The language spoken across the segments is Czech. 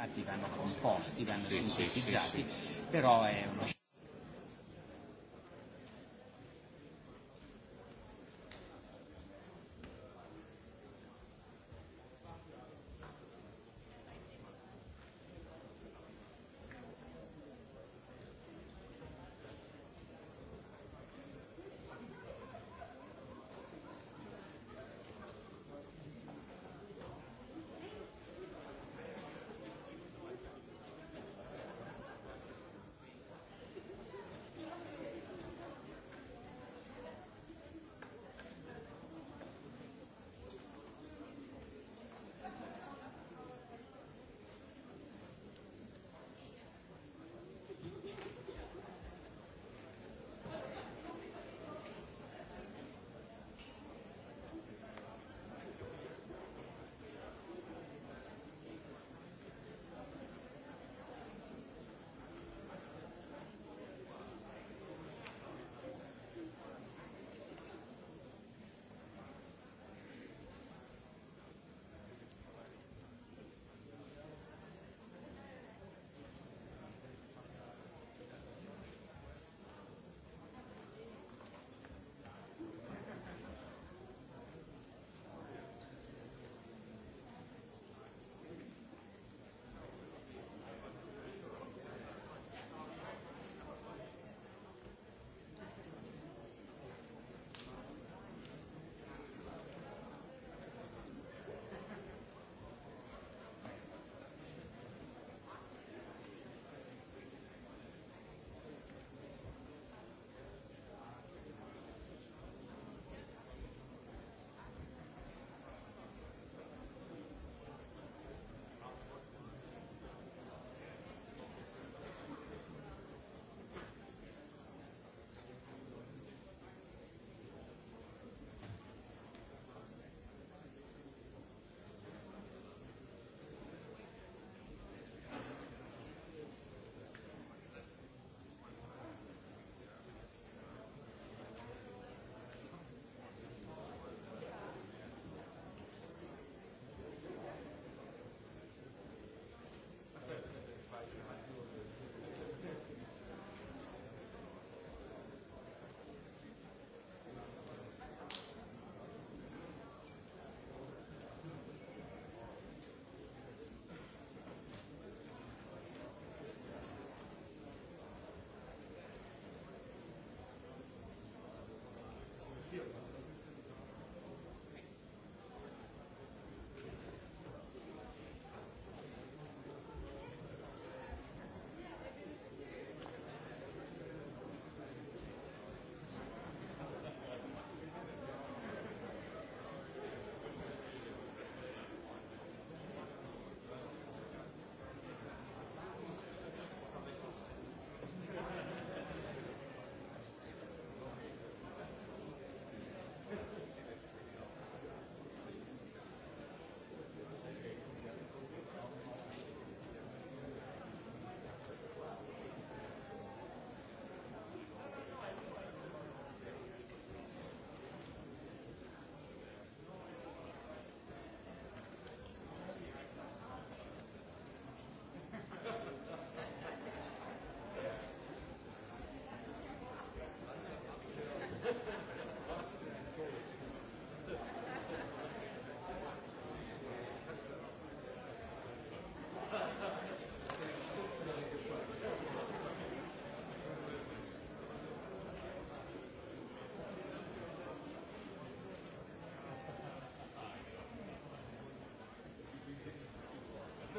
attaccati, vanno composti, vanno sì, sintetizzati, sì, sì. però è uno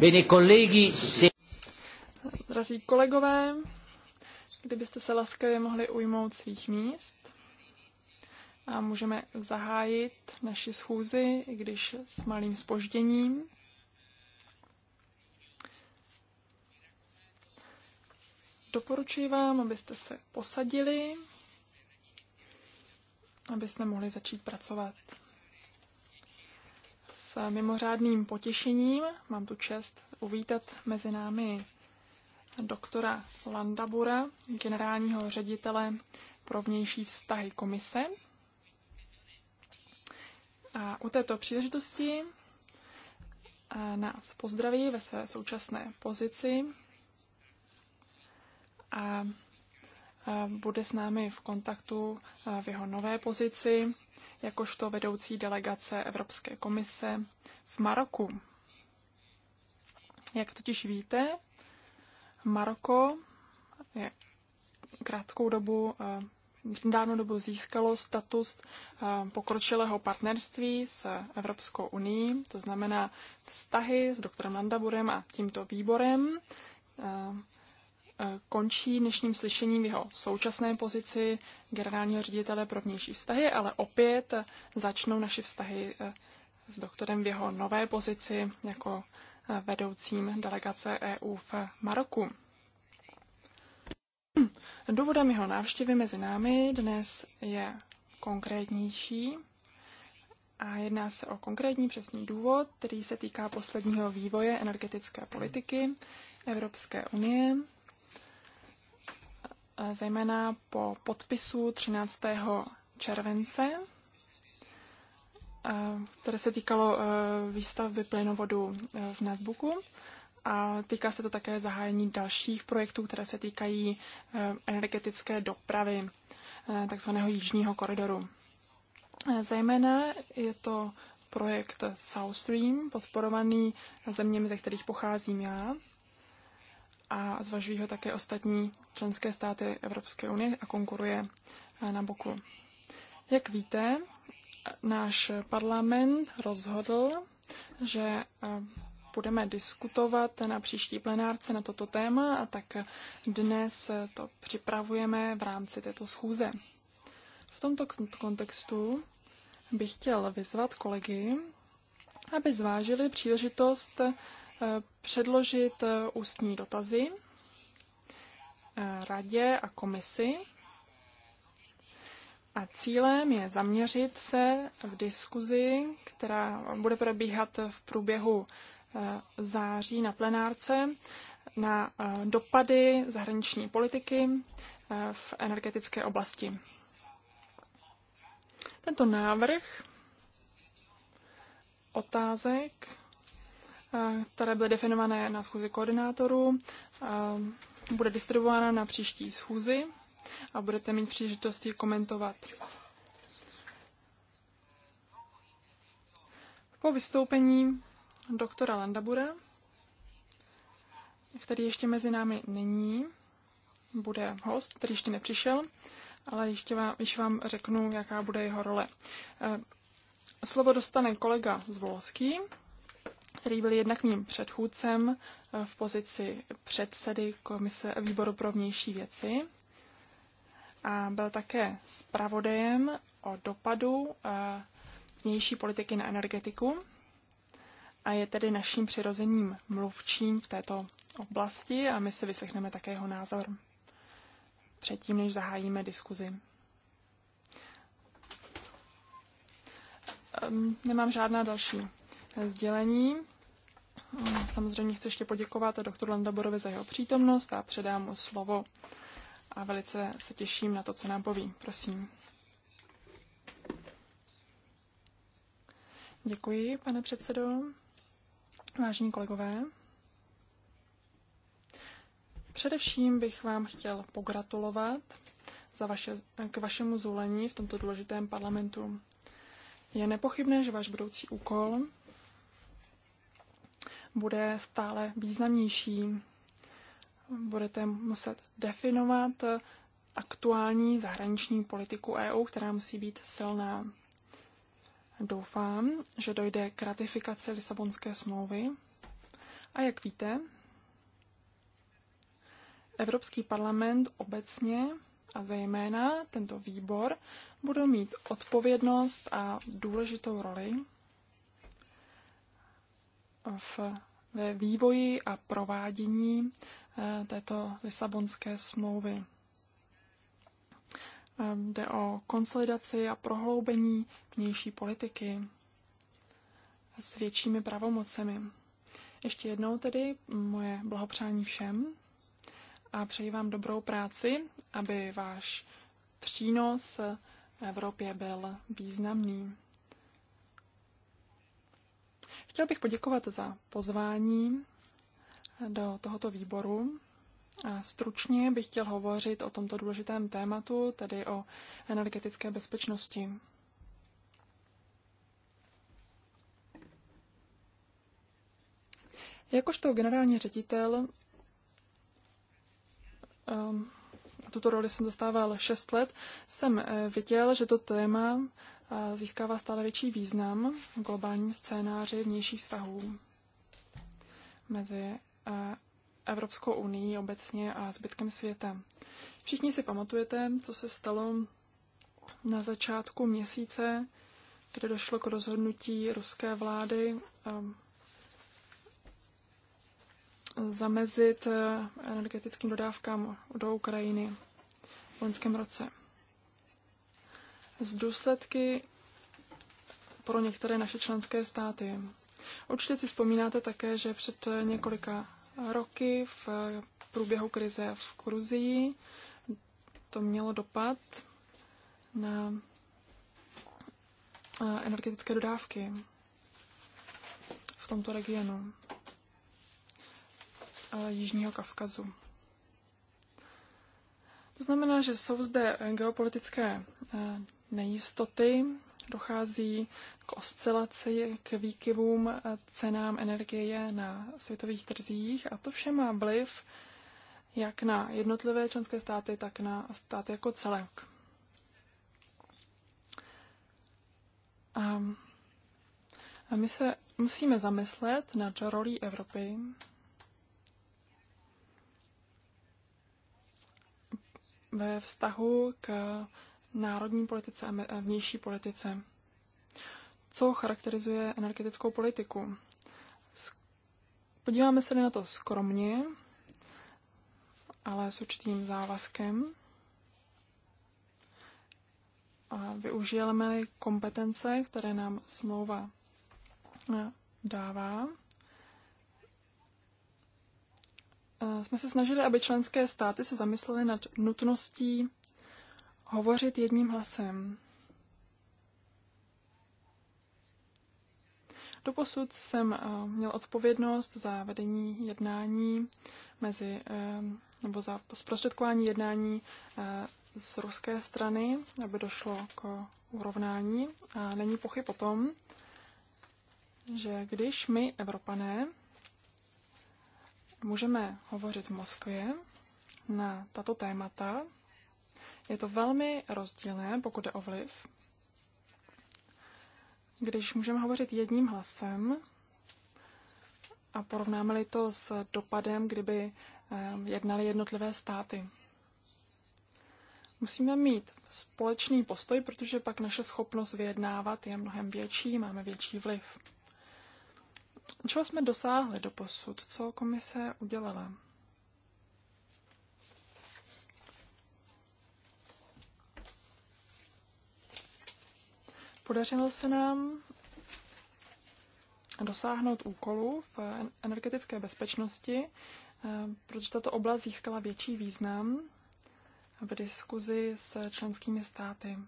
Bene, se... Drazí kolegové, kdybyste se laskavě mohli ujmout svých míst a můžeme zahájit naši schůzi, i když s malým spožděním. Doporučuji vám, abyste se posadili, abyste mohli začít pracovat mimořádným potěšením. Mám tu čest uvítat mezi námi doktora Landabura, generálního ředitele pro vnější vztahy komise. A u této příležitosti nás pozdraví ve své současné pozici a bude s námi v kontaktu v jeho nové pozici, jakožto vedoucí delegace Evropské komise v Maroku. Jak totiž víte, Maroko je krátkou dobu, dávnou dobu získalo status pokročilého partnerství s Evropskou unii, to znamená vztahy s doktorem Landaburem a tímto výborem Eh, končí dnešním slyšením jeho současné pozici generálního ředitele pro vnější vztahy, ale opět začnou naše vztahy eh, s doktorem v jeho nové pozici jako eh, vedoucím delegace EU v Maroku. Důvodem jeho návštěvy mezi námi dnes je konkrétnější a jedná se o konkrétní přesný důvod, který se týká posledního vývoje energetické politiky Evropské unie zejména po podpisu 13. července, které se týkalo e, výstavby plynovodu e, v netbooku. a týká se to také zahájení dalších projektů, které se týkají e, energetické dopravy takzvaného jižního koridoru. Zejména je to projekt South Stream, podporovaný zeměmi, ze kterých pocházím já, a zvažují ho také ostatní členské státy Evropské unie a konkuruje eh, na boku. Jak víte, náš parlament rozhodl, že eh, budeme diskutovat na příští plenárce na toto téma a tak dnes to připravujeme v rámci této schůze. V tomto kontextu bych chtěl vyzvat kolegy, aby zvážili příležitost předložit eh, ústní dotazy eh, radě a komisi. A cílem je zaměřit se v diskuzi, která bude probíhat v průběhu eh, září na plenárce, na dopady zahraniční politiky v energetické oblasti. Tento návrh otázek které byly definované na schůzi koordinátorů, eh, bude distribuována na příští schůzi a budete mít příležitost komentovat. Po vystoupení doktora Landabura, který ještě mezi námi není, bude host, který ještě nepřišel, ale ještě vám, již vám řeknu, jaká bude jeho role. Eh, slovo dostane kolega Zvolský, který byl jednak mým předchůdcem eh, v pozici předsedy komise výboru pro vnější věci a byl také zpravodajem o dopadu eh, vnější politiky na energetiku a je tedy naším přirozeným mluvčím v této oblasti a my si vyslechneme také jeho názor předtím, než zahájíme diskuzi. Ehm, nemám žádná další sdělení. Samozřejmě chci ještě poděkovat doktoru Landaborovi za jeho přítomnost a předám mu slovo. A velice se těším na to, co nám poví. Prosím. Děkuji, pane předsedo. Vážení kolegové, především bych vám chtěl pogratulovat za vaše, k vašemu zvolení v tomto důležitém parlamentu. Je nepochybné, že váš budoucí úkol bude stále významnější. Budete muset definovat aktuální zahraniční politiku EU, která musí být silná. Doufám, že dojde k ratifikaci Lisabonské smlouvy. A jak víte, Evropský parlament obecně a zejména tento výbor budou mít odpovědnost a důležitou roli v, ve vývoji a provádění eh, této Lisabonské smlouvy. Ehm, jde o konsolidaci a prohloubení vnější politiky s většími pravomocemi. Ještě jednou tedy moje blahopřání všem a přeji vám dobrou práci, aby váš přínos v Evropě byl významný. Chtěl bych poděkovat za pozvání do tohoto výboru. A stručně bych chtěl hovořit o tomto důležitém tématu, tedy o energetické bezpečnosti. Jakožto generální ředitel ehm, tuto roli jsem zastával 6 let, jsem eh, viděl, že to téma získává stále větší význam v globálním scénáři vnějších vztahů mezi eh, Evropskou unii obecně a zbytkem světa. Všichni si pamatujete, co se stalo na začátku měsíce, kde došlo k rozhodnutí ruské vlády eh, zamezit eh, energetickým dodávkám do Ukrajiny v loňském roce z důsledky pro některé naše členské státy. Určitě si vzpomínáte také, že před několika roky v průběhu krize v Gruzii to mělo dopad na eh, energetické dodávky v tomto regionu, Jižního Kavkazu. To znamená, že jsou zde geopolitické eh, nejistoty, dochází k oscilaci, k výkyvům cenám energie na světových trzích a to vše má vliv jak na jednotlivé členské státy, tak na státy jako celek. A my se musíme zamyslet nad rolí Evropy ve vztahu k národní politice a vnější politice. Co charakterizuje energetickou politiku? Podíváme se na to skromně, ale s určitým závazkem. A využijeme kompetence, které nám smlouva eh, dává. Eh, jsme se snažili, aby členské státy se zamyslely nad nutností hovořit jedním hlasem. Doposud jsem eh, měl odpovědnost za vedení jednání mezi, eh, nebo za zprostředkování jednání eh, z ruské strany, aby došlo k urovnání. A není pochyb o tom, že když my, Evropané, můžeme hovořit v Moskvě na tato témata, je to velmi rozdílné, pokud je o vliv. Když můžeme hovořit jedním hlasem a porovnáme-li to s dopadem, kdyby eh, jednaly jednotlivé státy. Musíme mít společný postoj, protože pak naše schopnost vyjednávat je mnohem větší, máme větší vliv. Čeho jsme dosáhli do posud? Co komise udělala? Podařilo se nám dosáhnout úkolu v energetické bezpečnosti, eh, protože tato oblast získala větší význam v diskuzi s členskými státy.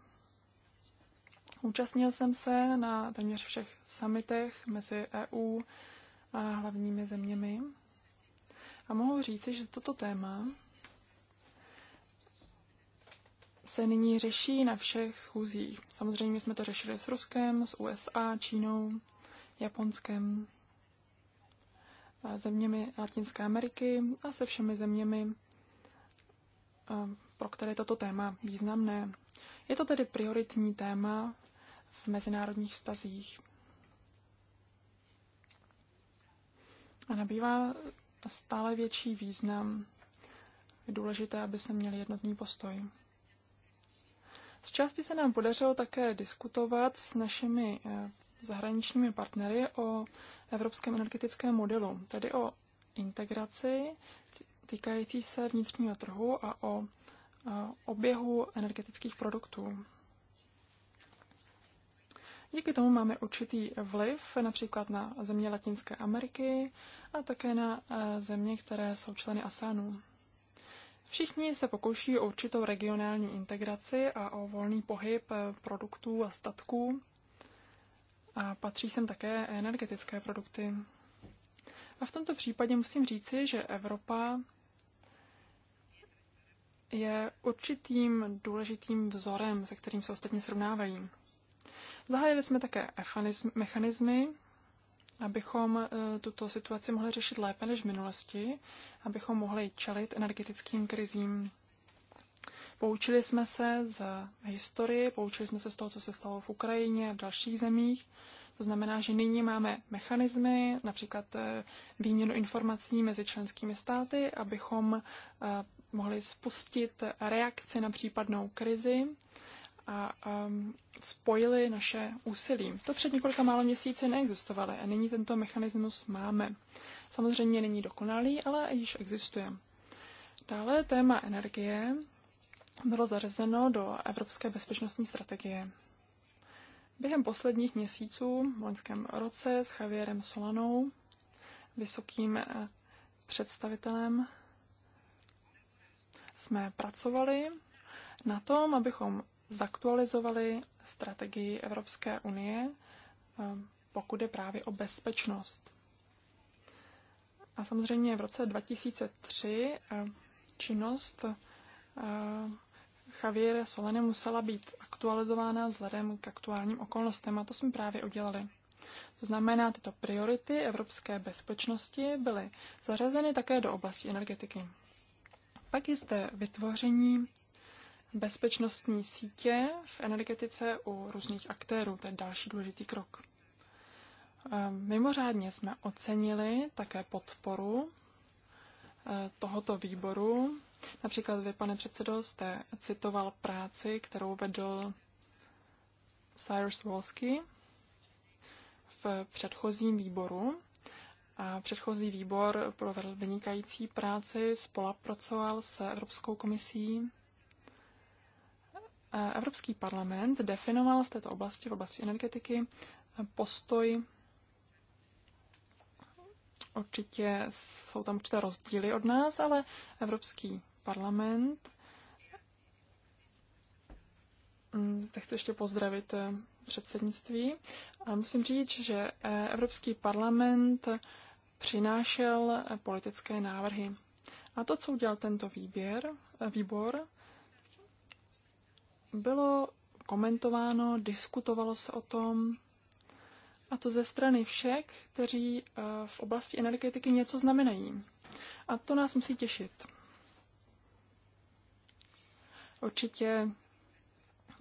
Účastnil jsem se na téměř všech summitech mezi EU a hlavními zeměmi a mohu říci, že toto téma se nyní řeší na všech schůzích. Samozřejmě jsme to řešili s Ruskem, s USA, Čínou, Japonskem, zeměmi Latinské Ameriky a se všemi zeměmi, pro které toto téma významné. Je to tedy prioritní téma v mezinárodních vztazích. A nabývá stále větší význam. Je důležité, aby se měli jednotný postoj. Z části se nám podařilo také diskutovat s našimi eh, zahraničními partnery o evropském energetickém modelu, tedy o integraci týkající se vnitřního trhu a o eh, oběhu energetických produktů. Díky tomu máme určitý vliv například na země Latinské Ameriky a také na eh, země, které jsou členy ASEANu. Všichni se pokouší o určitou regionální integraci a o volný pohyb eh, produktů a statků. A patří sem také energetické produkty. A v tomto případě musím říci, že Evropa je určitým důležitým vzorem, se kterým se ostatní srovnávají. Zahájili jsme také mechanismy, abychom e, tuto situaci mohli řešit lépe než v minulosti, abychom mohli čelit energetickým krizím. Poučili jsme se z historie, poučili jsme se z toho, co se stalo v Ukrajině a v dalších zemích. To znamená, že nyní máme mechanismy, například e, výměnu informací mezi členskými státy, abychom e, mohli spustit reakci na případnou krizi a um, spojili naše úsilí. To před několika málo měsíci neexistovalo a nyní tento mechanismus máme. Samozřejmě není dokonalý, ale již existuje. Dále téma energie bylo zařazeno do Evropské bezpečnostní strategie. Během posledních měsíců v loňském roce s Javierem Solanou, vysokým eh, představitelem, jsme pracovali na tom, abychom zaktualizovali strategii Evropské unie, eh, pokud je právě o bezpečnost. A samozřejmě v roce 2003 eh, činnost eh, Javier Solene musela být aktualizována vzhledem k aktuálním okolnostem a to jsme právě udělali. To znamená, tyto priority evropské bezpečnosti byly zařazeny také do oblasti energetiky. Pak je zde vytvoření bezpečnostní sítě v energetice u různých aktérů. To je další důležitý krok. Eh, mimořádně jsme ocenili také podporu eh, tohoto výboru. Například vy, pane předsedo, jste citoval práci, kterou vedl Cyrus Wolsky v předchozím výboru. A předchozí výbor provedl vynikající práci, spolupracoval s Evropskou komisí Evropský parlament definoval v této oblasti, v oblasti energetiky, postoj. Určitě jsou tam určité rozdíly od nás, ale Evropský parlament. Mm, zde chci ještě pozdravit eh, předsednictví. A musím říct, že eh, Evropský parlament přinášel eh, politické návrhy. A to, co udělal tento výběr, výbor, bylo komentováno, diskutovalo se o tom, a to ze strany všech, kteří eh, v oblasti energetiky něco znamenají. A to nás musí těšit. Určitě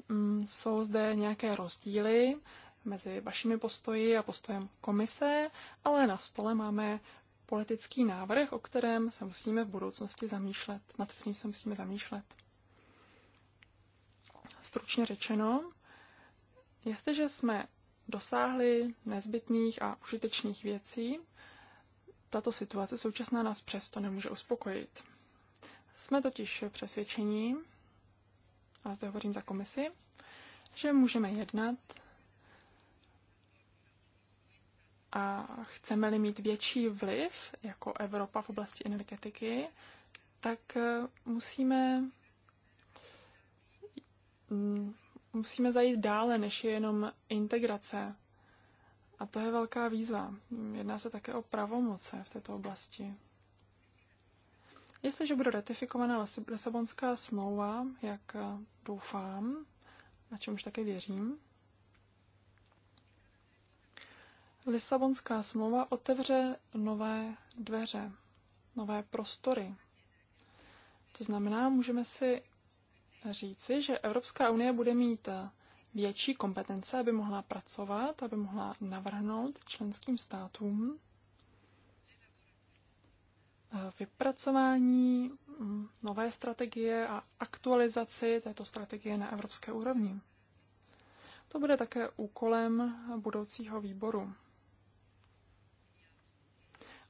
mm, jsou zde nějaké rozdíly mezi vašimi postoji a postojem komise, ale na stole máme politický návrh, o kterém se musíme v budoucnosti zamýšlet, nad kterým se musíme zamýšlet stručně řečeno, jestliže jsme dosáhli nezbytných a užitečných věcí, tato situace současná nás přesto nemůže uspokojit. Jsme totiž přesvědčení, a zde hovořím za komisi, že můžeme jednat a chceme-li mít větší vliv jako Evropa v oblasti energetiky, tak musíme Mm, musíme zajít dále, než je jenom integrace. A to je velká výzva. Jedná se také o pravomoce v této oblasti. Jestliže bude ratifikovaná Lisabonská smlouva, jak eh, doufám, a čemuž také věřím, Lisabonská smlouva otevře nové dveře, nové prostory. To znamená, můžeme si říci, že Evropská unie bude mít eh, větší kompetence, aby mohla pracovat, aby mohla navrhnout členským státům eh, vypracování mm, nové strategie a aktualizaci této strategie na evropské úrovni. To bude také úkolem budoucího výboru.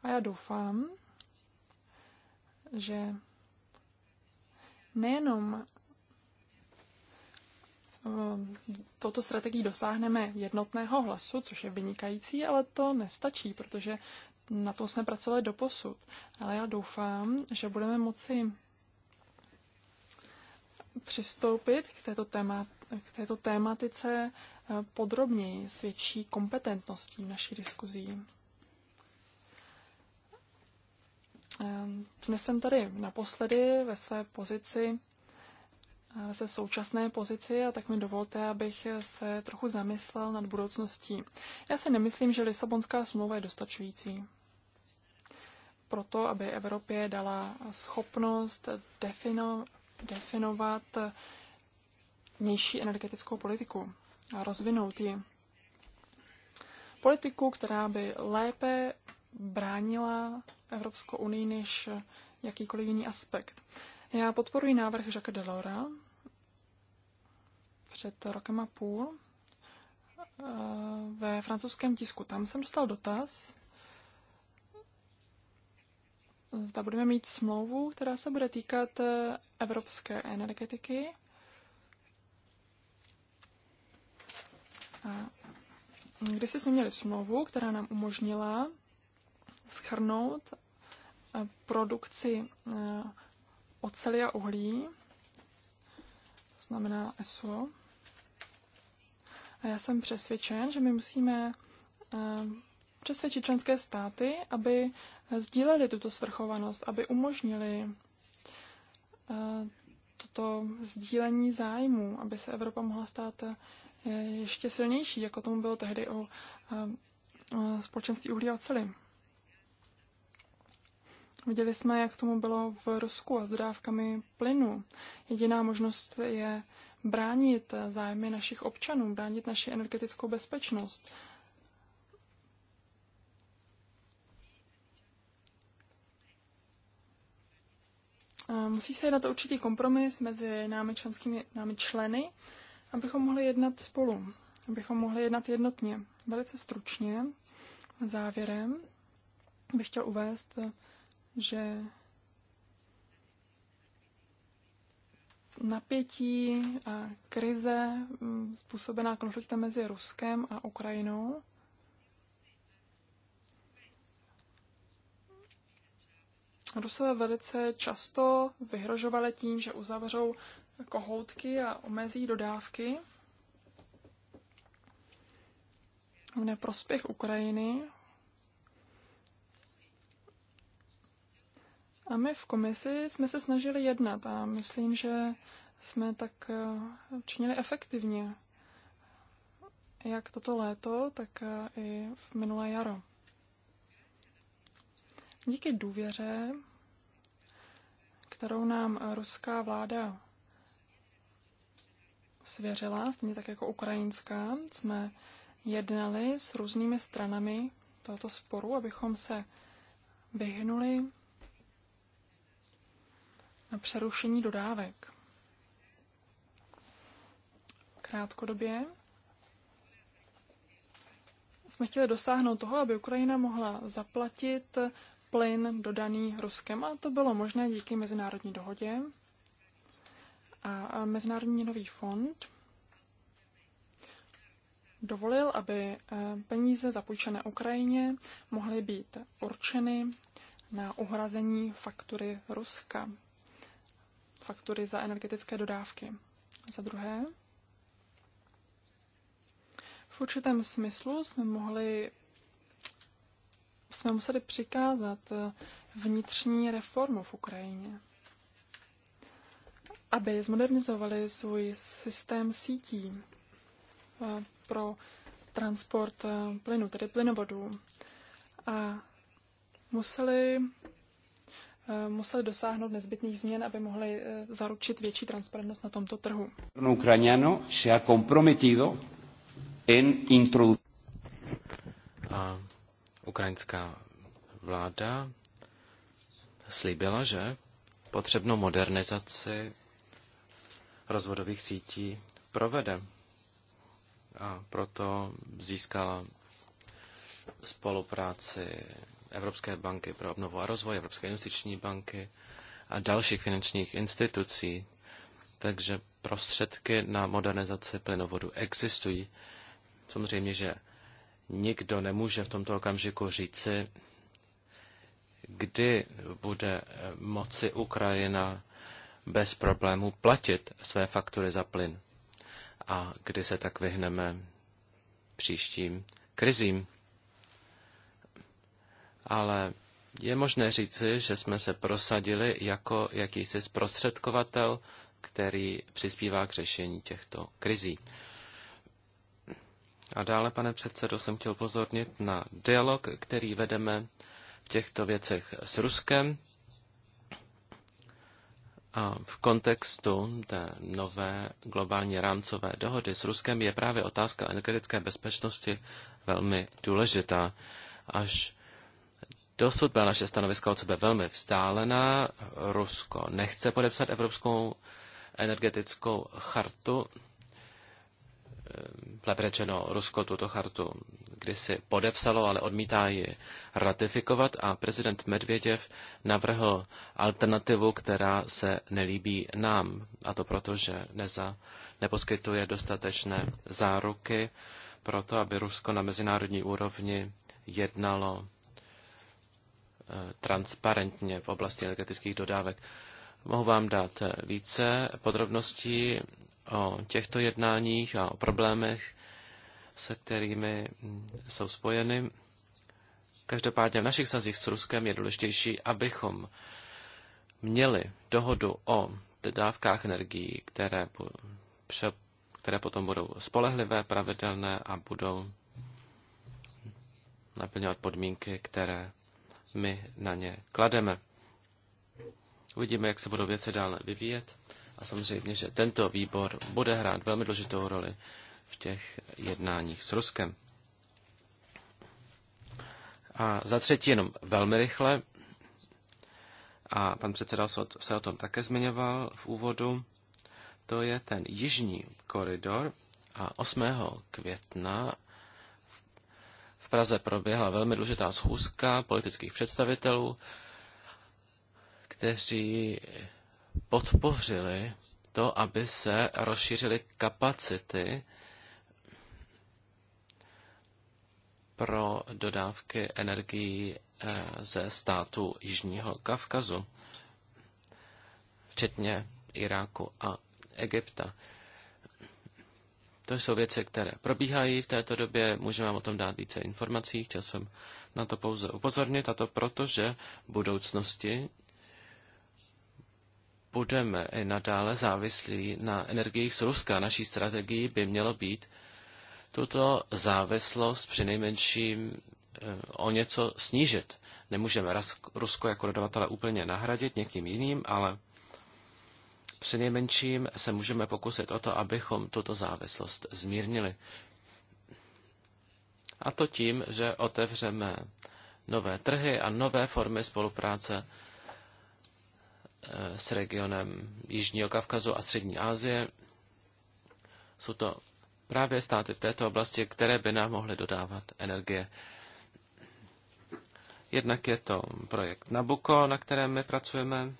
A já doufám, že nejenom touto strategií dosáhneme jednotného hlasu, což je vynikající, ale to nestačí, protože na to jsme pracovali do posud. Ale já doufám, že budeme moci přistoupit k této, téma, k této tématice eh, podrobněji s větší kompetentností v naší diskuzí. Dnes ehm, jsem tady naposledy ve své pozici se současné pozici a tak mi dovolte, abych se trochu zamyslel nad budoucností. Já si nemyslím, že Lisabonská smlouva je dostačující. Proto, aby Evropě dala schopnost defino, definovat nější energetickou politiku a rozvinout ji. Politiku, která by lépe bránila Evropskou unii než jakýkoliv jiný aspekt. Já podporuji návrh Jacques Delora před rokem a půl eh, ve francouzském tisku. Tam jsem dostal dotaz, zda budeme mít smlouvu, která se bude týkat eh, evropské energetiky. Kdysi jsme měli smlouvu, která nám umožnila schrnout eh, produkci oceli a uhlí, to znamená SO. A já jsem přesvědčen, že my musíme ehm, přesvědčit členské státy, aby sdíleli tuto svrchovanost, aby umožnili eh, toto sdílení zájmů, aby se Evropa mohla stát eh, ještě silnější, jako tomu bylo tehdy o eh, společenství uhlí a oceli. Viděli jsme, jak tomu bylo v Rusku a s dodávkami plynu. Jediná možnost je bránit zájmy našich občanů, bránit naši energetickou bezpečnost. Musí se jednat určitý kompromis mezi námi, členskými, námi členy, abychom mohli jednat spolu, abychom mohli jednat jednotně. Velice stručně, závěrem, bych chtěl uvést že napětí a krize mm, způsobená konfliktem mezi Ruskem a Ukrajinou Rusové velice často vyhrožovali tím, že uzavřou kohoutky a omezí dodávky v neprospěch Ukrajiny A my v komisi jsme se snažili jednat a myslím, že jsme tak eh, činili efektivně. Jak toto léto, tak eh, i v minulé jaro. Díky důvěře, kterou nám ruská vláda svěřila, stejně tak jako ukrajinská, jsme jednali s různými stranami tohoto sporu, abychom se vyhnuli na přerušení dodávek. Krátkodobě jsme chtěli dosáhnout toho, aby Ukrajina mohla zaplatit plyn dodaný Ruskem a to bylo možné díky mezinárodní dohodě a Mezinárodní nový fond dovolil, aby eh, peníze zapůjčené Ukrajině mohly být určeny na uhrazení faktury Ruska faktury za energetické dodávky. Za druhé, v určitém smyslu jsme mohli jsme museli přikázat vnitřní reformu v Ukrajině, aby zmodernizovali svůj systém sítí eh, pro transport eh, plynu, tedy plynovodů. A museli Eh, museli dosáhnout nezbytných změn, aby mohli eh, zaručit větší transparentnost na tomto trhu. a ukrajinská vláda slíbila, že potřebnou modernizaci rozvodových sítí provede. A proto získala spolupráci Evropské banky pro obnovu a rozvoj, Evropské investiční banky a dalších finančních institucí. Takže prostředky na modernizaci plynovodu existují. Samozřejmě, že nikdo nemůže v tomto okamžiku říci, kdy bude moci Ukrajina bez problémů platit své faktury za plyn a kdy se tak vyhneme příštím krizím ale je možné říci, že jsme se prosadili jako jakýsi zprostředkovatel, který přispívá k řešení těchto krizí. A dále, pane předsedo, jsem chtěl pozornit na dialog, který vedeme v těchto věcech s Ruskem a v kontextu té nové globální rámcové dohody s Ruskem je právě otázka energetické bezpečnosti velmi důležitá. Až Dosud byla naše stanoviska od sebe velmi vzdálená. Rusko nechce podepsat Evropskou energetickou chartu. Ehm, lépe řečeno, Rusko tuto chartu kdysi podepsalo, ale odmítá ji ratifikovat a prezident Medvěděv navrhl alternativu, která se nelíbí nám. A to proto, že neza neposkytuje dostatečné záruky pro to, aby Rusko na mezinárodní úrovni jednalo transparentně v oblasti energetických dodávek. Mohu vám dát eh, více podrobností o těchto jednáních a o problémech, se kterými hm, jsou spojeny. Každopádně v našich stazích s Ruskem je důležitější, abychom měli dohodu o dodávkách energií, které, pře, které potom budou spolehlivé, pravidelné a budou naplňovat podmínky, které my na ně klademe. Uvidíme, jak se budou věci dále vyvíjet. A samozřejmě, že tento výbor bude hrát velmi důležitou roli v těch jednáních s Ruskem. A za třetí jenom velmi rychle, a pan předseda se o tom také zmiňoval v úvodu, to je ten jižní koridor a 8. května Praze proběhla velmi důležitá schůzka politických představitelů, kteří podpořili to, aby se rozšířily kapacity pro dodávky energií eh, ze států Jižního Kavkazu, včetně Iráku a Egypta. To jsou věci, které probíhají v této době, můžeme vám o tom dát více informací, chtěl jsem na to pouze upozornit, a to proto, že v budoucnosti budeme i nadále závislí na energiích z Ruska. Naší strategií by mělo být tuto závislost při nejmenším eh, o něco snížit. Nemůžeme Rusko jako dodavatele úplně nahradit někým jiným, ale při nejmenším se můžeme pokusit o to, abychom tuto závislost zmírnili. A to tím, že otevřeme nové trhy a nové formy spolupráce eh, s regionem Jižního Kavkazu a Střední Asie. Jsou to právě státy v této oblasti, které by nám mohly dodávat energie. Jednak je to projekt Nabuko, na kterém my pracujeme.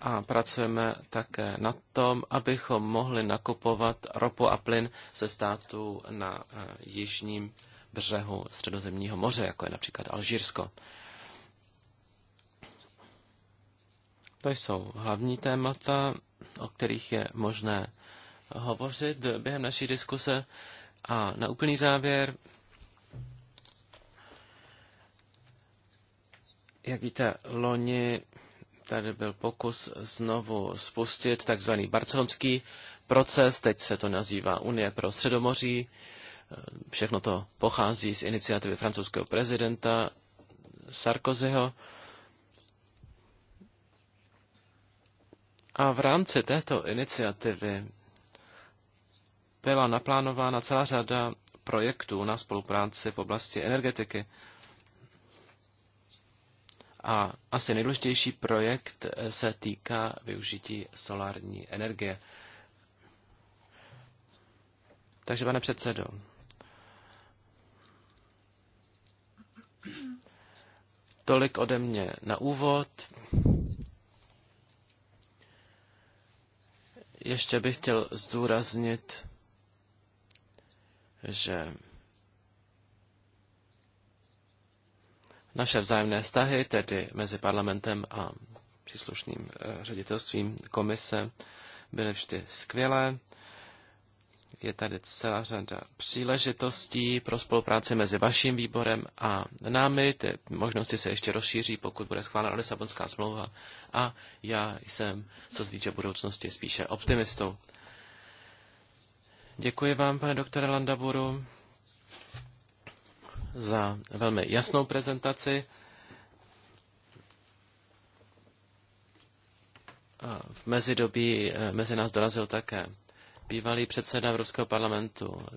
a pracujeme také na tom, abychom mohli nakupovat ropu a plyn ze států na eh, jižním břehu Středozemního moře, jako je například Alžírsko. To jsou hlavní témata, o kterých je možné hovořit během naší diskuse. A na úplný závěr, jak víte, loni Tady byl pokus znovu spustit takzvaný barcelonský proces, teď se to nazývá Unie pro Středomoří. Všechno to pochází z iniciativy francouzského prezidenta Sarkozyho. A v rámci této iniciativy byla naplánována celá řada projektů na spolupráci v oblasti energetiky. A asi nejdůležitější projekt se týká využití solární energie. Takže, pane předsedo, tolik ode mě na úvod. Ještě bych chtěl zdůraznit, že naše vzájemné vztahy, tedy mezi parlamentem a příslušným eh, ředitelstvím komise, byly vždy skvělé. Je tady celá řada příležitostí pro spolupráci mezi vaším výborem a námi. Ty možnosti se ještě rozšíří, pokud bude schválena Lisabonská smlouva. A já jsem, co se týče budoucnosti, spíše optimistou. Děkuji vám, pane doktore Landaburu za velmi jasnou prezentaci. v mezidobí eh, mezi nás dorazil také bývalý předseda Evropského parlamentu eh,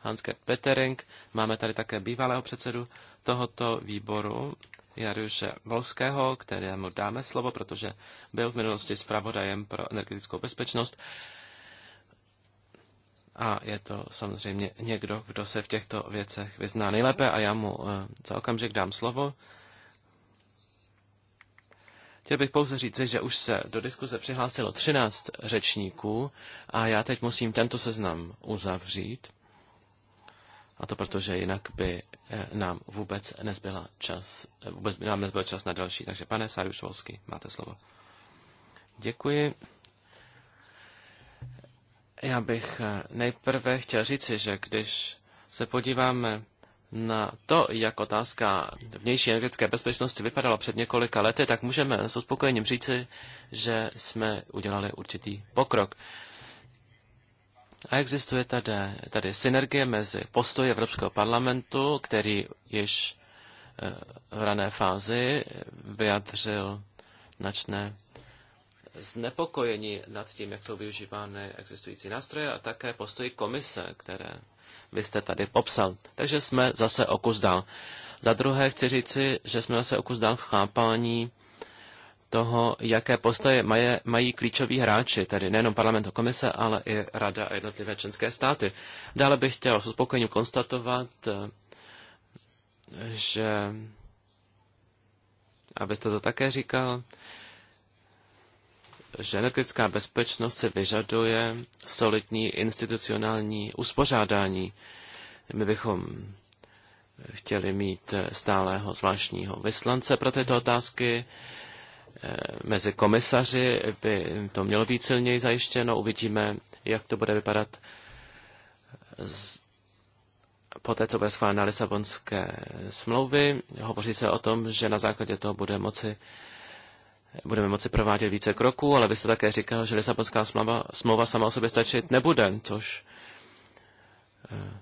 Hans-Gerd Petering. Máme tady také bývalého předsedu tohoto výboru, Jaruše Volského, kterému dáme slovo, protože byl v minulosti zpravodajem pro energetickou bezpečnost a je to samozřejmě někdo, kdo se v těchto věcech vyzná nejlépe a já mu eh, za okamžik dám slovo. Chtěl bych pouze říct, že už se do diskuze přihlásilo 13 řečníků a já teď musím tento seznam uzavřít. A to protože jinak by eh, nám vůbec nezbyla čas, eh, vůbec by nám nezbyl čas na další. Takže pane Sáriuš máte slovo. Děkuji. Já bych eh, nejprve chtěl říci, že když se podíváme na to, jak otázka vnější energetické bezpečnosti vypadala před několika lety, tak můžeme s uspokojením říci, že jsme udělali určitý pokrok. A existuje tady, tady synergie mezi postoji Evropského parlamentu, který již eh, v rané fázi vyjadřil značné znepokojeni nad tím, jak jsou využívány existující nástroje a také postoj komise, které vy jste tady popsal. Takže jsme zase o kus dál. Za druhé chci říci, že jsme zase o kus dál v chápání toho, jaké postoje mají, mají klíčoví hráči, tedy nejenom parlamentu komise, ale i rada a jednotlivé členské státy. Dále bych chtěl s uspokojením konstatovat, že, abyste to také říkal, že energetická bezpečnost se vyžaduje solidní institucionální uspořádání. My bychom chtěli mít stálého zvláštního vyslance pro tyto otázky. Eh, mezi komisaři by to mělo být silněji zajištěno. Uvidíme, jak to bude vypadat z... poté, co bude schválena Lisabonské smlouvy. Hovoří se o tom, že na základě toho bude moci budeme moci provádět více kroků, ale vy jste také říkal, že Lisabonská smlouva, smlouva sama o sobě stačit nebude, což eh,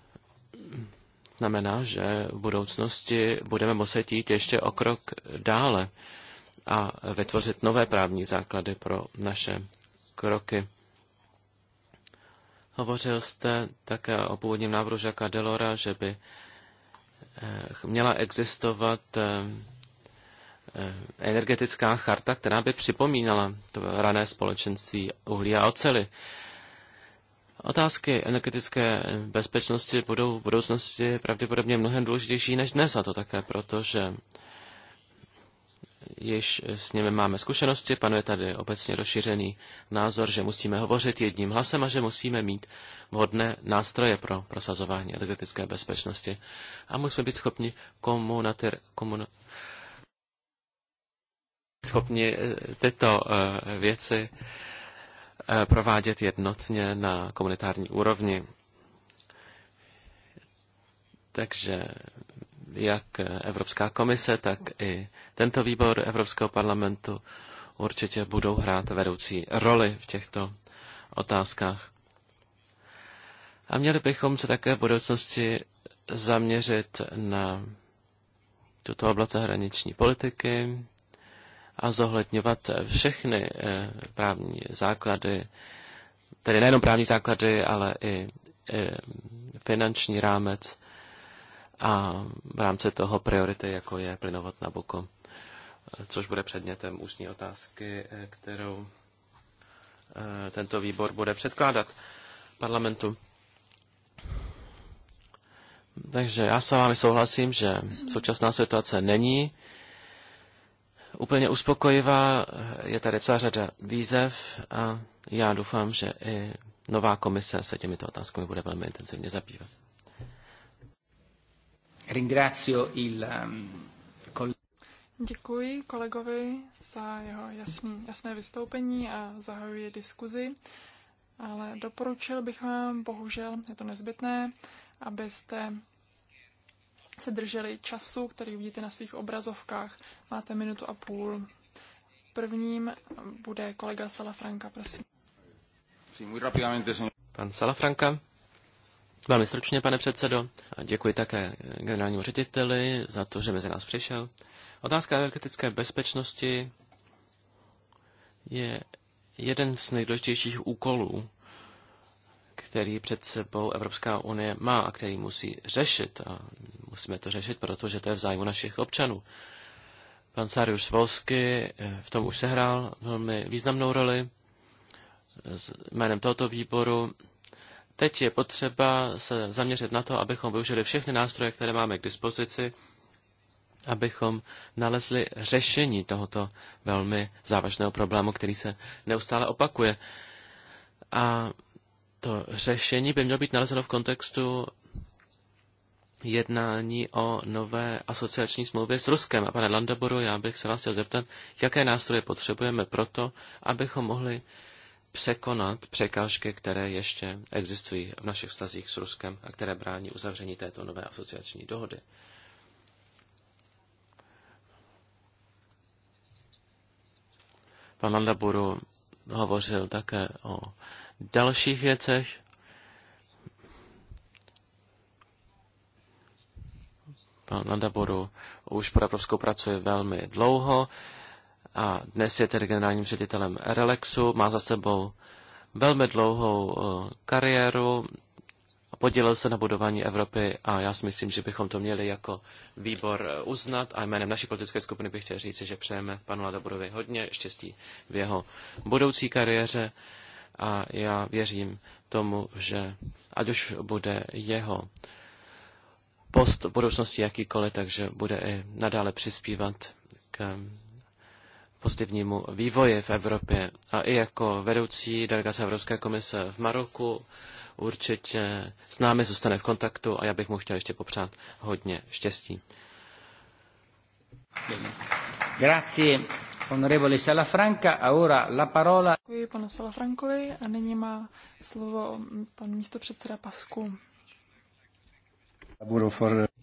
znamená, že v budoucnosti budeme muset jít ještě o krok dále a vytvořit nové právní základy pro naše kroky. Hovořil jste také o původním návrhu Žaka Delora, že by eh, měla existovat eh, Eh, energetická charta, která by připomínala to rané společenství uhlí a ocely. Otázky energetické bezpečnosti budou v budoucnosti pravděpodobně mnohem důležitější než dnes, a to také proto, že již s nimi máme zkušenosti, panuje tady obecně rozšířený názor, že musíme hovořit jedním hlasem a že musíme mít vhodné nástroje pro prosazování energetické bezpečnosti. A musíme být schopni komunatir, komun, schopni eh, tyto eh, věci eh, provádět jednotně na komunitární úrovni. Takže jak Evropská komise, tak i tento výbor Evropského parlamentu určitě budou hrát vedoucí roli v těchto otázkách. A měli bychom se také v budoucnosti zaměřit na tuto oblast zahraniční politiky, a zohledňovat všechny eh, právní základy, tedy nejenom právní základy, ale i eh, finanční rámec a v rámci toho priority, jako je plynovat na boku, eh, což bude předmětem ústní otázky, kterou tento výbor bude předkládat parlamentu. Takže já s vámi souhlasím, že současná situace není úplně uspokojivá. Je tady celá řada výzev a já doufám, že i nová komise se těmito otázkami bude velmi intenzivně zabývat. Ehm, Děkuji kolegovi za jeho jasný, jasné vystoupení a zahajuji diskuzi, ale doporučil bych vám, bohužel je to nezbytné, abyste se drželi času, který vidíte na svých obrazovkách. Máte minutu a půl. Prvním bude kolega Salafranka, prosím. Pan Salafranka. Velmi stručně, pane předsedo, a děkuji také generálnímu řediteli za to, že mezi nás přišel. Otázka energetické bezpečnosti je jeden z nejdůležitějších úkolů který před sebou Evropská unie má a který musí řešit. A musíme to řešit, protože to je v zájmu našich občanů. Pan Sáriuš Volsky eh, v tom už sehrál velmi významnou roli s jménem tohoto výboru. Teď je potřeba se zaměřit na to, abychom využili všechny nástroje, které máme k dispozici, abychom nalezli řešení tohoto velmi závažného problému, který se neustále opakuje. A to řešení by mělo být nalezeno v kontextu jednání o nové asociační smlouvě s Ruskem. A pane Landaboru, já bych se vás chtěl zeptat, jaké nástroje potřebujeme proto, abychom mohli překonat překážky, které ještě existují v našich vztazích s Ruskem a které brání uzavření této nové asociační dohody. Pan Landaburu hovořil také o dalších věcech. Pan Landaboru už pro Evropskou pracuje velmi dlouho a dnes je tedy generálním ředitelem Relexu, má za sebou velmi dlouhou eh, kariéru, podílel se na budování Evropy a já si myslím, že bychom to měli jako výbor eh, uznat a jménem naší politické skupiny bych chtěl říct, že přejeme panu Ladaburovi hodně štěstí v jeho budoucí kariéře a já věřím tomu, že ať už bude jeho post v budoucnosti jakýkoliv, takže bude i nadále přispívat k pozitivnímu vývoji v Evropě. A i jako vedoucí delegace Evropské komise v Maroku určitě s námi zůstane v kontaktu a já bych mu chtěl ještě popřát hodně štěstí. Grazie. Pane Salafranca, ahora la parola. Děkuji panu Salafrankovi a nyní má slovo pan místopředseda Pasku.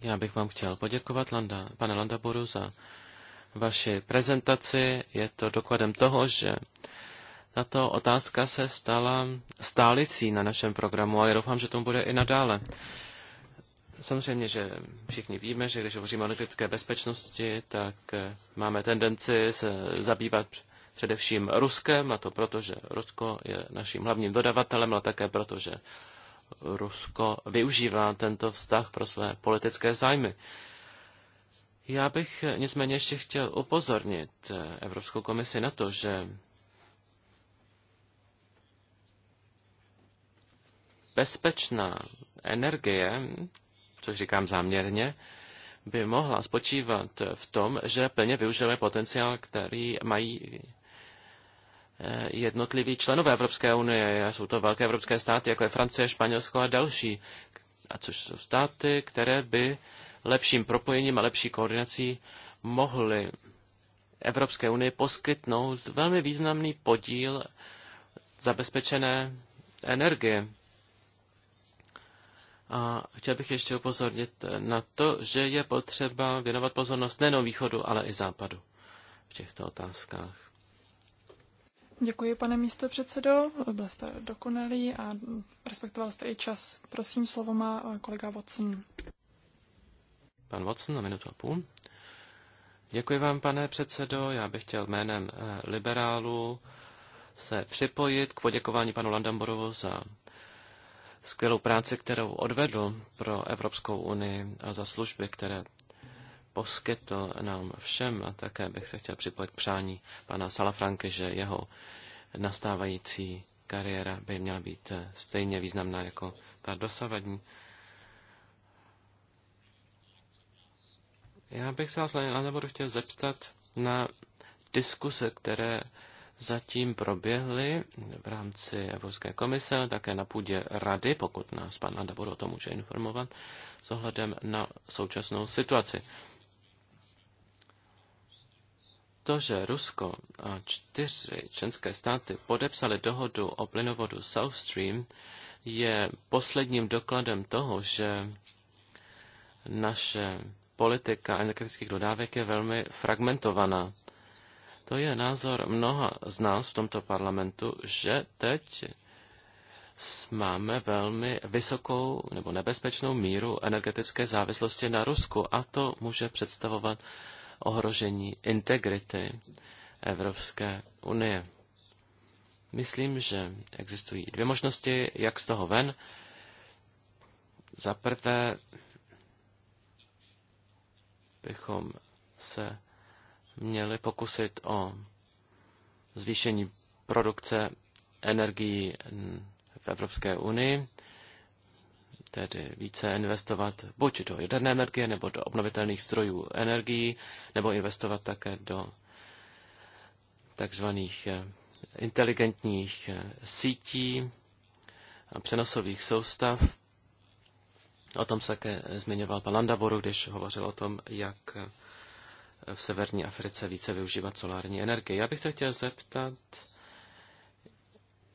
Já bych vám chtěl poděkovat, Landa, pane Landaboru, za vaši prezentaci. Je to dokladem toho, že tato otázka se stala stálicí na našem programu a já doufám, že tomu bude i nadále. Samozřejmě, že všichni víme, že když hovoříme o energetické bezpečnosti, tak eh, máme tendenci se zabývat především Ruskem, a to proto, že Rusko je naším hlavním dodavatelem, ale také proto, že Rusko využívá tento vztah pro své politické zájmy. Já bych eh, nicméně ještě chtěl upozornit eh, Evropskou komisi na to, že bezpečná energie což říkám záměrně, by mohla spočívat v tom, že plně využijeme potenciál, který mají eh, jednotliví členové Evropské unie. Jsou to velké evropské státy, jako je Francie, Španělsko a další, a což jsou státy, které by lepším propojením a lepší koordinací mohly Evropské unii poskytnout velmi významný podíl zabezpečené energie. A chtěl bych ještě upozornit na to, že je potřeba věnovat pozornost nejen východu, ale i západu v těchto otázkách. Děkuji, pane místo předsedo. Byl jste dokonalý a respektoval jste i čas. Prosím, slovo má eh, kolega Watson. Pan Watson na minutu a půl. Děkuji vám, pane předsedo. Já bych chtěl jménem eh, liberálu se připojit k poděkování panu Landamborovu za skvělou práci, kterou odvedl pro Evropskou unii a za služby, které poskytl nám všem. A také bych se chtěl připojit k přání pana Salafranke, že jeho nastávající kariéra by měla být stejně významná jako ta dosavadní. Já bych se vás ale nebudu chtěl zeptat na diskuse, které zatím proběhly v rámci Evropské komise, ale také na půdě rady, pokud nás pan Adabor o tom může informovat, s ohledem na současnou situaci. To, že Rusko a čtyři členské státy podepsali dohodu o plynovodu South Stream, je posledním dokladem toho, že naše politika energetických dodávek je velmi fragmentovaná. To je názor mnoha z nás v tomto parlamentu, že teď máme velmi vysokou nebo nebezpečnou míru energetické závislosti na Rusku a to může představovat ohrožení integrity Evropské unie. Myslím, že existují dvě možnosti, jak z toho ven. Za prvé bychom se měli pokusit o zvýšení produkce energií v Evropské unii, tedy více investovat buď do jaderné energie nebo do obnovitelných zdrojů energií, nebo investovat také do takzvaných eh, inteligentních eh, sítí a přenosových soustav. O tom se také zmiňoval pan Landaboru, když hovořil o tom, jak eh, v severní Africe více využívat solární energie. Já bych se chtěl zeptat,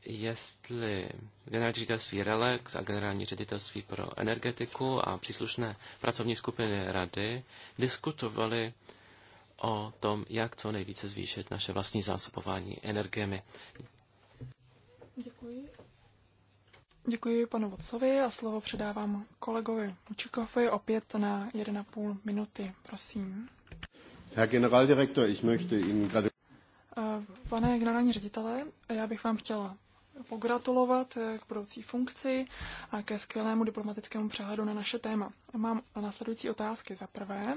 jestli generální ředitelství RELEX a generální ředitelství pro energetiku a příslušné pracovní skupiny rady diskutovali o tom, jak co nejvíce zvýšit naše vlastní zásobování energiemi. Děkuji. Děkuji panu Vodcovi a slovo předávám kolegovi Učikovi opět na 1,5 minuty. Prosím. Herr Generaldirektor, ich möchte Ihnen eh, Pane generální ředitele, já bych vám chtěla pogratulovat eh, k budoucí funkci a ke skvělému diplomatickému přehledu na naše téma. Mám následující otázky. Za prvé,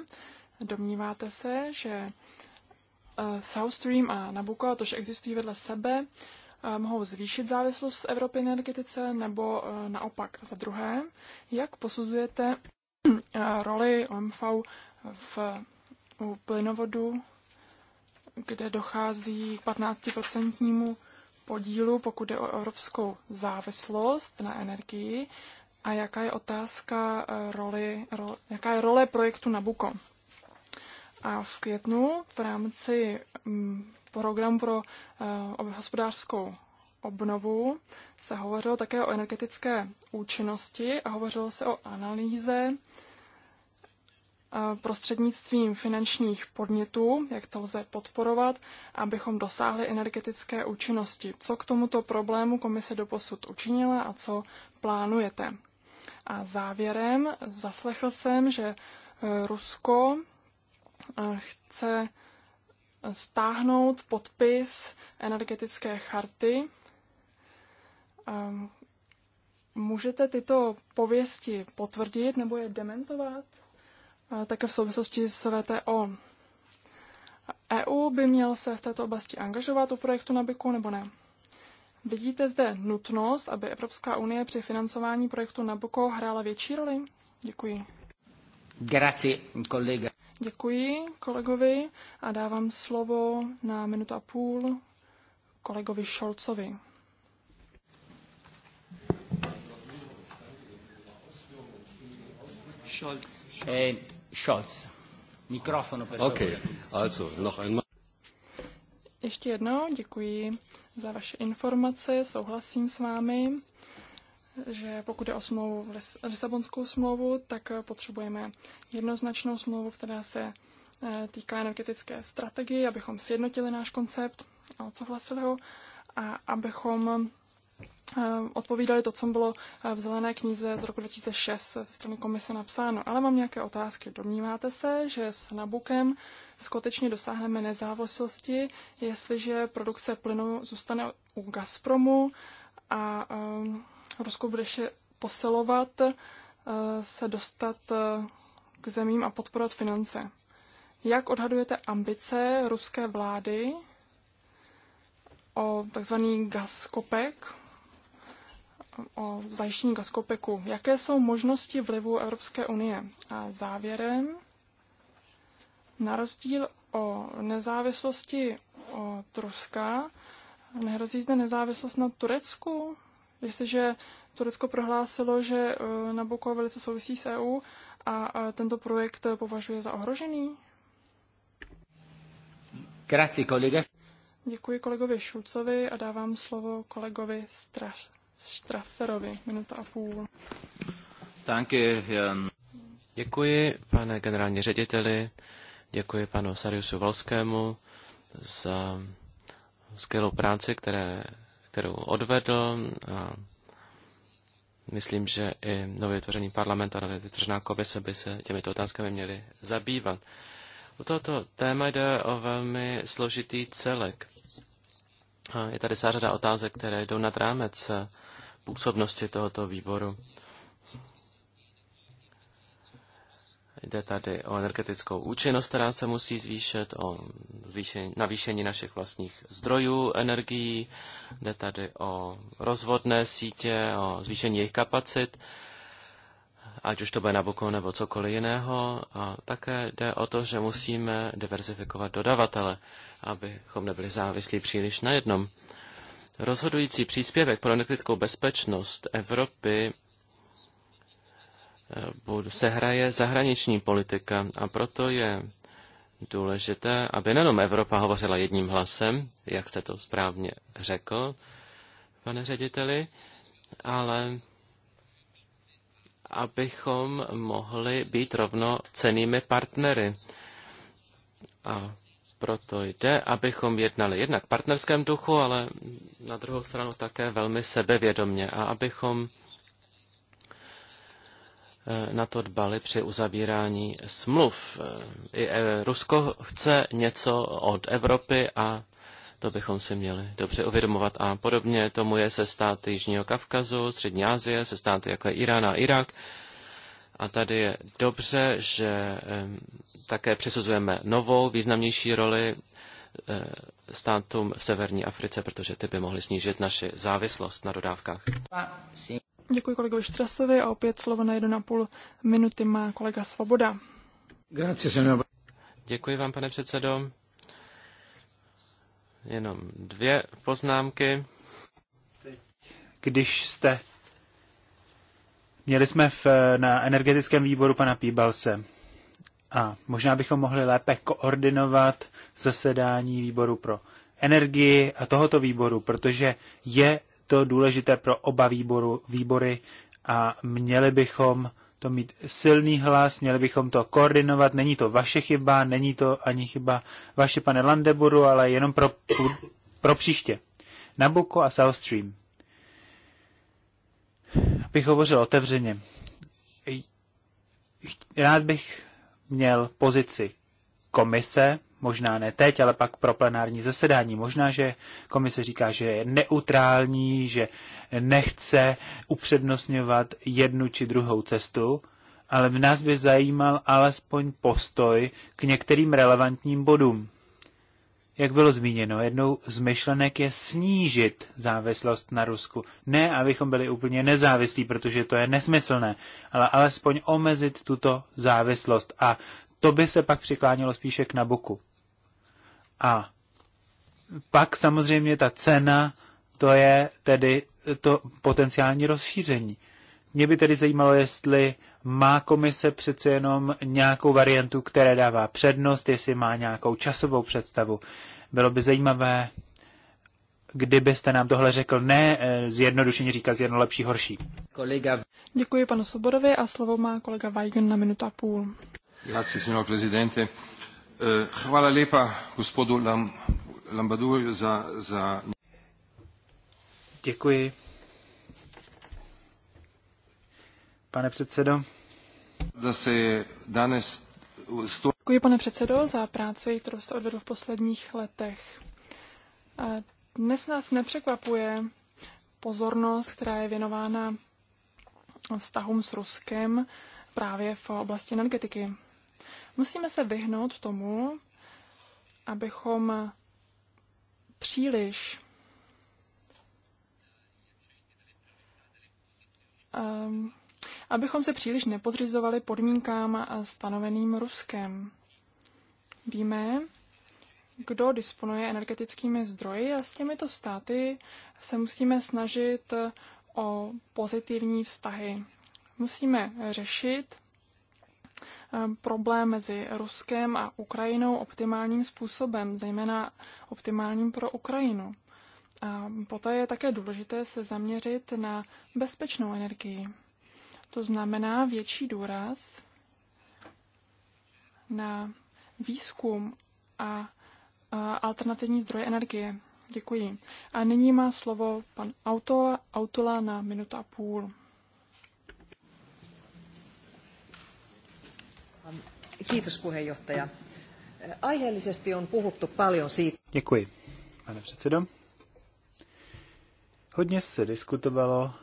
domníváte se, že eh, South Stream a Nabucco, to, že existují vedle sebe, mohou zvýšit závislost Evropy na energetice, nebo naopak. Za druhé, jak posuzujete roli OMV v u plynovodu, kde dochází k 15% podílu, pokud je o evropskou závislost na energii a jaká je otázka eh, roli, ro, jaká je role projektu Nabuko. A v květnu v rámci mm, programu pro uh, hospodářskou obnovu se hovořilo také o energetické účinnosti a hovořilo se o analýze uh, Eh, prostřednictvím finančních podnětů, jak to lze podporovat, abychom dosáhli energetické účinnosti. Co k tomuto problému komise doposud učinila a co plánujete? A závěrem zaslechl jsem, že eh, Rusko eh, chce stáhnout podpis energetické charty. Ehm, můžete tyto pověsti potvrdit nebo je dementovat? také v souvislosti s VTO. EU by měl se v této oblasti angažovat u projektu Nabiku nebo ne? Vidíte zde nutnost, aby Evropská unie při financování projektu Nabucco hrála větší roli? Děkuji. Grazie, kolega. Děkuji kolegovi a dávám slovo na minutu a půl kolegovi Šolcovi. Scholz. Eh, Scholz. Mikrofon. Okay. Also, noch einmal. Ještě jednou děkuji za vaše informace, souhlasím s vámi, že pokud je o smlouvu, Lisabonskou smlouvu, tak potřebujeme jednoznačnou smlouvu, která se eh, týká energetické strategie, abychom sjednotili náš koncept a odsouhlasili ho a abychom Eh, odpovídali to, co bylo eh, v zelené knize z roku 2006 eh, ze strany komise napsáno. Ale mám nějaké otázky. Domníváte se, že s Nabukem skutečně dosáhneme nezávislosti, jestliže produkce plynu zůstane u Gazpromu a Rusko bude se posilovat, se dostat k zemím a podporovat finance. Jak odhadujete ambice ruské vlády o takzvaný gazkopek, o zajištění gaskopeku. Jaké jsou možnosti vlivu Evropské unie? A závěrem, na rozdíl o nezávislosti od Ruska, nehrozí zde nezávislost na Turecku? Jestliže Turecko prohlásilo, že eh, Nabucco velice souvisí s EU a eh, tento projekt považuje za ohrožený? Grazie, kolega. Děkuji kolegovi Šulcovi a dávám slovo kolegovi Straš. Strasserovi. Minuta a půl. Danke, Jan. Děkuji, pane generální řediteli. Děkuji panu Sariusu Volskému za skvělou práci, které, kterou odvedl. A myslím, že i nově vytvořený parlament a nově vytvořená komise by se těmito otázkami měly zabývat. U tohoto téma jde o velmi složitý celek. Je tady řada otázek, které jdou nad rámec působnosti tohoto výboru. Jde tady o energetickou účinnost, která se musí zvýšit, o zvýšení, navýšení našich vlastních zdrojů energií, jde tady o rozvodné sítě, o zvýšení jejich kapacit, ať už to bude Nabucco nebo cokoliv jiného. A také jde o to, že musíme diversifikovat dodavatele, abychom nebyli závislí příliš na jednom. Rozhodující příspěvek pro energetickou bezpečnost Evropy eh, se hraje zahraniční politika a proto je důležité, aby nejenom Evropa hovořila jedním hlasem, jak jste to správně řekl, pane řediteli, ale abychom mohli být rovnocenými partnery. A proto jde, abychom jednali jednak v partnerském duchu, ale na druhou stranu také velmi sebevědomně a abychom eh, na to dbali při uzavírání smluv. Eh, I eh, Rusko chce něco od Evropy a to bychom si měli dobře uvědomovat. A podobně tomu je se státy Jižního Kavkazu, Střední Asie, se státy jako je Irán a Irak. A tady je dobře, že také přisuzujeme novou, významnější roli eh, státům v severní Africe, protože ty by mohly snížit naši závislost na dodávkách. Děkuji kolegovi Štrasovi a opět slovo na 1,5 minuty má kolega Svoboda. Děkuji vám, pane předsedo. Jenom dvě poznámky. Když jste Měli jsme v, na energetickém výboru pana Píbalse a možná bychom mohli lépe koordinovat zasedání výboru pro energii a tohoto výboru, protože je to důležité pro oba výboru, výbory a měli bychom to mít silný hlas, měli bychom to koordinovat. Není to vaše chyba, není to ani chyba vaše, pane Landeburu, ale jenom pro, pro příště. Nabuko a South Stream bych hovořil otevřeně. Rád bych měl pozici komise, možná ne teď, ale pak pro plenární zasedání. Možná, že komise říká, že je neutrální, že nechce upřednostňovat jednu či druhou cestu, ale v nás by zajímal alespoň postoj k některým relevantním bodům. Jak bylo zmíněno, jednou z myšlenek je snížit závislost na Rusku. Ne, abychom byli úplně nezávislí, protože to je nesmyslné, ale alespoň omezit tuto závislost. A to by se pak přiklánilo spíše k Nabuku. A pak samozřejmě ta cena, to je tedy to potenciální rozšíření. Mě by tedy zajímalo, jestli má komise přece jenom nějakou variantu, které dává přednost, jestli má nějakou časovou představu. Bylo by zajímavé, kdybyste nám tohle řekl, ne eh, zjednodušeně říkat jedno lepší, horší. Kolega... Děkuji panu Soborovi a slovo má kolega Weigen na minutu a půl. Grazie, signor Presidente. Eh, Chvala lepa gospodu Lam, za, za... Děkuji pane předsedo. Děkuji, pane předsedo, za práci, kterou jste odvedl v posledních letech. Dnes nás nepřekvapuje pozornost, která je věnována vztahům s Ruskem právě v oblasti energetiky. Musíme se vyhnout tomu, abychom příliš um, abychom se příliš nepodřizovali podmínkám stanoveným Ruskem. Víme, kdo disponuje energetickými zdroji a s těmito státy se musíme snažit o pozitivní vztahy. Musíme řešit eh, problém mezi Ruskem a Ukrajinou optimálním způsobem, zejména optimálním pro Ukrajinu. A poté je také důležité se zaměřit na bezpečnou energii. To znamená větší důraz na výzkum a, alternativní zdroje energie. Děkuji. A nyní má slovo pan Autola, Autola na minutu a půl. Kiitos puheenjohtaja. Aiheellisesti on puhuttu paljon siitä. Děkuji, pane předsedo. Hodně se diskutovalo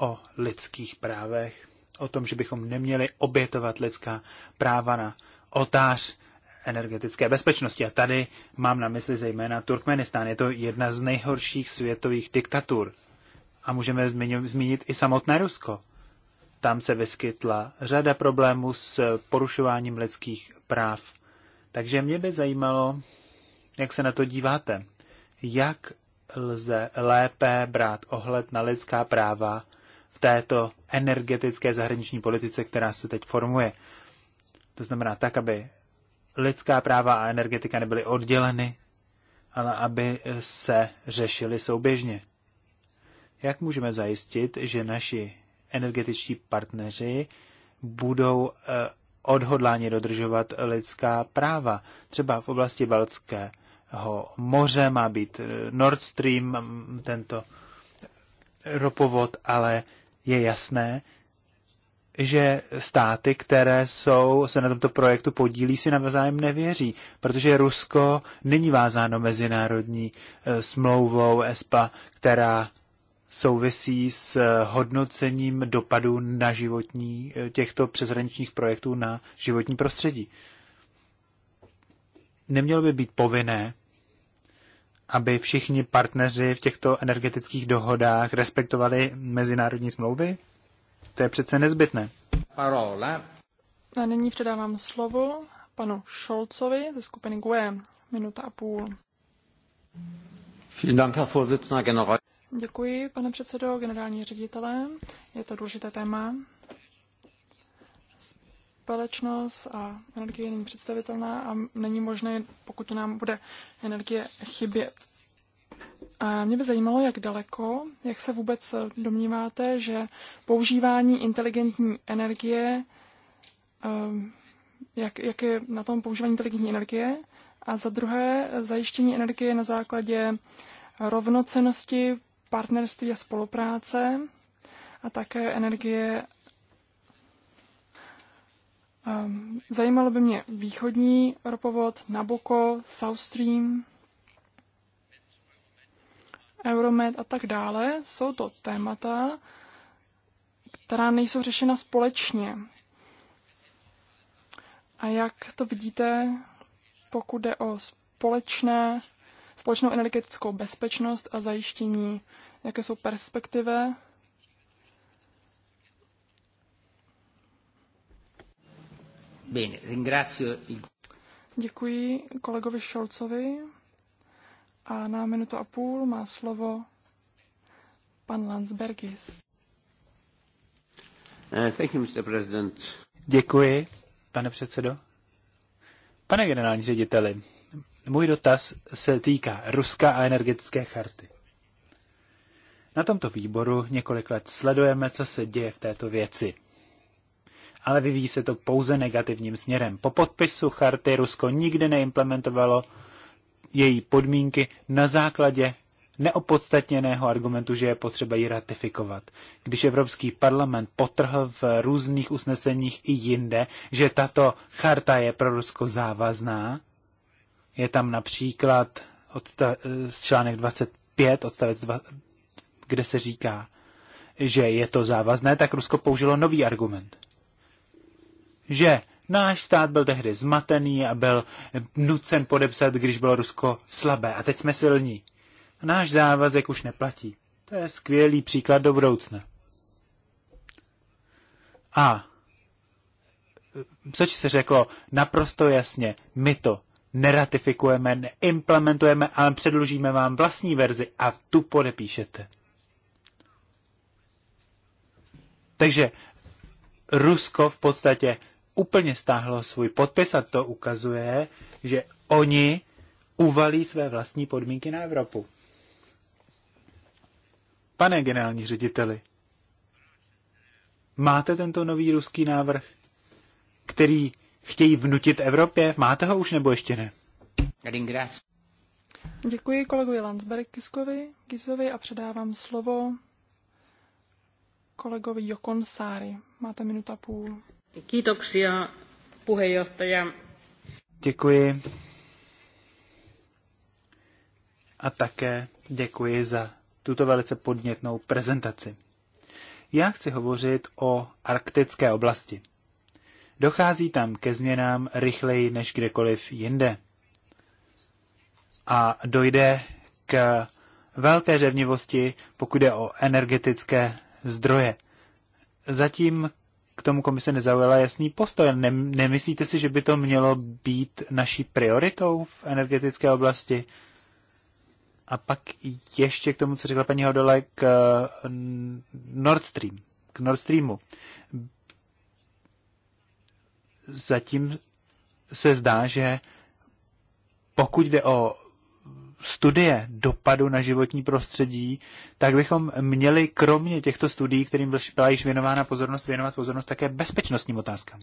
o lidských právech, o tom, že bychom neměli obětovat lidská práva na otář energetické bezpečnosti. A tady mám na mysli zejména Turkmenistán. Je to jedna z nejhorších světových diktatur. A můžeme zmínit i samotné Rusko. Tam se vyskytla řada problémů s porušováním lidských práv. Takže mě by zajímalo, jak se na to díváte. Jak lze lépe brát ohled na lidská práva této energetické zahraniční politice, která se teď formuje. To znamená tak, aby lidská práva a energetika nebyly odděleny, ale aby se řešily souběžně. Jak můžeme zajistit, že naši energetičtí partneři budou eh, odhodláni dodržovat lidská práva? Třeba v oblasti Balckého moře má být eh, Nord Stream, mm, tento ropovod, ale je jasné, že státy, které jsou, se na tomto projektu podílí, si navzájem nevěří, protože Rusko není vázáno mezinárodní eh, smlouvou ESPA, která souvisí s eh, hodnocením dopadu na životní eh, těchto přeshraničních projektů na životní prostředí. Nemělo by být povinné aby všichni partneři v těchto energetických dohodách respektovali mezinárodní smlouvy? To je přece nezbytné. Parola. A nyní předávám slovo panu Šolcovi ze skupiny GUE. Minuta a půl. Děkuji, pane předsedo, generální ředitele. Je to důležité téma společnost a energie není představitelná a není možné, pokud nám bude energie chybět. A mě by zajímalo, jak daleko, jak se vůbec domníváte, že používání inteligentní energie, ehm, jak, jak je na tom používání inteligentní energie, a za druhé zajištění energie na základě rovnocenosti, partnerství a spolupráce a také energie Ehm, zajímalo by mě východní ropovod Nabucco, South Stream, Euromed a tak dále. Jsou to témata, která nejsou řešena společně. A jak to vidíte, pokud jde o společné, společnou energetickou bezpečnost a zajištění, jaké jsou perspektivy Děkuji kolegovi Šolcovi a na minutu a půl má slovo pan Landsbergis. Eh, Děkuji, pane předsedo. Pane generální řediteli, můj dotaz se týká Ruska a energetické charty. Na tomto výboru několik let sledujeme, co se děje v této věci ale vyvíjí se to pouze negativním směrem. Po podpisu charty Rusko nikdy neimplementovalo její podmínky na základě neopodstatněného argumentu, že je potřeba ji ratifikovat. Když Evropský parlament potrhl v různých usneseních i jinde, že tato charta je pro Rusko závazná, je tam například odsta- článek 25, odstavec 2, kde se říká, že je to závazné, tak Rusko použilo nový argument že náš stát byl tehdy zmatený a byl nucen podepsat, když bylo Rusko slabé. A teď jsme silní. A náš závazek už neplatí. To je skvělý příklad do budoucna. A eh, což se řeklo naprosto jasně, my to neratifikujeme, neimplementujeme, ale předložíme vám vlastní verzi a tu podepíšete. Takže Rusko v podstatě úplně stáhlo svůj podpis a to ukazuje, že oni uvalí své vlastní podmínky na Evropu. Pane generální řediteli, máte tento nový ruský návrh, který chtějí vnutit Evropě? Máte ho už nebo ještě ne? Děkuji kolegovi Landsberg Kiskovi, Gizovi a předávám slovo kolegovi Jokonsári. Máte minuta půl. Děkuji. A také děkuji za tuto velice podnětnou prezentaci. Já chci hovořit o arktické oblasti. Dochází tam ke změnám rychleji než kdekoliv jinde. A dojde k velké řevnivosti, pokud jde o energetické zdroje. Zatím k tomu komise nezaujala jasný postoj. Nemyslíte si, že by to mělo být naší prioritou v energetické oblasti? A pak ještě k tomu, co řekla paní Hodole, k eh, Nord Stream, k Nord Streamu. Zatím se zdá, že pokud jde o studie dopadu na životní prostředí, tak bychom měli kromě těchto studií, kterým byla již věnována pozornost, věnovat pozornost také bezpečnostním otázkám.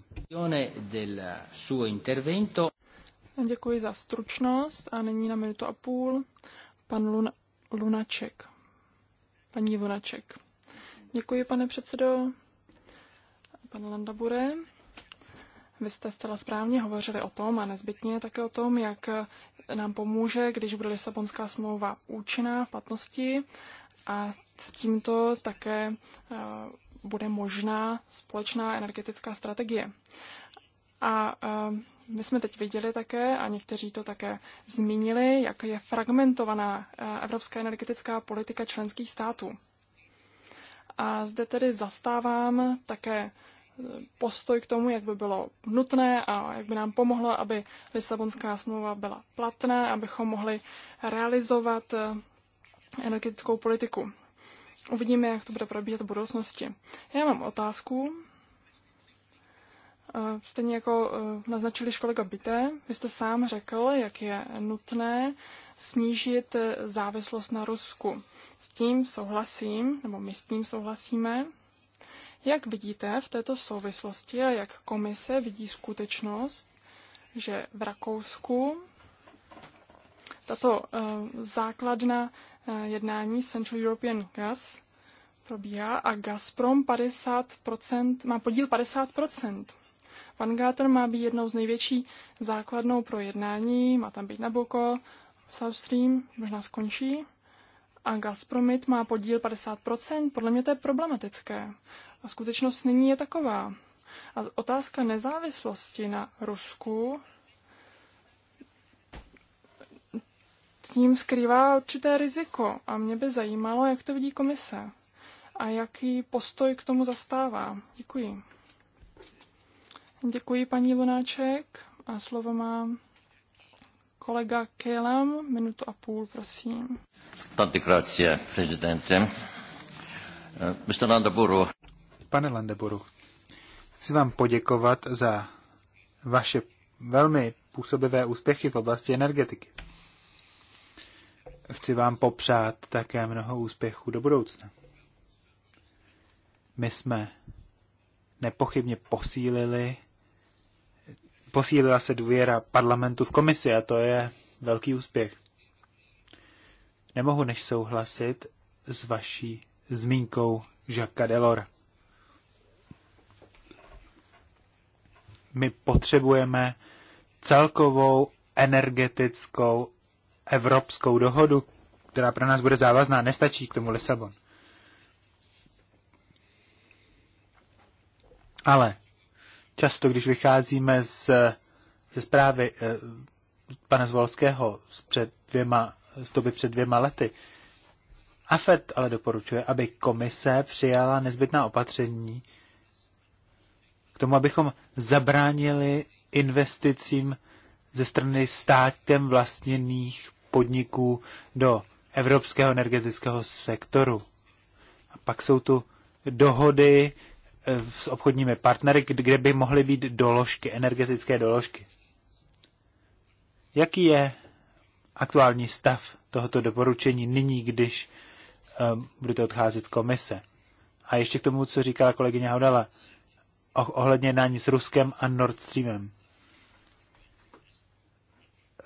Děkuji za stručnost a nyní na minutu a půl pan Lun- Lunaček. Paní Lunaček. Děkuji, pane předsedo. Pan Landabure. Vy jste zcela správně hovořili o tom a nezbytně také o tom, jak nám pomůže, když bude Lisabonská smlouva účinná v platnosti a s tímto také eh, bude možná společná energetická strategie. A eh, my jsme teď viděli také, a někteří to také zmínili, jak je fragmentovaná eh, evropská energetická politika členských států. A zde tedy zastávám také postoj k tomu, jak by bylo nutné a jak by nám pomohlo, aby Lisabonská smlouva byla platná, abychom mohli realizovat eh, energetickou politiku. Uvidíme, jak to bude probíhat v budoucnosti. Já mám otázku. Eh, stejně jako eh, naznačili kolega Bité, vy jste sám řekl, jak je nutné snížit závislost na Rusku. S tím souhlasím, nebo my s tím souhlasíme. Jak vidíte v této souvislosti a jak komise vidí skutečnost, že v Rakousku tato eh, základna eh, jednání Central European Gas probíhá a Gazprom 50%, má podíl 50%. Vangáter má být jednou z největší základnou pro jednání, má tam být Nabucco, South Stream, možná skončí a Gazpromit má podíl 50%, podle mě to je problematické. A skutečnost nyní je taková. A otázka nezávislosti na Rusku tím skrývá určité riziko a mě by zajímalo, jak to vidí komise a jaký postoj k tomu zastává. Děkuji. Děkuji, paní Lunáček. A slovo má kolega Kelem, minutu a půl, prosím. Tante grazie, prezidente. Mr. Landaburu. Pane Landaburu, chci vám poděkovat za vaše velmi působivé úspěchy v oblasti energetiky. Chci vám popřát také mnoho úspěchů do budoucna. My jsme nepochybně posílili posílila se důvěra parlamentu v komisi a to je velký úspěch. Nemohu než souhlasit s vaší zmínkou Žaka Delor. My potřebujeme celkovou energetickou evropskou dohodu, která pro nás bude závazná. Nestačí k tomu Lisabon. Ale často, když vycházíme z, ze zprávy eh, pana Zvolského z před dvěma, z doby před dvěma lety, afet, ale doporučuje, aby komise přijala nezbytná opatření k tomu, abychom zabránili investicím ze strany státem vlastněných podniků do evropského energetického sektoru. A pak jsou tu dohody, s obchodními partnery, kde by mohly být doložky, energetické doložky. Jaký je aktuální stav tohoto doporučení nyní, když um, budete odcházet z komise? A ještě k tomu, co říkala kolegyně Haudala oh, ohledně jednání s Ruskem a Nord Streamem.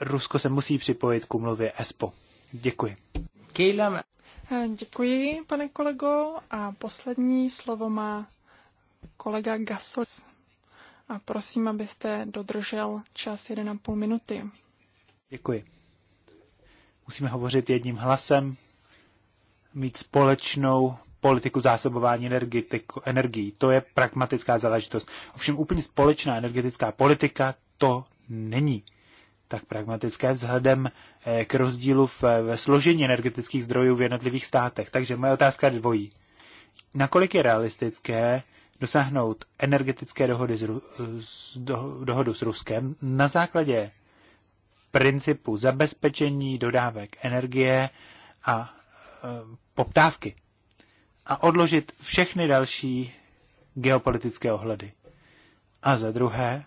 Rusko se musí připojit k umluvě ESPO. Děkuji. Eh, děkuji, pane kolego. A poslední slovo má kolega Gasos. A prosím, abyste dodržel čas 1,5 minuty. Děkuji. Musíme hovořit jedním hlasem, mít společnou politiku zásobování energií. To je pragmatická záležitost. Ovšem úplně společná energetická politika to není tak pragmatické vzhledem eh, k rozdílu eh, ve složení energetických zdrojů v jednotlivých státech. Takže moje otázka dvojí. Nakolik je realistické dosáhnout energetické dohody s, do, dohodu s Ruskem na základě principu zabezpečení dodávek energie a e, poptávky a odložit všechny další geopolitické ohledy. A za druhé,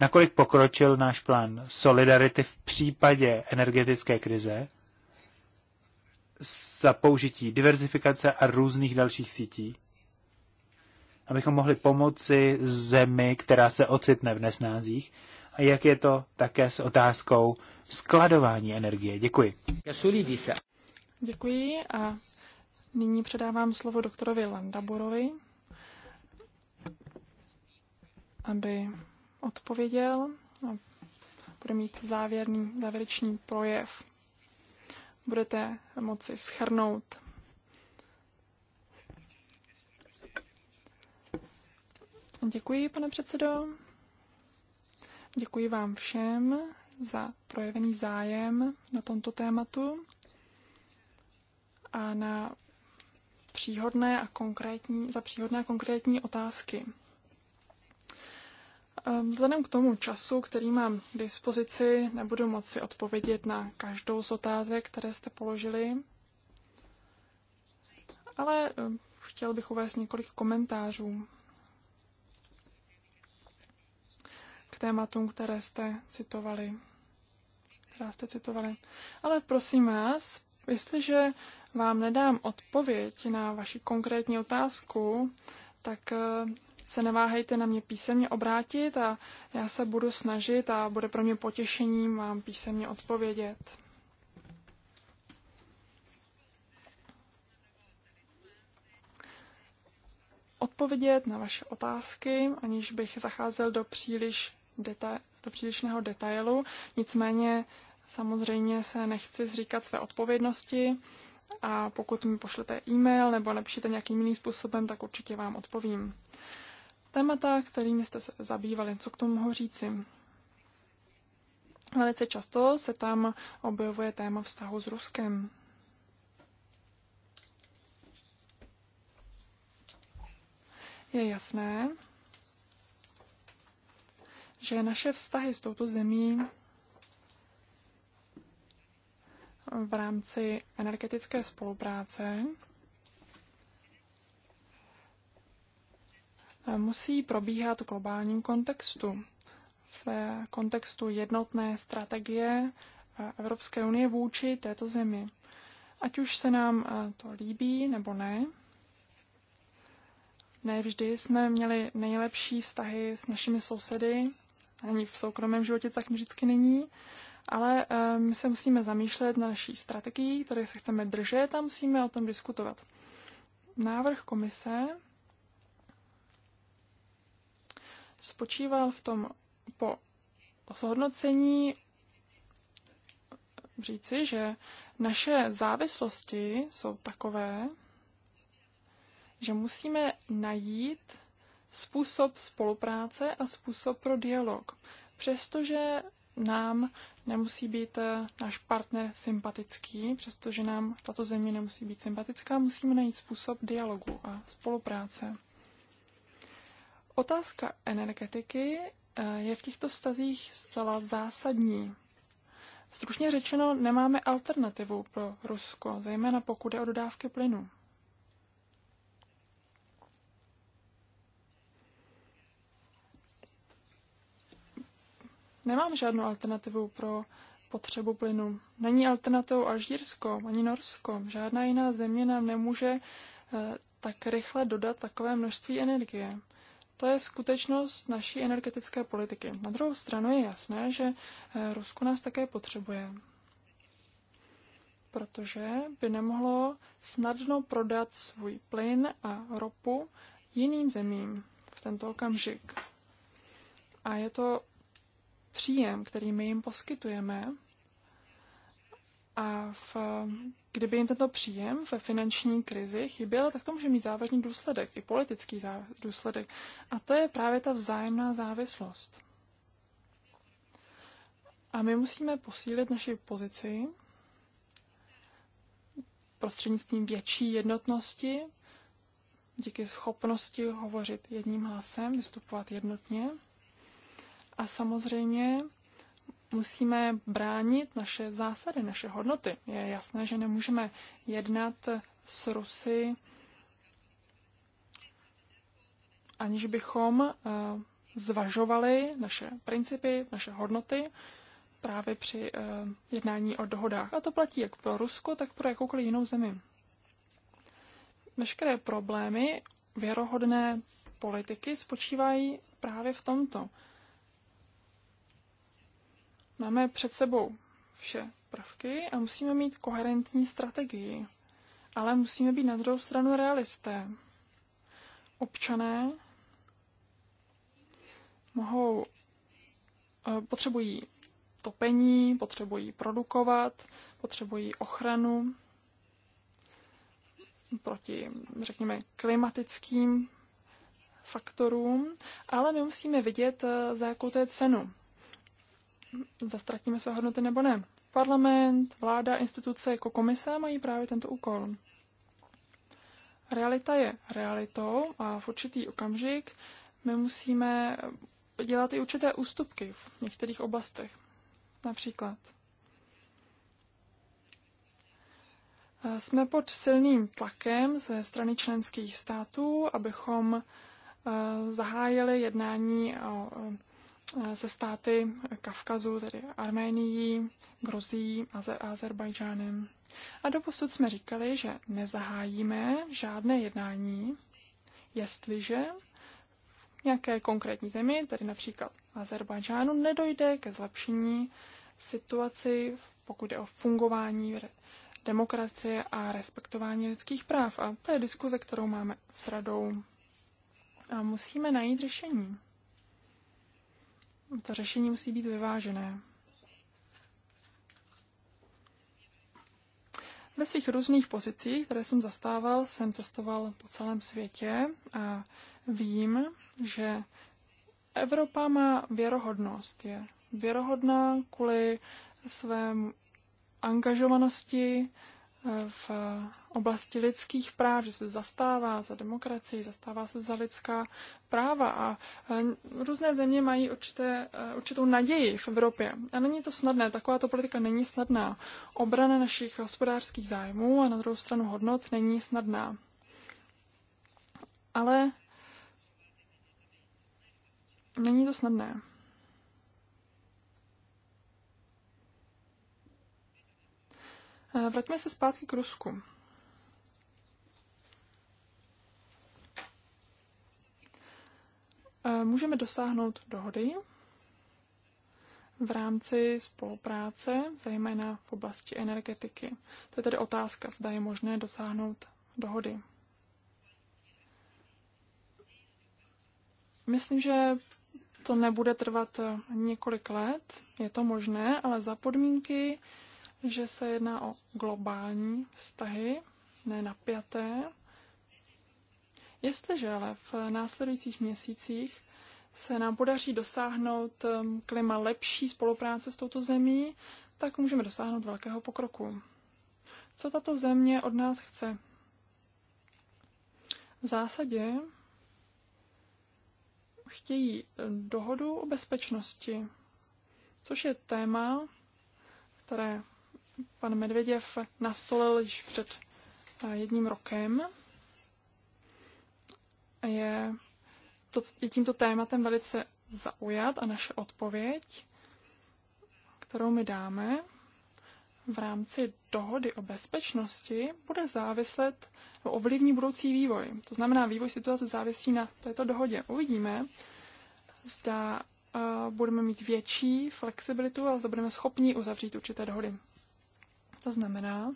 nakolik pokročil náš plán solidarity v případě energetické krize za použití diverzifikace a různých dalších sítí abychom mohli pomoci zemi, která se ocitne v nesnázích? A jak je to také s otázkou skladování energie? Děkuji. Děkuji a nyní předávám slovo doktorovi Landaborovi, aby odpověděl a bude mít závěrný, závěrečný projev. Budete moci schrnout Děkuji, pane předsedo. Děkuji vám všem za projevený zájem na tomto tématu a na příhodné a konkrétní, za příhodné a konkrétní otázky. Ehm, vzhledem k tomu času, který mám k dispozici, nebudu moci odpovědět na každou z otázek, které jste položili, ale ehm, chtěl bych uvést několik komentářů. tématům, které jste citovali. Která jste citovali. Ale prosím vás, jestliže vám nedám odpověď na vaši konkrétní otázku, tak eh, se neváhejte na mě písemně obrátit a já se budu snažit a bude pro mě potěšením vám písemně odpovědět. Odpovědět na vaše otázky, aniž bych zacházel do příliš deta- do přílišného detailu, nicméně samozřejmě se nechci zříkat své odpovědnosti a pokud mi pošlete e-mail nebo napíšete nějakým jiným způsobem, tak určitě vám odpovím. Témata, kterými jste se zabývali, co k tomu mohu říci? Velice často se tam objevuje téma vztahu s Ruskem. Je jasné, že naše vztahy s touto zemí v rámci energetické spolupráce musí probíhat v globálním kontextu. V kontextu jednotné strategie Evropské unie vůči této zemi. Ať už se nám to líbí nebo ne, ne vždy jsme měli nejlepší vztahy s našimi sousedy ani v soukromém životě tak vždycky není. Ale eh, my se musíme zamýšlet na naší strategii, které se chceme držet a musíme o tom diskutovat. Návrh komise spočíval v tom po zhodnocení říci, že naše závislosti jsou takové, že musíme najít způsob spolupráce a způsob pro dialog. Přestože nám nemusí být eh, náš partner sympatický, přestože nám tato země nemusí být sympatická, musíme najít způsob dialogu a spolupráce. Otázka energetiky eh, je v těchto stazích zcela zásadní. Stručně řečeno, nemáme alternativu pro Rusko, zejména pokud je o dodávky plynu. nemám žádnou alternativu pro potřebu plynu. Není alternativou Alžírsko, ani Norsko. Žádná jiná země nám nemůže eh, tak rychle dodat takové množství energie. To je skutečnost naší energetické politiky. Na druhou stranu je jasné, že eh, Rusko nás také potřebuje, protože by nemohlo snadno prodat svůj plyn a ropu jiným zemím v tento okamžik. A je to příjem, který my jim poskytujeme, a v, kdyby jim tento příjem ve finanční krizi chyběl, tak to může mít závažný důsledek, i politický zá, důsledek. A to je právě ta vzájemná závislost. A my musíme posílit naši pozici prostřednictvím větší jednotnosti, díky schopnosti hovořit jedním hlasem, vystupovat jednotně. A samozřejmě musíme bránit naše zásady, naše hodnoty. Je jasné, že nemůžeme jednat s Rusy, aniž bychom eh, zvažovali naše principy, naše hodnoty právě při eh, jednání o dohodách. A to platí jak pro Rusko, tak pro jakoukoliv jinou zemi. Veškeré problémy věrohodné politiky spočívají právě v tomto. Máme před sebou vše prvky a musíme mít koherentní strategii. Ale musíme být na druhou stranu realisté. Občané mohou, eh, potřebují topení, potřebují produkovat, potřebují ochranu proti, řekněme, klimatickým faktorům, ale my musíme vidět, eh, za jakou to je cenu zastratíme své hodnoty nebo ne. Parlament, vláda, instituce jako komise mají právě tento úkol. Realita je realitou a v určitý okamžik my musíme dělat i určité ústupky v některých oblastech. Například Jsme pod silným tlakem ze strany členských států, abychom eh, zahájili jednání o Eh, se státy Kavkazu, tedy Arménií, Gruzií, a Azerbajdžánem. A doposud jsme říkali, že nezahájíme žádné jednání, jestliže v nějaké konkrétní zemi, tedy například Azerbajdžánu, nedojde ke zlepšení situaci, pokud je o fungování demokracie a respektování lidských práv. A to je diskuze, kterou máme s radou. A musíme najít řešení to řešení musí být vyvážené. Ve svých různých pozicích, které jsem zastával, jsem cestoval po celém světě a vím, že Evropa má věrohodnost. Je věrohodná kvůli své angažovanosti v oblasti lidských práv, že se zastává za demokracii, zastává se za lidská práva a e, různé země mají určité, e, určitou naději v Evropě. A není to snadné, takováto politika není snadná. Obrana našich hospodářských zájmů a na druhou stranu hodnot není snadná. Ale není to snadné. E, vraťme se zpátky k Rusku. Eh, můžeme dosáhnout dohody v rámci spolupráce, zejména v oblasti energetiky. To je tedy otázka, zda je možné dosáhnout dohody. Myslím, že to nebude trvat eh, několik let, je to možné, ale za podmínky, že se jedná o globální vztahy, ne napjaté, Jestliže ale v následujících měsících se nám podaří dosáhnout um, klima lepší spolupráce s touto zemí, tak můžeme dosáhnout velkého pokroku. Co tato země od nás chce? V zásadě chtějí um, dohodu o bezpečnosti, což je téma, které pan Medvěděv nastolil již před uh, jedním rokem je, to, je tímto tématem velice zaujat a naše odpověď, kterou my dáme v rámci dohody o bezpečnosti, bude záviset ovlivní budoucí vývoj. To znamená, vývoj situace závisí na této dohodě. Uvidíme, zda eh, budeme mít větší flexibilitu a zda budeme schopni uzavřít určité dohody. To znamená,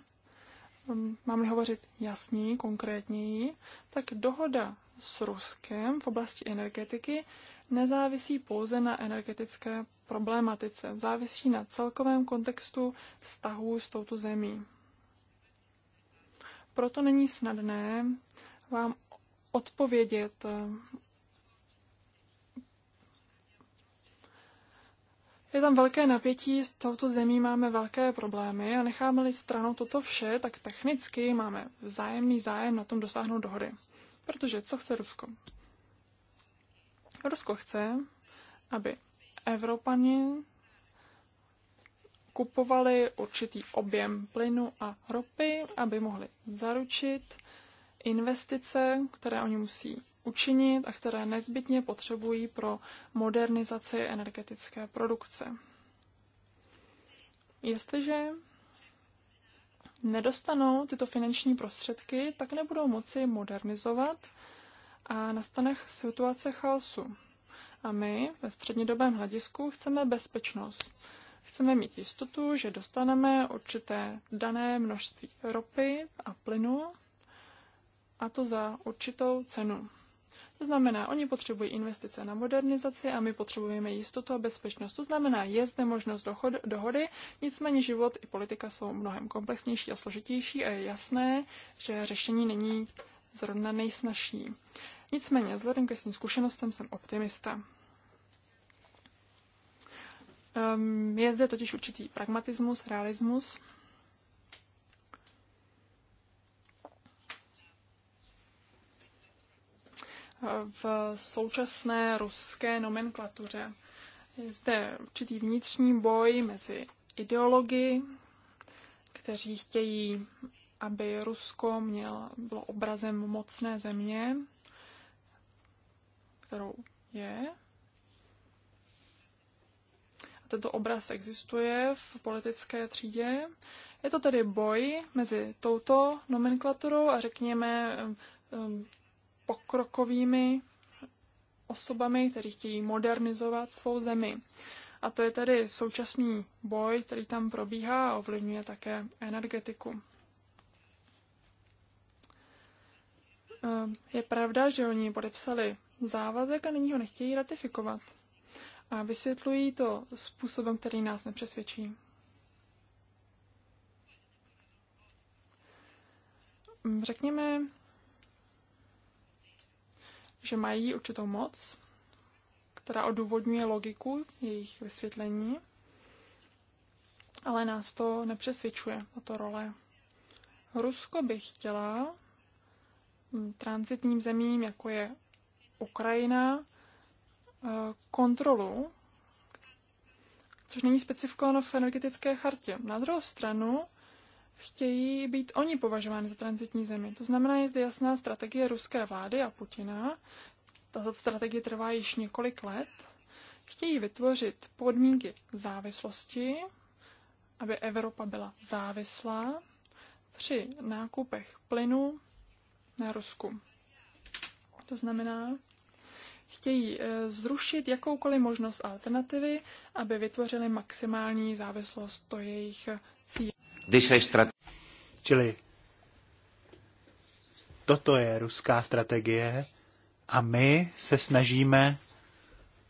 mm, mám-li hovořit jasněji, konkrétněji, tak dohoda s Ruskem v oblasti energetiky nezávisí pouze na energetické problematice, závisí na celkovém kontextu vztahů s touto zemí. Proto není snadné vám odpovědět eh, Je tam velké napětí, s touto zemí máme velké problémy a necháme-li stranou toto vše, tak technicky máme vzájemný zájem na tom dosáhnout dohody. Protože co chce Rusko? Rusko chce, aby Evropani kupovali určitý objem plynu a ropy, aby mohli zaručit investice, které oni musí učinit a které nezbytně potřebují pro modernizaci energetické produkce. Jestliže nedostanou tyto finanční prostředky, tak nebudou moci modernizovat a nastane situace chaosu. A my ve střednědobém hledisku chceme bezpečnost. Chceme mít jistotu, že dostaneme určité dané množství ropy a plynu, a to za určitou cenu. To znamená, oni potřebují investice na modernizaci a my potřebujeme jistotu a bezpečnost. To znamená, je zde možnost dochod, dohody, nicméně život i politika jsou mnohem komplexnější a složitější a je jasné, že řešení není zrovna nejsnažší. Nicméně, vzhledem ke svým zkušenostem jsem optimista. Um, je zde totiž určitý pragmatismus, realismus v současné ruské nomenklatuře. Je zde určitý vnitřní boj mezi ideologi, kteří chtějí, aby Rusko měl, bylo obrazem mocné země, kterou je. A tento obraz existuje v politické třídě. Je to tedy boj mezi touto nomenklaturou a řekněme um, um, pokrokovými osobami, kteří chtějí modernizovat svou zemi. A to je tedy současný boj, který tam probíhá a ovlivňuje také energetiku. Ehm, je pravda, že oni podepsali závazek a nyní ho nechtějí ratifikovat. A vysvětlují to způsobem, který nás nepřesvědčí. Řekněme, že mají určitou moc, která odůvodňuje logiku jejich vysvětlení, ale nás to nepřesvědčuje, tato role. Rusko by chtěla mm, transitním zemím, jako je Ukrajina, eh, kontrolu, což není specifikováno v energetické chartě. Na druhou stranu chtějí být oni považováni za transitní zemi. To znamená, je zde jasná strategie ruské vlády a Putina. Tato strategie trvá již několik let. Chtějí vytvořit podmínky závislosti, aby Evropa byla závislá při nákupech plynu na Rusku. To znamená, chtějí eh, zrušit jakoukoliv možnost alternativy, aby vytvořili maximální závislost. To je jejich Čili toto je ruská strategie a my se snažíme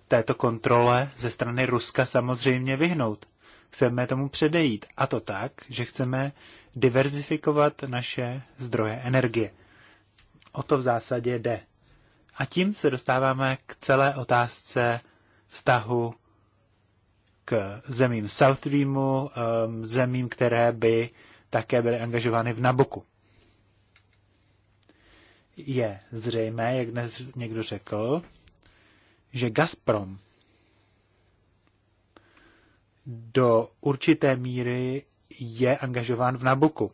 této kontrole ze strany Ruska samozřejmě vyhnout. Chceme tomu předejít. A to tak, že chceme diverzifikovat naše zdroje energie. O to v zásadě jde. A tím se dostáváme k celé otázce vztahu k zemím South Dreamu, zemím, které by také byly angažovány v Naboku. Je zřejmé, jak dnes někdo řekl, že Gazprom do určité míry je angažován v Nabuku.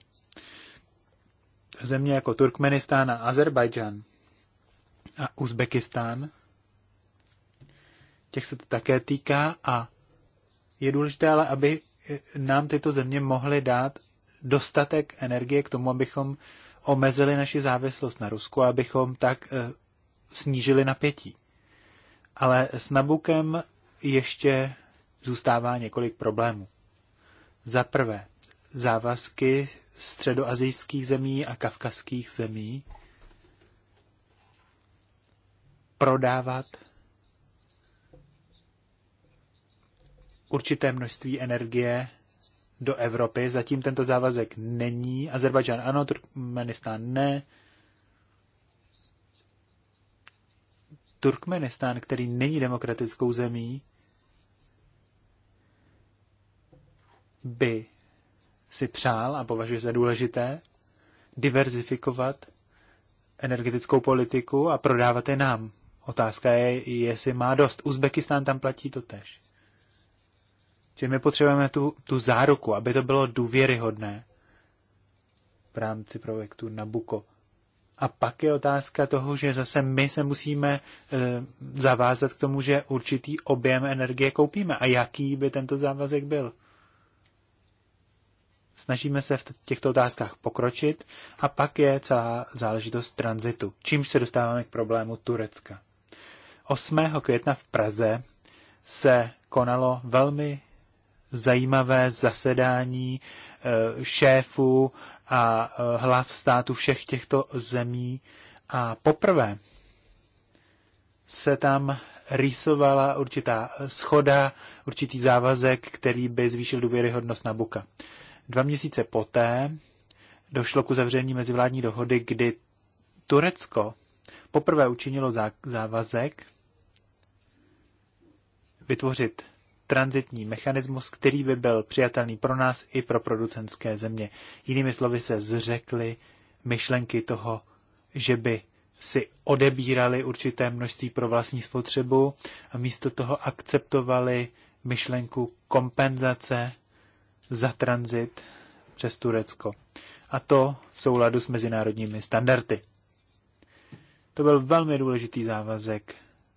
Země jako Turkmenistán a Azerbajdžan a Uzbekistán, těch se to také týká a je důležité ale, aby eh, nám tyto země mohly dát dostatek energie k tomu, abychom omezili naši závislost na Rusku a abychom tak eh, snížili napětí. Ale s Nabukem ještě zůstává několik problémů. Za prvé, závazky středoazijských zemí a kavkazských zemí prodávat určité množství energie do Evropy. Zatím tento závazek není. Azerbajdžán ano, Turkmenistán ne. Turkmenistán, který není demokratickou zemí, by si přál a považuje za důležité diverzifikovat energetickou politiku a prodávat je nám. Otázka je, jestli má dost. Uzbekistán tam platí to tež že my potřebujeme tu, tu záruku, aby to bylo důvěryhodné v rámci projektu Nabuko. A pak je otázka toho, že zase my se musíme e, zavázat k tomu, že určitý objem energie koupíme. A jaký by tento závazek byl? Snažíme se v těchto otázkách pokročit a pak je celá záležitost tranzitu, čímž se dostáváme k problému Turecka. 8. května v Praze se konalo velmi zajímavé zasedání eh, šéfů a eh, hlav států všech těchto zemí a poprvé se tam rýsovala určitá schoda, určitý závazek, který by zvýšil důvěryhodnost Nabuka. Dva měsíce poté došlo k uzavření mezivládní dohody, kdy Turecko poprvé učinilo závazek vytvořit transitní mechanismus, který by byl přijatelný pro nás i pro producentské země. Jinými slovy se zřekli myšlenky toho, že by si odebírali určité množství pro vlastní spotřebu a místo toho akceptovali myšlenku kompenzace za tranzit přes Turecko. A to v souladu s mezinárodními standardy. To byl velmi důležitý závazek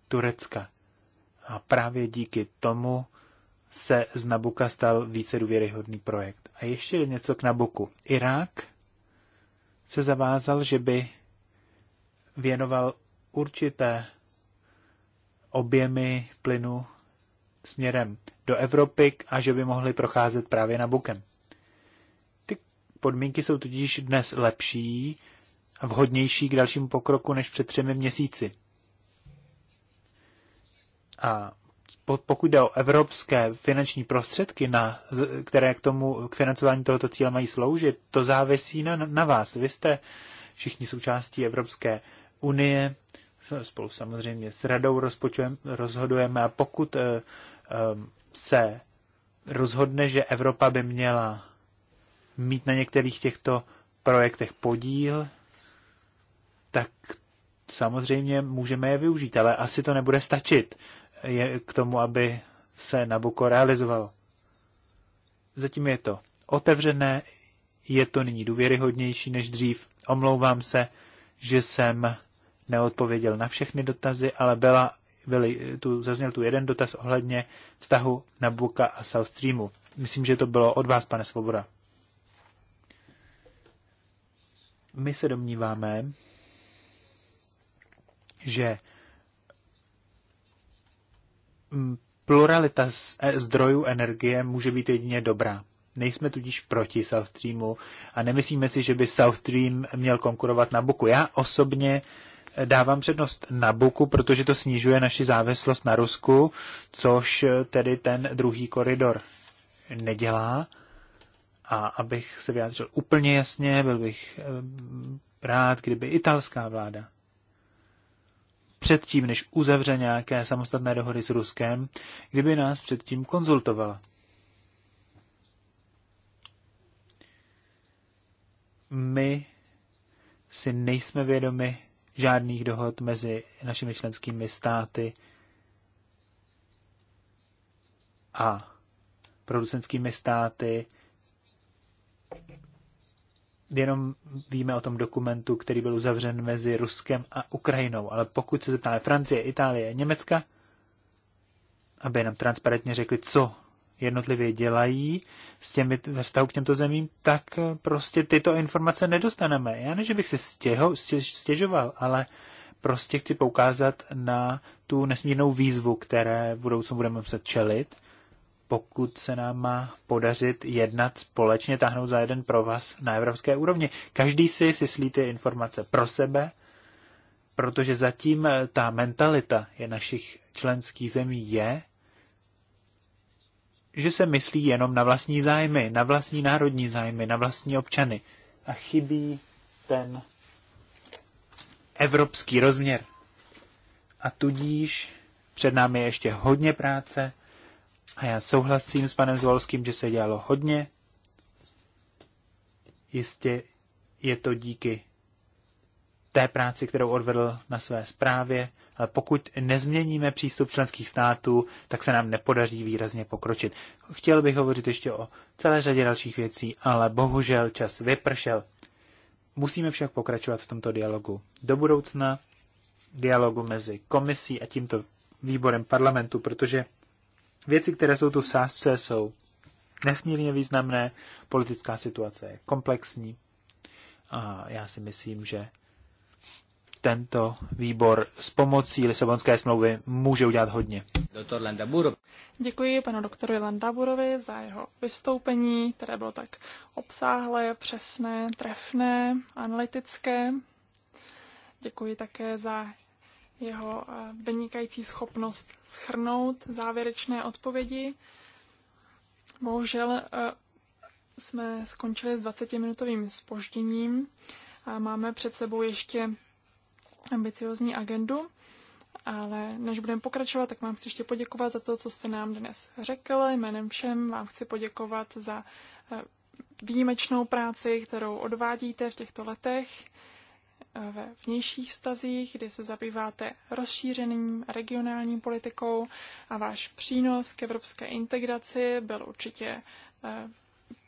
Turecka. A právě díky tomu se z Nabuka stal více důvěryhodný projekt. A ještě něco k Nabuku. Irák se zavázal, že by věnoval určité objemy plynu směrem do Evropy a že by mohli procházet právě Nabukem. Ty podmínky jsou tudíž dnes lepší a vhodnější k dalšímu pokroku než před třemi měsíci. A pokud jde o evropské finanční prostředky, na, které k tomu k financování tohoto cíle mají sloužit, to závisí na, na vás. Vy jste všichni součástí Evropské unie, spolu samozřejmě s radou rozhodujeme a pokud uh, se rozhodne, že Evropa by měla mít na některých těchto projektech podíl, tak samozřejmě můžeme je využít, ale asi to nebude stačit je k tomu, aby se Nabuko realizovalo. Zatím je to otevřené, je to nyní důvěryhodnější než dřív. Omlouvám se, že jsem neodpověděl na všechny dotazy, ale byla, byly, tu, zazněl tu jeden dotaz ohledně vztahu Nabuka a South Streamu. Myslím, že to bylo od vás, pane Svoboda. My se domníváme, že Pluralita e, zdrojů energie může být jedině dobrá. Nejsme tudíž proti South Streamu a nemyslíme si, že by South Stream měl konkurovat na Buku. Já osobně e, dávám přednost na Buku, protože to snižuje naši závislost na Rusku, což e, tedy ten druhý koridor nedělá. A abych se vyjádřil úplně jasně, byl bych rád, kdyby italská vláda předtím, než uzavře nějaké samostatné dohody s Ruskem, kdyby nás předtím konzultovala. My si nejsme vědomi žádných dohod mezi našimi členskými státy a producentskými státy jenom víme o tom dokumentu, který byl uzavřen mezi Ruskem a Ukrajinou, ale pokud se zeptáme Francie, Itálie, Německa, aby nám transparentně řekli, co jednotlivě dělají s těmi, ve vztahu k těmto zemím, tak eh, prostě tyto informace nedostaneme. Já ne, že bych si stěho, stě, stěžoval, ale prostě chci poukázat na tu nesmírnou výzvu, které v budoucnu budeme muset čelit pokud se nám má podařit jednat společně, tahnout za jeden pro vás na evropské úrovni. Každý si syslí ty informace pro sebe, protože zatím eh, ta mentalita je našich členských zemí je, že se myslí jenom na vlastní zájmy, na vlastní národní zájmy, na vlastní občany. A chybí ten evropský rozměr. A tudíž před námi je ještě hodně práce, a já souhlasím s panem Zvolským, že se dělalo hodně. Jistě je to díky té práci, kterou odvedl na své zprávě, ale pokud nezměníme přístup členských států, tak se nám nepodaří výrazně pokročit. Chtěl bych hovořit ještě o celé řadě dalších věcí, ale bohužel čas vypršel. Musíme však pokračovat v tomto dialogu. Do budoucna dialogu mezi komisí a tímto výborem parlamentu, protože Věci, které jsou tu v sázce, jsou nesmírně významné, politická situace je komplexní a já si myslím, že tento výbor s pomocí Lisabonské smlouvy může udělat hodně. Doktor Landaburo. Děkuji panu doktoru Landaburovi za jeho vystoupení, které bylo tak obsáhlé, přesné, trefné, analytické. Děkuji také za jeho eh, vynikající schopnost schrnout závěrečné odpovědi. Bohužel eh, jsme skončili s 20-minutovým spožděním. Máme před sebou ještě ambiciozní agendu, ale než budeme pokračovat, tak vám chci ještě poděkovat za to, co jste nám dnes řekl. Jménem všem vám chci poděkovat za eh, výjimečnou práci, kterou odvádíte v těchto letech ve vnějších vztazích, kdy se zabýváte rozšířeným regionální politikou a váš přínos k evropské integraci byl určitě eh,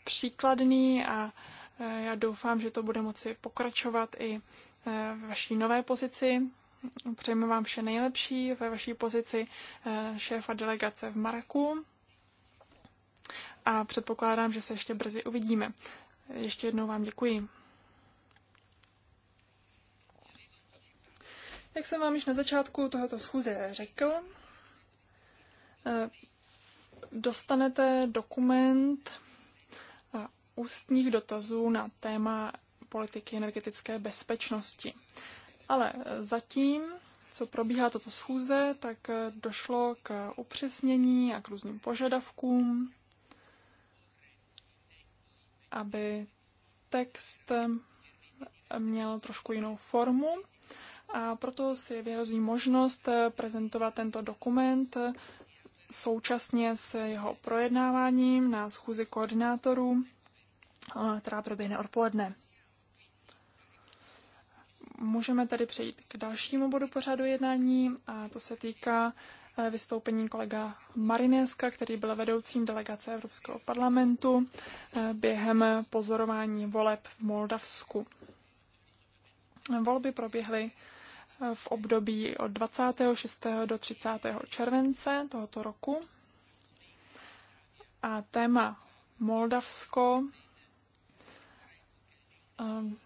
příkladný a eh, já doufám, že to bude moci pokračovat i eh, v vaší nové pozici. Přejeme vám vše nejlepší ve vaší pozici šéfa delegace v Maraku a předpokládám, že se ještě brzy uvidíme. Ještě jednou vám děkuji. Jak jsem vám již na začátku tohoto schůze řekl, eh, dostanete dokument eh, ústních dotazů na téma politiky energetické bezpečnosti. Ale eh, zatím, co probíhá toto schůze, tak došlo k upřesnění a k různým požadavkům, aby text měl trošku jinou formu a proto si vyhrazují možnost eh, prezentovat tento dokument eh, současně s jeho projednáváním na schůzi koordinátorů, eh, která proběhne odpoledne. Můžeme tedy přejít k dalšímu bodu pořadu jednání a to se týká vystoupení kolega Marineska, který byl vedoucím delegace Evropského parlamentu během pozorování voleb v Moldavsku. Volby proběhly v období od 26. do 30. července tohoto roku. A téma Moldavsko ehm,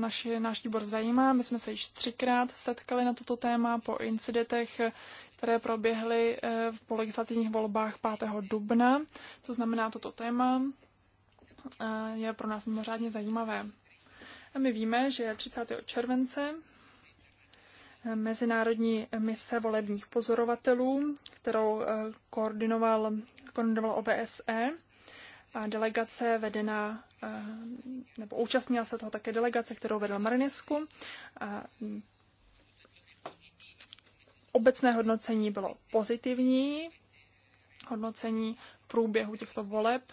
naši, náš výbor zajímá. My jsme se již třikrát setkali na toto téma po incidentech, které proběhly eh, v legislativních volbách 5. dubna. Co znamená, toto téma eh, je pro nás mimořádně zajímavé. A my víme, že 30. července mezinárodní mise volebních pozorovatelů, kterou eh, koordinoval, koordinoval OBSE a delegace vedená, eh, nebo účastnila se toho také delegace, kterou vedl Marinesku. A mm, obecné hodnocení bylo pozitivní, hodnocení průběhu těchto voleb.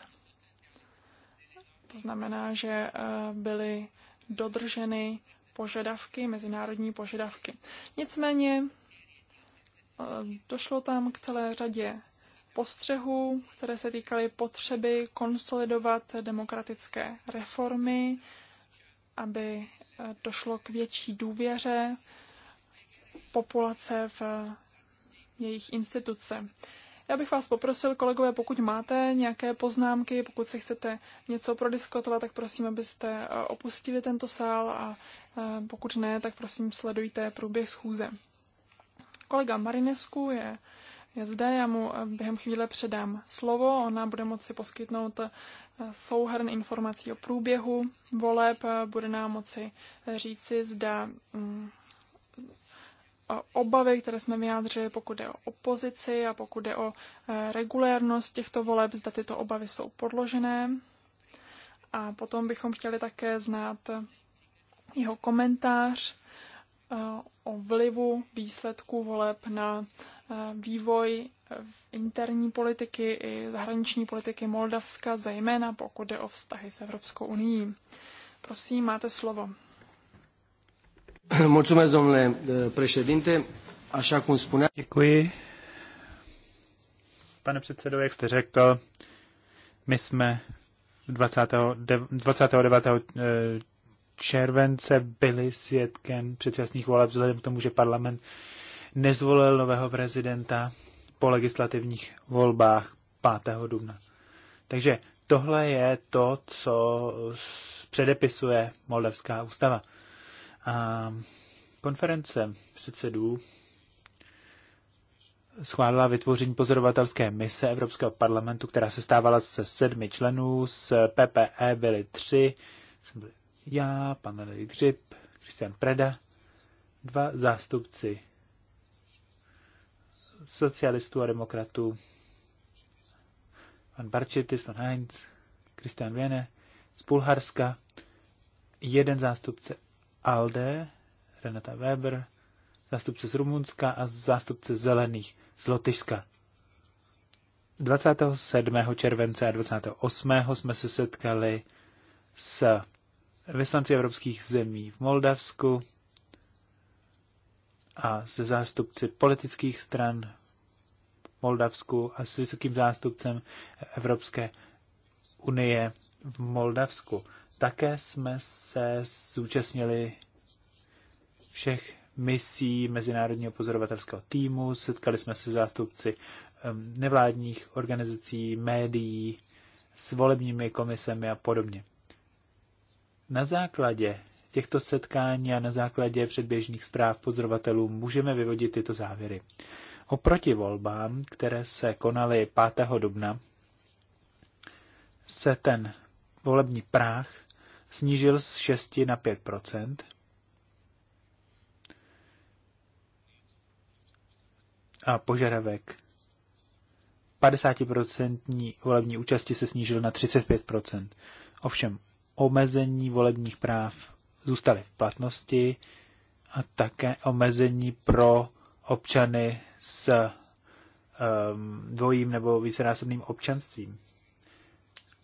To znamená, že eh, byly dodrženy požadavky, mezinárodní požadavky. Nicméně eh, došlo tam k celé řadě postřehů, které se týkaly potřeby konsolidovat demokratické reformy, aby eh, došlo k větší důvěře populace v eh, jejich instituce. Já bych vás poprosil, kolegové, pokud máte nějaké poznámky, pokud si chcete něco prodiskutovat, tak prosím, abyste eh, opustili tento sál a eh, pokud ne, tak prosím sledujte průběh schůze. Kolega Marinesku je, je zde, já mu eh, během chvíle předám slovo, ona bude moci poskytnout souhrn informací o průběhu voleb, bude nám moci říci, zda mm, obavy, které jsme vyjádřili, pokud jde o opozici a pokud jde o eh, regulérnost těchto voleb, zda tyto obavy jsou podložené. A potom bychom chtěli také znát jeho komentář eh, o vlivu výsledků voleb na eh, vývoj interní politiky i zahraniční politiky Moldavska, zejména pokud jde o vztahy s Evropskou unii. Prosím, máte slovo. Mulțumesc, domnule eh, președinte. Așa cum spunea... Děkuji. Pane předsedo, jak jste řekl, my jsme 20. 29. Eh, července byli svědkem předčasných voleb vzhledem k tomu, že parlament nezvolil nového prezidenta po legislativních volbách 5. dubna. Takže tohle je to, co předepisuje Moldavská ústava. A konference předsedů schválila vytvoření pozorovatelské mise Evropského parlamentu, která se stávala se sedmi členů, z PPE byly tři, jsem byl já, pan Lenny Dřib, Kristian Preda, dva zástupci socialistů a demokratů, pan Barčitis, pan Heinz, Kristian Věne z Bulharska, jeden zástupce ALDE, Renata Weber, zástupce z Rumunska a zástupce Zelených z Lotyšska. 27. července a 28. jsme se setkali s vyslanci evropských zemí v Moldavsku a se zástupci politických stran v Moldavsku a s vysokým zástupcem Evropské unie v Moldavsku. Také jsme se zúčastnili všech misí Mezinárodního pozorovatelského týmu, setkali jsme se zástupci nevládních organizací, médií, s volebními komisemi a podobně. Na základě těchto setkání a na základě předběžných zpráv pozorovatelů můžeme vyvodit tyto závěry. Oproti volbám, které se konaly 5. dubna, se ten volební práh snížil z 6 na 5 a požadavek 50% volební účasti se snížil na 35%. Ovšem omezení volebních práv zůstaly v platnosti a také omezení pro občany s um, dvojím nebo vícenásobným občanstvím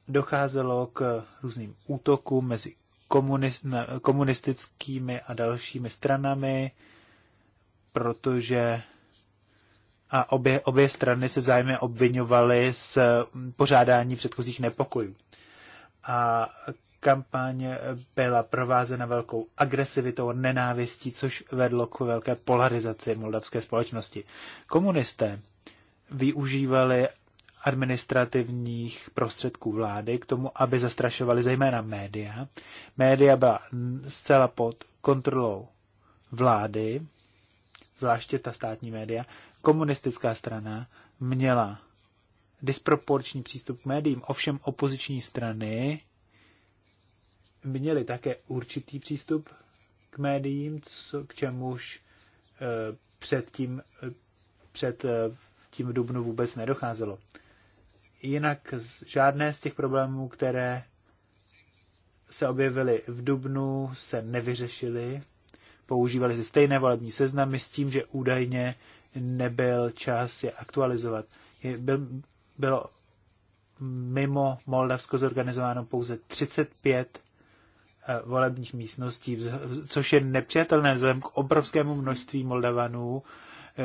docházelo k různým útokům mezi komunistickými a dalšími stranami, protože a obě, obě strany se vzájemně obvinovaly z mm, pořádání předchozích nepokojů. A kampaň byla provázena velkou agresivitou a nenávistí, což vedlo k velké polarizaci moldavské společnosti. Komunisté využívali administrativních prostředků vlády k tomu, aby zastrašovali zejména média. Média byla zcela pod kontrolou vlády, zvláště ta státní média. Komunistická strana měla disproporční přístup k médiím, ovšem opoziční strany měly také určitý přístup k médiím, co, k čemuž e, před tím, e, před e, tím v Dubnu vůbec nedocházelo jinak žádné z těch problémů, které se objevily v Dubnu, se nevyřešily. Používali se stejné volební seznamy s tím, že údajně nebyl čas je aktualizovat. Byl, bylo mimo Moldavsko zorganizováno pouze 35 eh, volebních místností, což je nepřijatelné vzhledem k obrovskému množství Moldavanů, eh,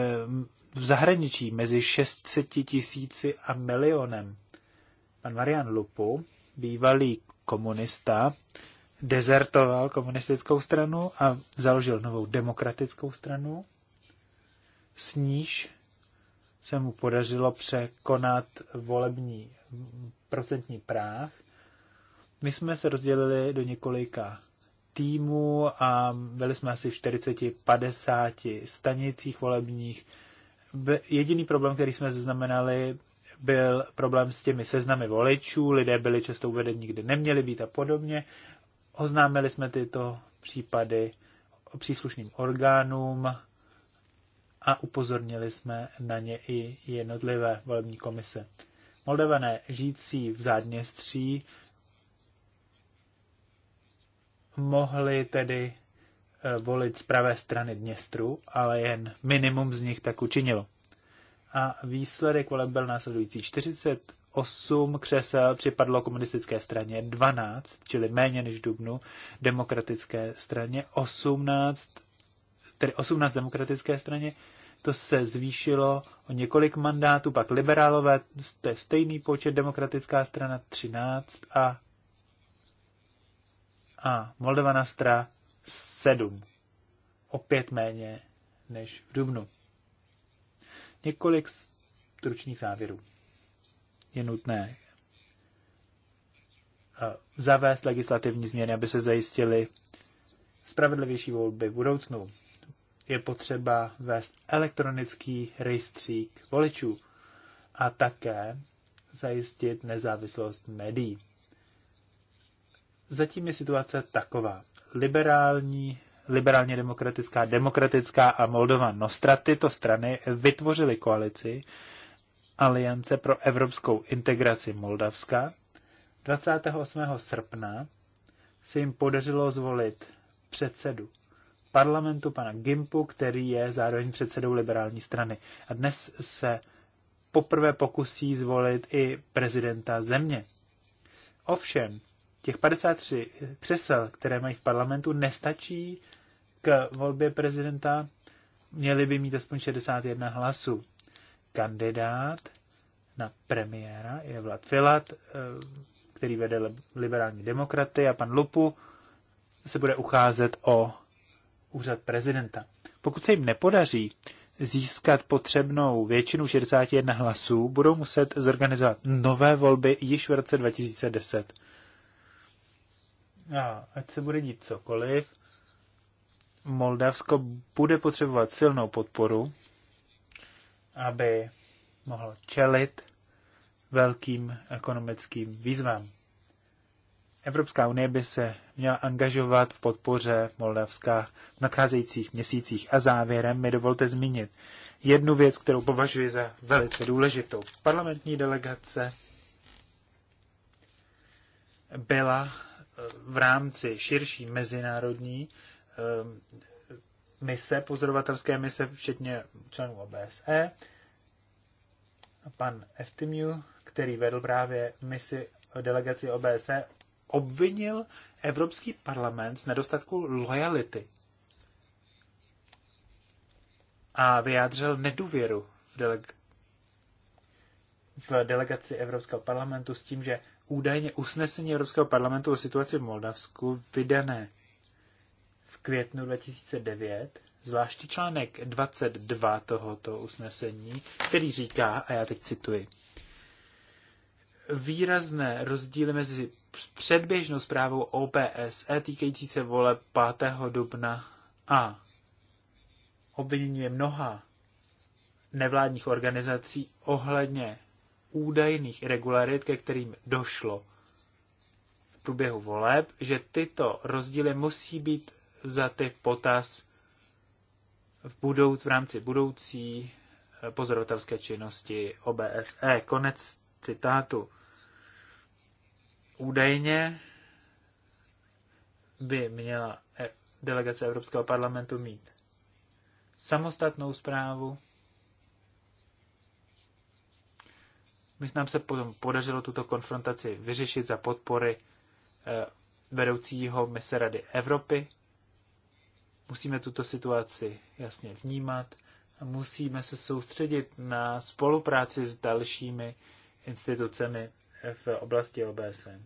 v zahraničí mezi 600 tisíci a milionem. Pan Marian Lupu, bývalý komunista, dezertoval komunistickou stranu a založil novou demokratickou stranu, s níž se mu podařilo překonat volební procentní práh. My jsme se rozdělili do několika týmů a byli jsme asi v 40-50 stanicích volebních, jediný problém, který jsme zaznamenali, byl problém s těmi seznamy voličů, lidé byli často uvedeni, kde neměli být a podobně. Oznámili jsme tyto případy příslušným orgánům a upozornili jsme na ně i jednotlivé volební komise. Moldavané žijící v Zádněstří mohli tedy Eh, volit z pravé strany Dněstru, ale jen minimum z nich tak učinilo. A výsledek voleb byl následující 40 8 křesel připadlo komunistické straně 12, čili méně než Dubnu, demokratické straně 18, tedy 18 demokratické straně, to se zvýšilo o několik mandátů, pak liberálové, to je stejný počet, demokratická strana 13 a, a Moldovaná strana 7. Opět méně než v dubnu. Několik stručných závěrů. Je nutné eh, zavést legislativní změny, aby se zajistily spravedlivější volby v budoucnu. Je potřeba vést elektronický rejstřík voličů a také zajistit nezávislost médií. Zatím je situace taková. Liberální, liberálně demokratická, demokratická a Moldova Nostra, tyto strany vytvořily koalici Aliance pro evropskou integraci Moldavska. 28. srpna se jim podařilo zvolit předsedu parlamentu pana Gimpu, který je zároveň předsedou liberální strany. A dnes se poprvé pokusí zvolit i prezidenta země. Ovšem, těch 53 křesel, které mají v parlamentu, nestačí k volbě prezidenta, měli by mít aspoň 61 hlasů. Kandidát na premiéra je Vlad Filat, eh, který vede liberální demokraty a pan Lupu se bude ucházet o úřad prezidenta. Pokud se jim nepodaří získat potřebnou většinu 61 hlasů, budou muset zorganizovat nové volby již v roce 2010. A ať se bude dít cokoliv, Moldavsko bude potřebovat silnou podporu, aby mohlo čelit velkým ekonomickým výzvám. Evropská unie by se měla angažovat v podpoře Moldavska v nadcházejících měsících. A závěrem mi dovolte zmínit jednu věc, kterou považuji za velice důležitou. Parlamentní delegace byla v rámci širší mezinárodní eh, mise, pozorovatelské mise, včetně členů OBSE. Pan Eftimiu, který vedl právě misi delegaci OBSE, obvinil Evropský parlament z nedostatku lojality a vyjádřil nedůvěru v, deleg- v delegaci Evropského parlamentu s tím, že údajně usnesení Evropského parlamentu o situaci v Moldavsku vydané v květnu 2009, zvláštní článek 22 tohoto usnesení, který říká, a já teď cituji, výrazné rozdíly mezi předběžnou zprávou OPSE týkající se vole 5. dubna a obvinění mnoha nevládních organizací ohledně údajných irregularit, ke kterým došlo v průběhu voleb, že tyto rozdíly musí být vzaty v potaz v, budouc, v rámci budoucí eh, pozorovatelské činnosti OBSE. Konec citátu. Údajně by měla e- delegace Evropského parlamentu mít samostatnou zprávu My nám se potom podařilo tuto konfrontaci vyřešit za podpory eh, vedoucího mise Rady Evropy. Musíme tuto situaci jasně vnímat a musíme se soustředit na spolupráci s dalšími institucemi v oblasti OBSE.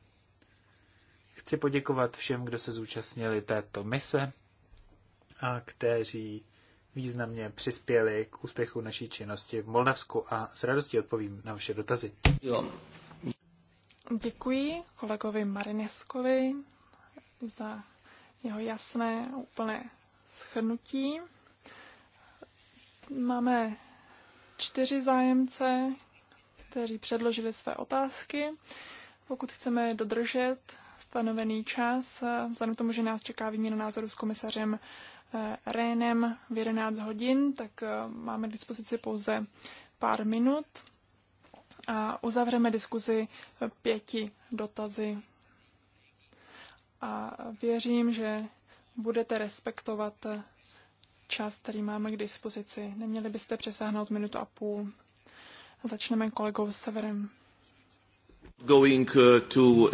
Chci poděkovat všem, kdo se zúčastnili této mise a kteří významně přispěli k úspěchu naší činnosti v Moldavsku a s radostí odpovím na vaše dotazy. Jo. Děkuji kolegovi Marineskovi za jeho jasné úplné shrnutí. Máme čtyři zájemce, kteří předložili své otázky. Pokud chceme dodržet stanovený čas, vzhledem k tomu, že nás čeká výměna názoru s komisařem Rénem v 11 hodin, tak eh, máme k dispozici pouze pár minut a uzavřeme diskuzi pěti dotazy. A věřím, že budete respektovat čas, který máme k dispozici. Neměli byste přesáhnout minutu a půl. Začneme kolegou s Severem. Going eh, to...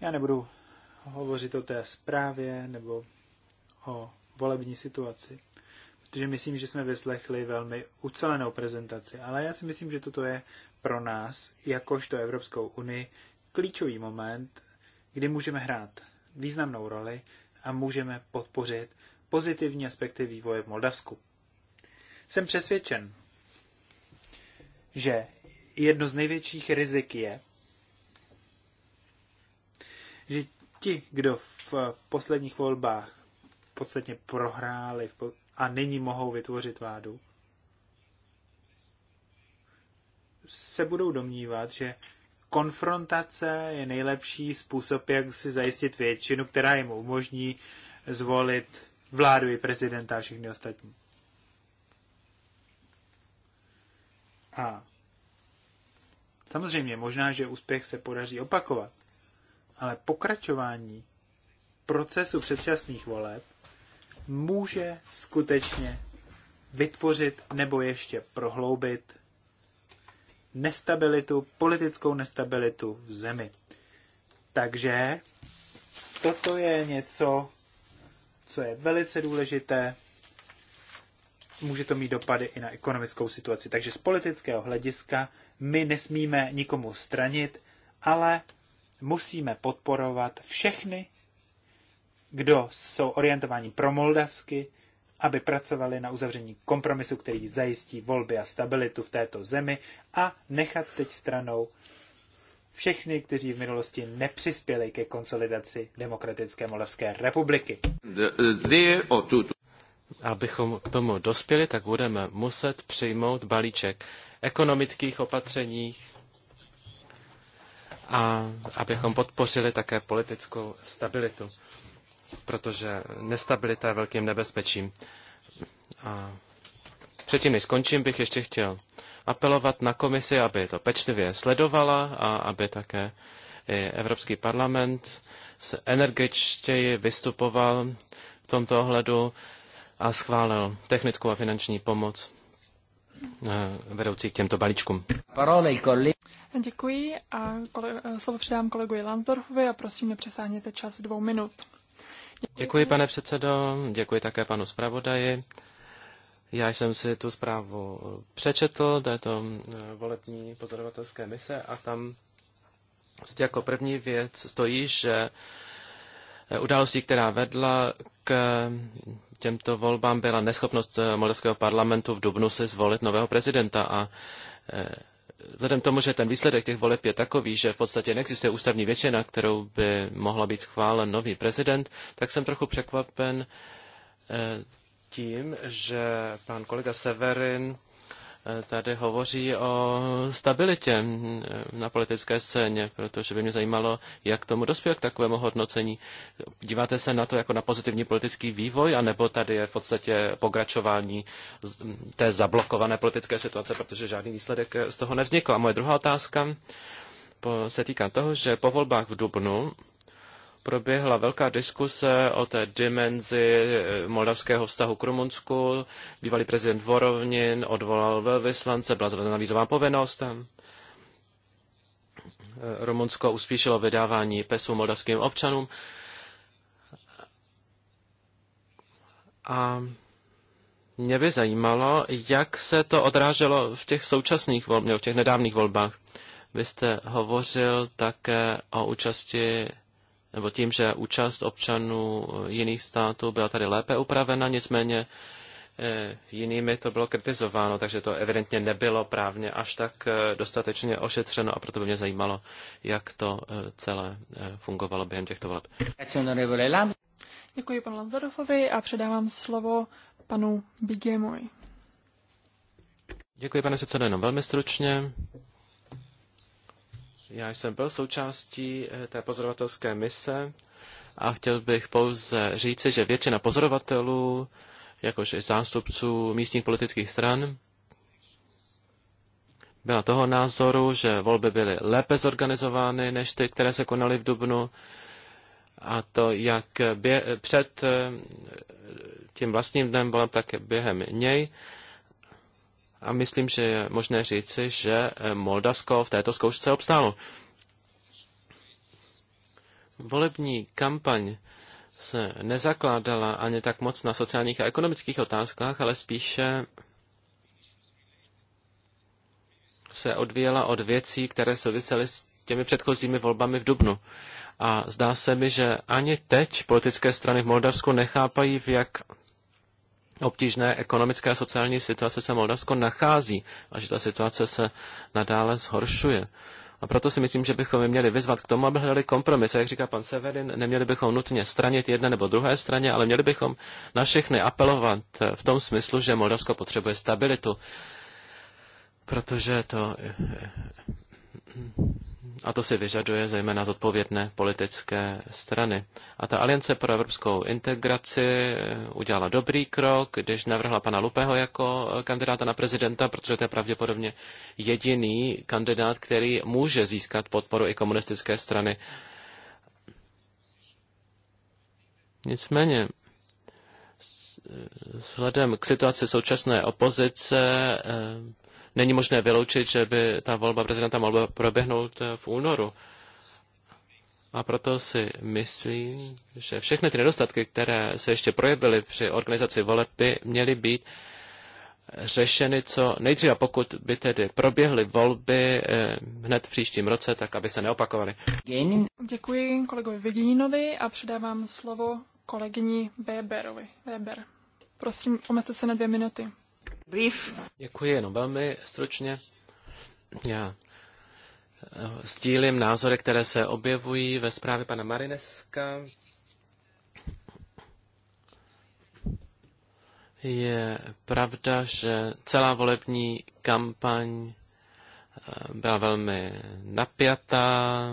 Já nebudu hovořit o té zprávě nebo o volební situaci. Protože myslím, že jsme vyslechli velmi ucelenou prezentaci, ale já si myslím, že toto je pro nás, jakožto Evropskou unii, klíčový moment, kdy můžeme hrát významnou roli a můžeme podpořit pozitivní aspekty vývoje v Moldavsku. Jsem přesvědčen, že jedno z největších rizik je, že ti, kdo v posledních volbách podstatně prohráli a nyní mohou vytvořit vládu, se budou domnívat, že konfrontace je nejlepší způsob, jak si zajistit většinu, která jim umožní zvolit vládu i prezidenta a všechny ostatní. A samozřejmě možná, že úspěch se podaří opakovat, ale pokračování procesu předčasných voleb může skutečně vytvořit nebo ještě prohloubit nestabilitu, politickou nestabilitu v zemi. Takže toto je něco, co je velice důležité. Může to mít dopady i na ekonomickou situaci. Takže z politického hlediska my nesmíme nikomu stranit, ale musíme podporovat všechny kdo jsou orientováni pro Moldavsky, aby pracovali na uzavření kompromisu, který zajistí volby a stabilitu v této zemi a nechat teď stranou všechny, kteří v minulosti nepřispěli ke konsolidaci Demokratické Moldavské republiky. Uh, abychom k tomu dospěli, tak budeme muset přijmout balíček ekonomických opatření a abychom podpořili také politickou stabilitu protože nestabilita je velkým nebezpečím. A předtím, než skončím, bych ještě chtěl apelovat na komisi, aby to pečlivě sledovala a aby také i Evropský parlament se energičtěji vystupoval v tomto ohledu a schválil technickou a finanční pomoc eh, vedoucí k těmto balíčkům. Děkuji a kole- slovo předám kolegovi Lantorfovi a prosím nepřesáhněte čas dvou minut. Děkuji, pane předsedo, děkuji také panu zpravodaji. Já jsem si tu zprávu přečetl, to je to eh, volební pozorovatelské mise a tam vlastně jako první věc stojí, že eh, událostí, která vedla k těmto volbám, byla neschopnost eh, moldavského parlamentu v Dubnu si zvolit nového prezidenta a vzhledem tomu, že ten výsledek těch voleb je takový, že v podstatě neexistuje ústavní většina, kterou by mohla být schválen nový prezident, tak jsem trochu překvapen eh, tím, že pan kolega Severin tady hovoří o stabilitě na politické scéně, protože by mě zajímalo, jak tomu dospěl k takovému hodnocení. Díváte se na to jako na pozitivní politický vývoj, anebo tady je v podstatě pokračování té zablokované politické situace, protože žádný výsledek eh, z toho nevznikl. A moje druhá otázka se týká toho, že po volbách v Dubnu proběhla velká diskuse o té dimenzi eh, moldavského vztahu k Rumunsku. Bývalý prezident Vorovnin odvolal velvyslance, byla zvedena vízová povinnost. Eh, Rumunsko uspíšilo vydávání PESu moldavským občanům. A mě by zajímalo, jak se to odráželo v těch současných volbách, v těch nedávných volbách. Vy jste hovořil také o účasti nebo tím, že účast občanů jiných států byla tady lépe upravena, nicméně eh, jinými to bylo kritizováno, takže to evidentně nebylo právně až tak eh, dostatečně ošetřeno a proto by mě zajímalo, jak to eh, celé fungovalo během těchto voleb. Děkuji panu Lanzarofovi a předávám slovo panu Bigemoy. Děkuji, pane předsedo, jenom velmi stručně. Já jsem byl součástí eh, té pozorovatelské mise a chtěl bych pouze říci, že většina pozorovatelů, jakož i zástupců místních politických stran, byla toho názoru, že volby byly lépe zorganizovány než ty, které se konaly v Dubnu. A to jak bě- před eh, tím vlastním dnem voleb, tak během něj. A myslím, že je možné říci, že eh, Moldavsko v této zkoušce obstálo. Volební kampaň se nezakládala ani tak moc na sociálních a ekonomických otázkách, ale spíše se odvíjela od věcí, které souvisely s těmi předchozími volbami v Dubnu. A zdá se mi, že ani teď politické strany v Moldavsku nechápají, v jak obtížné ekonomické a sociální situace se Moldavsko nachází a že ta situace se nadále zhoršuje. A proto si myslím, že bychom měli vyzvat k tomu, aby hledali kompromis. A jak říká pan Severin, neměli bychom nutně stranit jedné nebo druhé straně, ale měli bychom na všechny apelovat v tom smyslu, že Moldavsko potřebuje stabilitu. Protože to a to si vyžaduje zejména zodpovědné politické strany. A ta Aliance pro evropskou integraci eh, udělala dobrý krok, když navrhla pana Lupeho jako eh, kandidáta na prezidenta, protože to je pravděpodobně jediný kandidát, který může získat podporu i komunistické strany. Nicméně, eh, vzhledem k situaci současné opozice, není možné vyloučit, že by ta volba prezidenta mohla proběhnout eh, v únoru. A proto si myslím, že všechny ty nedostatky, které se ještě projevily při organizaci voleb, by měly být řešeny co nejdříve, pokud by tedy proběhly volby eh, hned v příštím roce, tak aby se neopakovaly. Děkuji kolegovi Vigininovi a předávám slovo kolegyni Weberovi. Weber. Prosím, omezte se na dvě minuty. Brief. Děkuji jenom velmi stručně. Já eh, sdílím názory, které se objevují ve zprávě pana Marineska. Je pravda, že celá volební kampaň eh, byla velmi napjatá,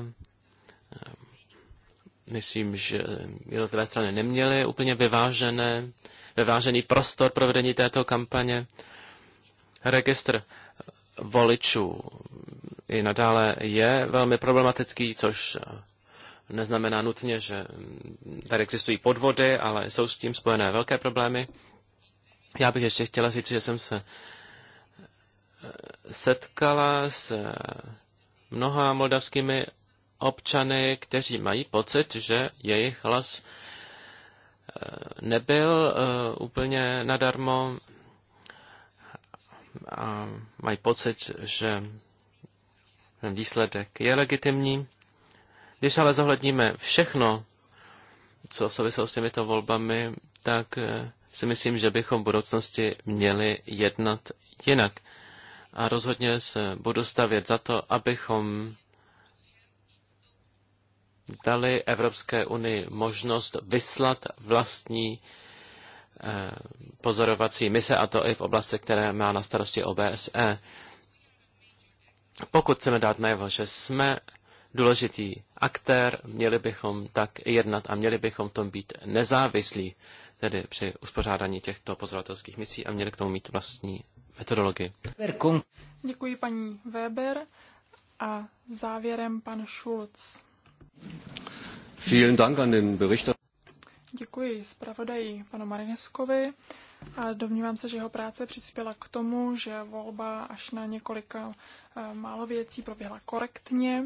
Myslím, že jednotlivé strany neměly úplně vyvážené, vyvážený prostor pro vedení této kampaně. Registr voličů i nadále je velmi problematický, což neznamená nutně, že tady existují podvody, ale jsou s tím spojené velké problémy. Já bych ještě chtěla říct, že jsem se eh, setkala s eh, mnoha moldavskými občany, kteří mají pocit, že jejich hlas eh, nebyl eh, úplně nadarmo a mají pocit, že ten výsledek je legitimní. Když ale zohledníme všechno, co souviselo s těmito volbami, tak eh, si myslím, že bychom v budoucnosti měli jednat jinak. A rozhodně se budu stavět za to, abychom dali Evropské unii možnost vyslat vlastní eh, pozorovací mise, a to i v oblasti, které má na starosti OBSE. Pokud chceme dát najevo, že jsme důležitý aktér, měli bychom tak jednat a měli bychom v tom být nezávislí, tedy při uspořádání těchto pozorovatelských misí a měli k tomu mít vlastní metodologii. Děkuji paní Weber a závěrem pan Schulz. Vielen Dank an den Děkuji zpravodaji panu Marineskovi. A domnívám se, že jeho práce přispěla k tomu, že volba až na několika eh, málo věcí proběhla korektně.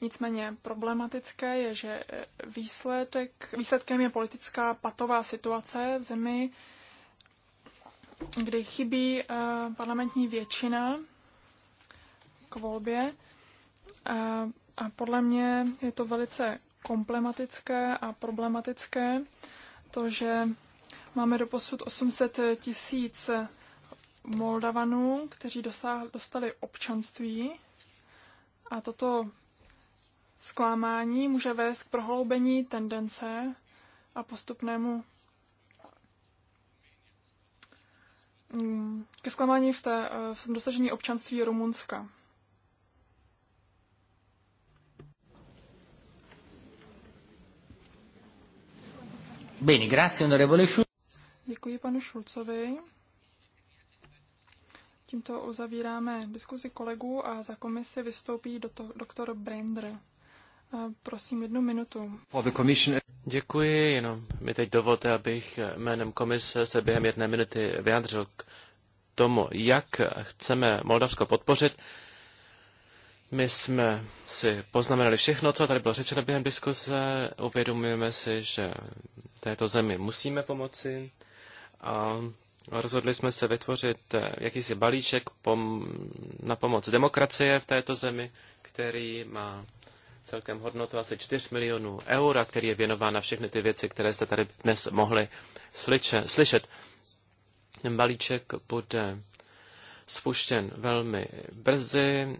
Nicméně problematické je, že eh, výsledek, výsledkem je politická patová situace v zemi, kdy chybí eh, parlamentní většina k volbě. A podle mě je to velice komplematické a problematické, to, že máme posud 800 tisíc Moldavanů, kteří dostali občanství a toto zklamání může vést k prohloubení tendence a postupnému mm, ke zklamání v, té, eh, v dosažení občanství Rumunska. Bene, grazie onorevole Schulz. Děkuji panu Šulcovi. Tímto uzavíráme diskuzi kolegů a za komisi vystoupí doktor Brander. Eh, prosím jednu minutu. Děkuji, jenom mi teď dovolte, abych jménem komise se během jedné minuty vyjádřil k tomu, jak chceme Moldavsko podpořit. My jsme si poznamenali všechno, co tady bylo řečeno během diskuse. Uvědomujeme si, že této zemi musíme pomoci a rozhodli jsme se vytvořit eh, jakýsi balíček pom- na pomoc demokracie v této zemi, který má celkem hodnotu asi 4 milionů eur, a který je věnován na všechny ty věci, které jste tady dnes mohli slyšet. Ten balíček bude spuštěn velmi brzy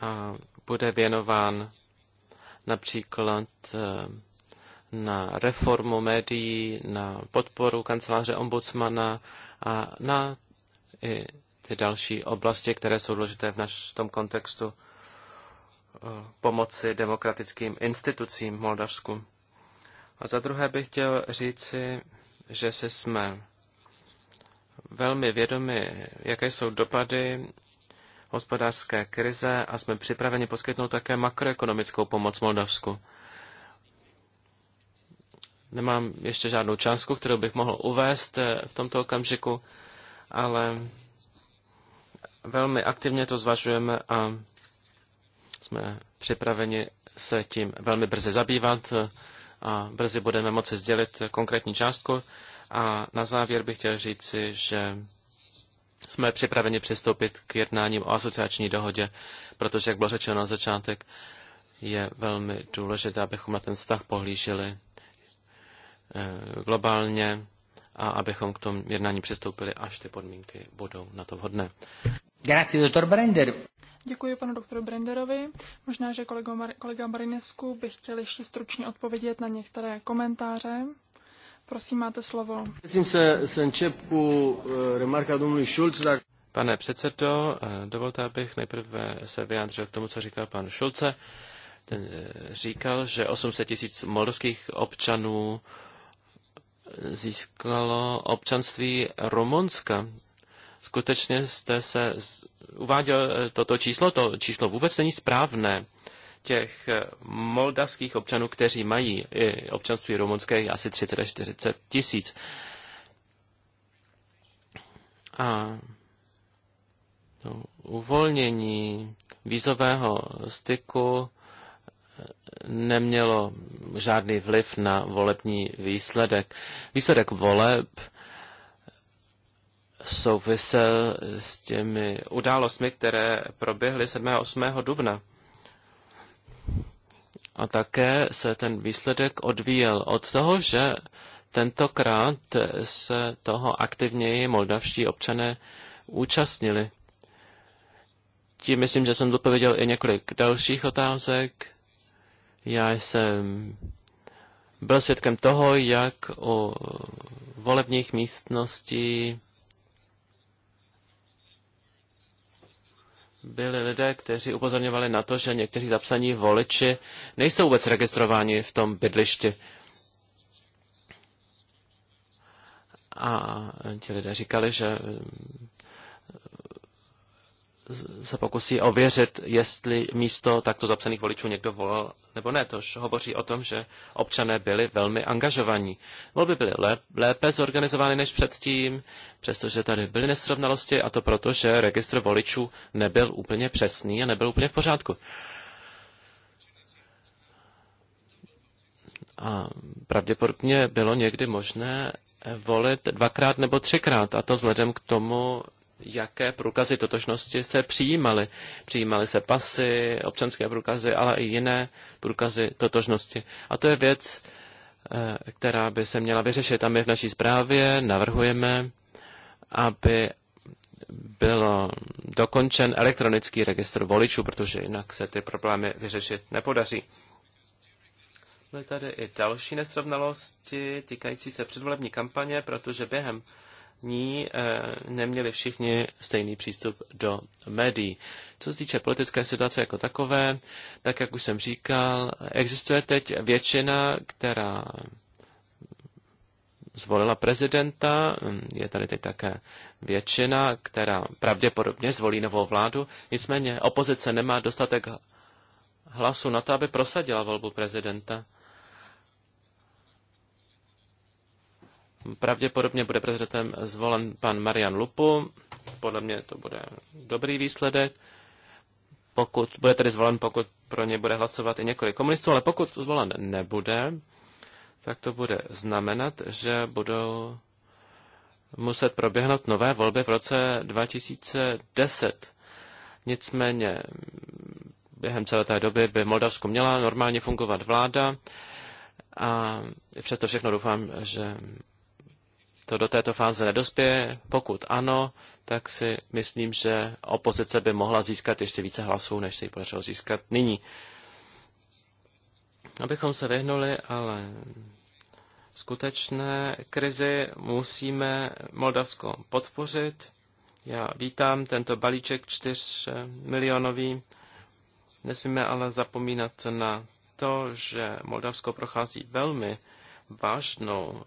a bude věnován například eh, na reformu médií, na podporu kanceláře ombudsmana a na i ty další oblasti, které jsou důležité v našem kontextu eh, pomoci demokratickým institucím v Moldavsku. A za druhé bych chtěl říci, že se jsme velmi vědomi, jaké jsou dopady hospodářské krize a jsme připraveni poskytnout také makroekonomickou pomoc Moldavsku. Nemám ještě žádnou částku, kterou bych mohl uvést eh, v tomto okamžiku, ale velmi aktivně to zvažujeme a jsme připraveni se tím velmi brzy zabývat eh, a brzy budeme moci sdělit konkrétní částku. A na závěr bych chtěl říci, že jsme připraveni přistoupit k jednáním o asociační dohodě, protože, jak bylo řečeno na začátek, je velmi důležité, abychom na ten vztah pohlíželi Eh, globálně a abychom k tomu jednání přistoupili, až ty podmínky budou na to vhodné. Grazie, doktor Brender. Děkuji panu doktoru Brenderovi. Možná, že kolego Mar- kolega Marinesku by chtěl ještě stručně odpovědět na některé komentáře. Prosím, máte slovo. Eh, Pane předsedo, eh, dovolte, abych nejprve se vyjádřil k tomu, co říkal pan Šulce. Ten říkal, že 800 tisíc moldovských občanů získalo občanství Rumunska. Skutečně jste se uváděl eh, toto číslo, to číslo vůbec není správné. Těch eh, moldavských občanů, kteří mají eh, občanství rumunské, je asi 30 až 40 tisíc. A to uvolnění vízového styku nemělo žádný vliv na volební výsledek. Výsledek voleb souvisel s těmi událostmi, které proběhly 7. a 8. dubna. A také se ten výsledek odvíjel od toho, že tentokrát se toho aktivněji moldavští občané účastnili. Tím myslím, že jsem dopověděl i několik dalších otázek. Já jsem byl svědkem toho, jak o volebních místností byli lidé, kteří upozorňovali na to, že někteří zapsaní voliči nejsou vůbec registrováni v tom bydlišti. A ti lidé říkali, že se pokusí ověřit, jestli místo takto zapsaných voličů někdo volal nebo ne. Tož hovoří o tom, že občané byli velmi angažovaní. Volby byly lépe zorganizovány než předtím, přestože tady byly nesrovnalosti a to proto, že registr voličů nebyl úplně přesný a nebyl úplně v pořádku. A pravděpodobně bylo někdy možné volit dvakrát nebo třikrát, a to vzhledem k tomu, jaké průkazy totožnosti se přijímaly. Přijímaly se pasy, občanské průkazy, ale i jiné průkazy totožnosti. A to je věc, eh, která by se měla vyřešit. A my v naší zprávě navrhujeme, aby byl dokončen elektronický registr voličů, protože jinak se ty problémy vyřešit nepodaří. Byly tady i další nesrovnalosti týkající se předvolební kampaně, protože během ní eh, neměli všichni stejný přístup do médií. Co se týče politické situace jako takové, tak jak už jsem říkal, existuje teď většina, která zvolila prezidenta, je tady teď také většina, která pravděpodobně zvolí novou vládu, nicméně opozice nemá dostatek hlasu na to, aby prosadila volbu prezidenta. Pravděpodobně bude prezidentem zvolen pan Marian Lupu. Podle mě to bude dobrý výsledek. Pokud bude tedy zvolen, pokud pro ně bude hlasovat i několik komunistů, ale pokud zvolen nebude, tak to bude znamenat, že budou muset proběhnout nové volby v roce 2010. Nicméně během celé té doby by Moldavsku měla normálně fungovat vláda a přesto všechno doufám, že to do této fáze nedospěje? Pokud ano, tak si myslím, že opozice by mohla získat ještě více hlasů, než se ji podařilo získat nyní. Abychom se vyhnuli, ale skutečné krizi musíme Moldavsko podpořit. Já vítám tento balíček čtyř milionový. Nesmíme ale zapomínat na to, že Moldavsko prochází velmi vážnou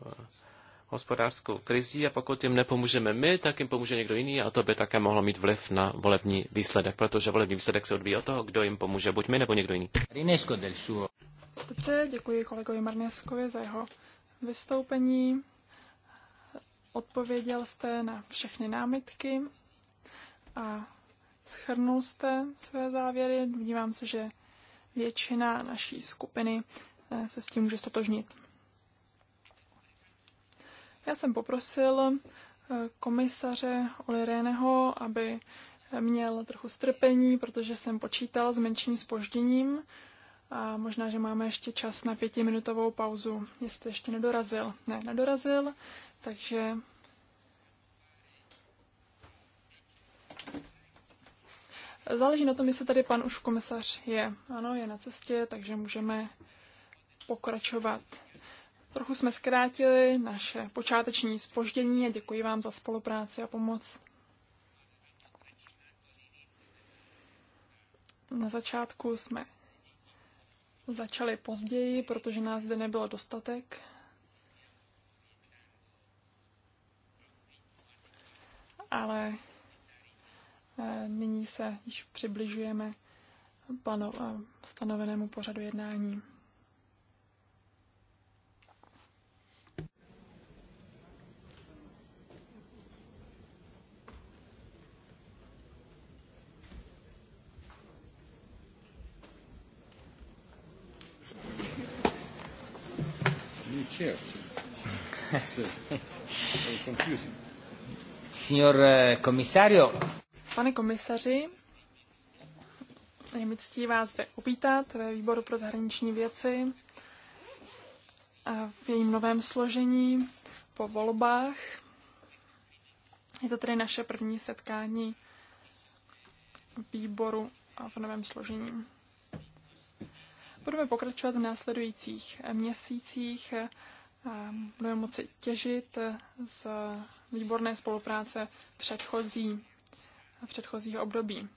hospodářskou krizí a pokud jim nepomůžeme my, tak jim pomůže někdo jiný a to by také mohlo mít vliv na volební výsledek, protože volební výsledek se odvíjí od toho, kdo jim pomůže, buď my nebo někdo jiný. Dobře, děkuji kolegovi Marneskovi za jeho vystoupení. Odpověděl jste na všechny námitky a schrnul jste své závěry. Vnímám se, že většina naší skupiny eh, se s tím může stotožnit. Já jsem poprosil eh, komisaře Oli aby měl trochu strpení, protože jsem počítal s menším spožděním a možná, že máme ještě čas na pětiminutovou pauzu, jestli ještě nedorazil. Ne, nedorazil, takže Záleží na tom, jestli tady pan už komisař je. Ano, je na cestě, takže můžeme pokračovat. Trochu jsme zkrátili naše počáteční spoždění a děkuji vám za spolupráci a pomoc. Na začátku jsme začali později, protože nás zde nebylo dostatek. Ale eh, nyní se již přibližujeme panu eh, stanovenému pořadu jednání. chair. Signor eh, Pane komisaři, je mi ctí vás zde uvítat ve výboru pro zahraniční věci v jejím novém složení po volbách. Je to tedy naše první setkání výboru v novém složení budeme pokračovat v následujících měsících. Budeme moci těžit z výborné spolupráce předchozí, předchozího období.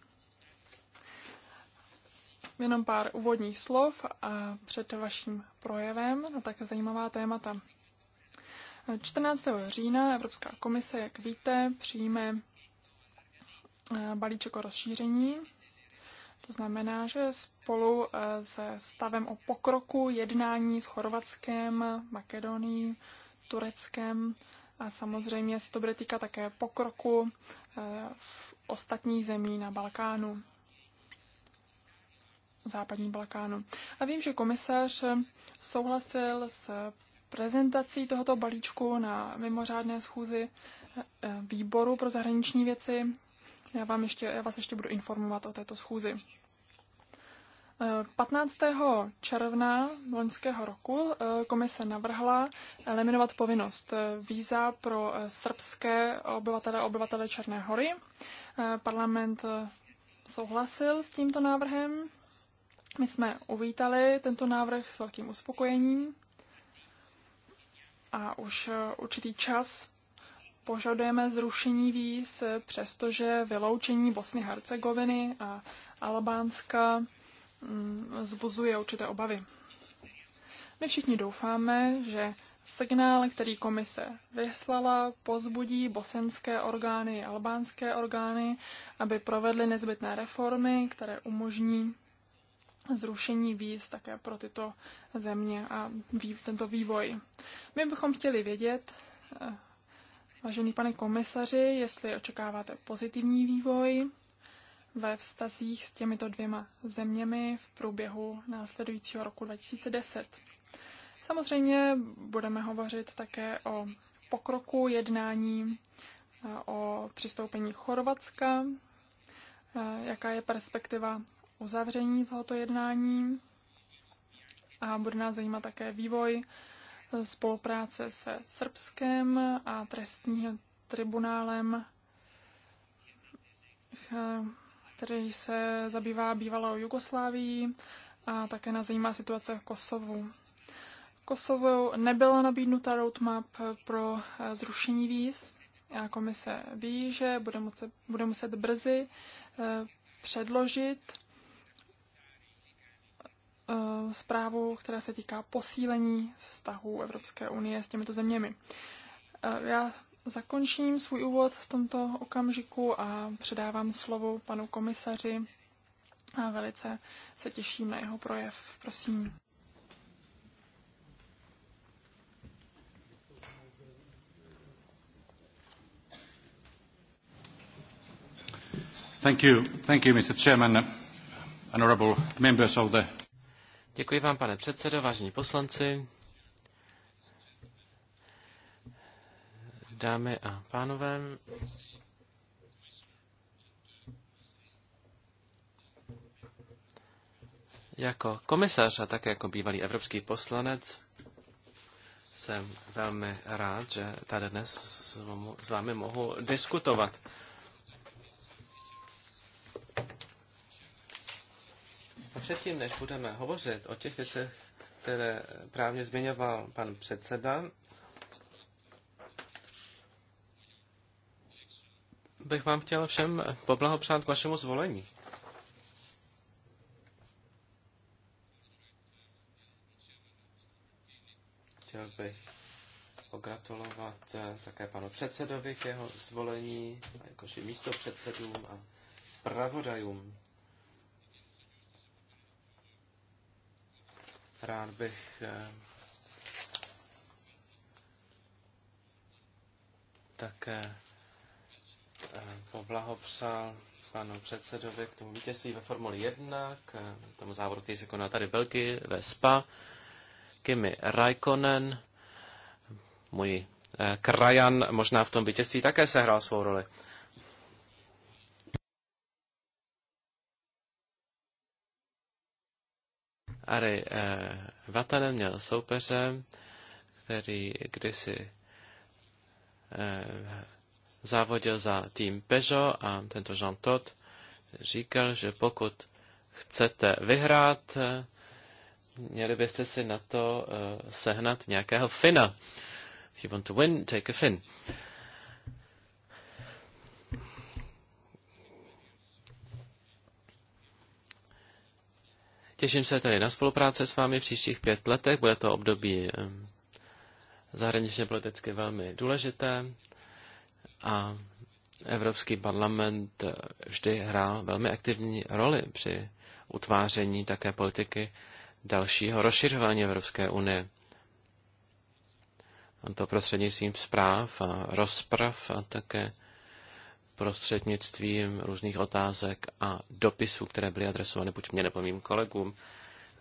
Jenom pár úvodních slov a před vaším projevem na no zajímavá témata. 14. října Evropská komise, jak víte, přijme eh, balíček o rozšíření to znamená, že spolu eh, se stavem o pokroku jednání s Chorvatskem, Makedonií, Tureckem a samozřejmě se to bude týkat také pokroku eh, v ostatních zemí na Balkánu, západní Balkánu. A vím, že komisař souhlasil s prezentací tohoto balíčku na mimořádné schůzi eh, výboru pro zahraniční věci já, vám ještě, já vás ještě budu informovat o této schůzi. 15. Eh, června loňského roku eh, komise navrhla eliminovat povinnost eh, víza pro srbské obyvatele a obyvatele Černé hory. Parlament souhlasil s tímto návrhem. My jsme uvítali tento návrh s velkým uspokojením a už určitý čas požadujeme zrušení víz, přestože vyloučení Bosny Hercegoviny a Albánska mm, zbuzuje určité obavy. My všichni doufáme, že signál, který komise vyslala, pozbudí bosenské orgány a albánské orgány, aby provedly nezbytné reformy, které umožní zrušení víz také pro tyto země a tento vývoj. My bychom chtěli vědět, eh, Vážený pane komisaři, jestli očekáváte pozitivní vývoj ve vztazích s těmito dvěma zeměmi v průběhu následujícího roku 2010. Samozřejmě budeme hovořit také o pokroku jednání o přistoupení Chorvatska, jaká je perspektiva uzavření tohoto jednání a bude nás zajímat také vývoj spolupráce se Srbskem a trestním tribunálem, který se zabývá bývalou Jugoslávií a také na zajímá situace v Kosovu. Kosovu nebyla nabídnuta roadmap pro eh, zrušení víz. A komise ví, že bude muset, bude muset brzy eh, předložit Eh, zprávu, která se týká posílení vztahů Evropské unie s těmito zeměmi. Eh, já zakončím svůj úvod v tomto okamžiku a předávám slovo panu komisaři a velice se těším na jeho projev. Prosím. Thank you. Thank you, Mr. Chairman, honorable members of the Děkuji vám, pane předsedo, vážení poslanci, dámy a pánové. Jako komisař a také jako bývalý evropský poslanec jsem velmi rád, že tady dnes s vámi mohu diskutovat A předtím, než budeme hovořit o těch věcech, které právě zmiňoval pan předseda, bych vám chtěl všem poblahopřát k vašemu zvolení. Chtěl bych pogratulovat eh, také panu předsedovi k jeho zvolení, jakož i místopředsedům a zpravodajům. Rád bych eh, také eh, poblahopřál panu předsedovi k tomu vítězství ve Formuli 1, k eh, tomu závodu, který se koná tady velký ve SPA. Kimi Raikkonen, můj krajan, možná v tom vítězství také sehrál svou roli. Ary eh, Vatanen měl soupeře, který kdysi eh, závodil za tým Peugeot a tento Jean Todt říkal, že pokud chcete vyhrát, eh, měli byste si na to sehnat nějakého Fina. If you want to win, take a Fin. Těším se tedy na spolupráce s vámi v příštích pět letech. Bude to období zahraničně politicky velmi důležité a Evropský parlament vždy hrál velmi aktivní roli při utváření také politiky dalšího rozšiřování Evropské unie. On to prostřednictvím zpráv a rozprav a také prostřednictvím různých otázek a dopisů, které byly adresovány buď mě nebo mým kolegům.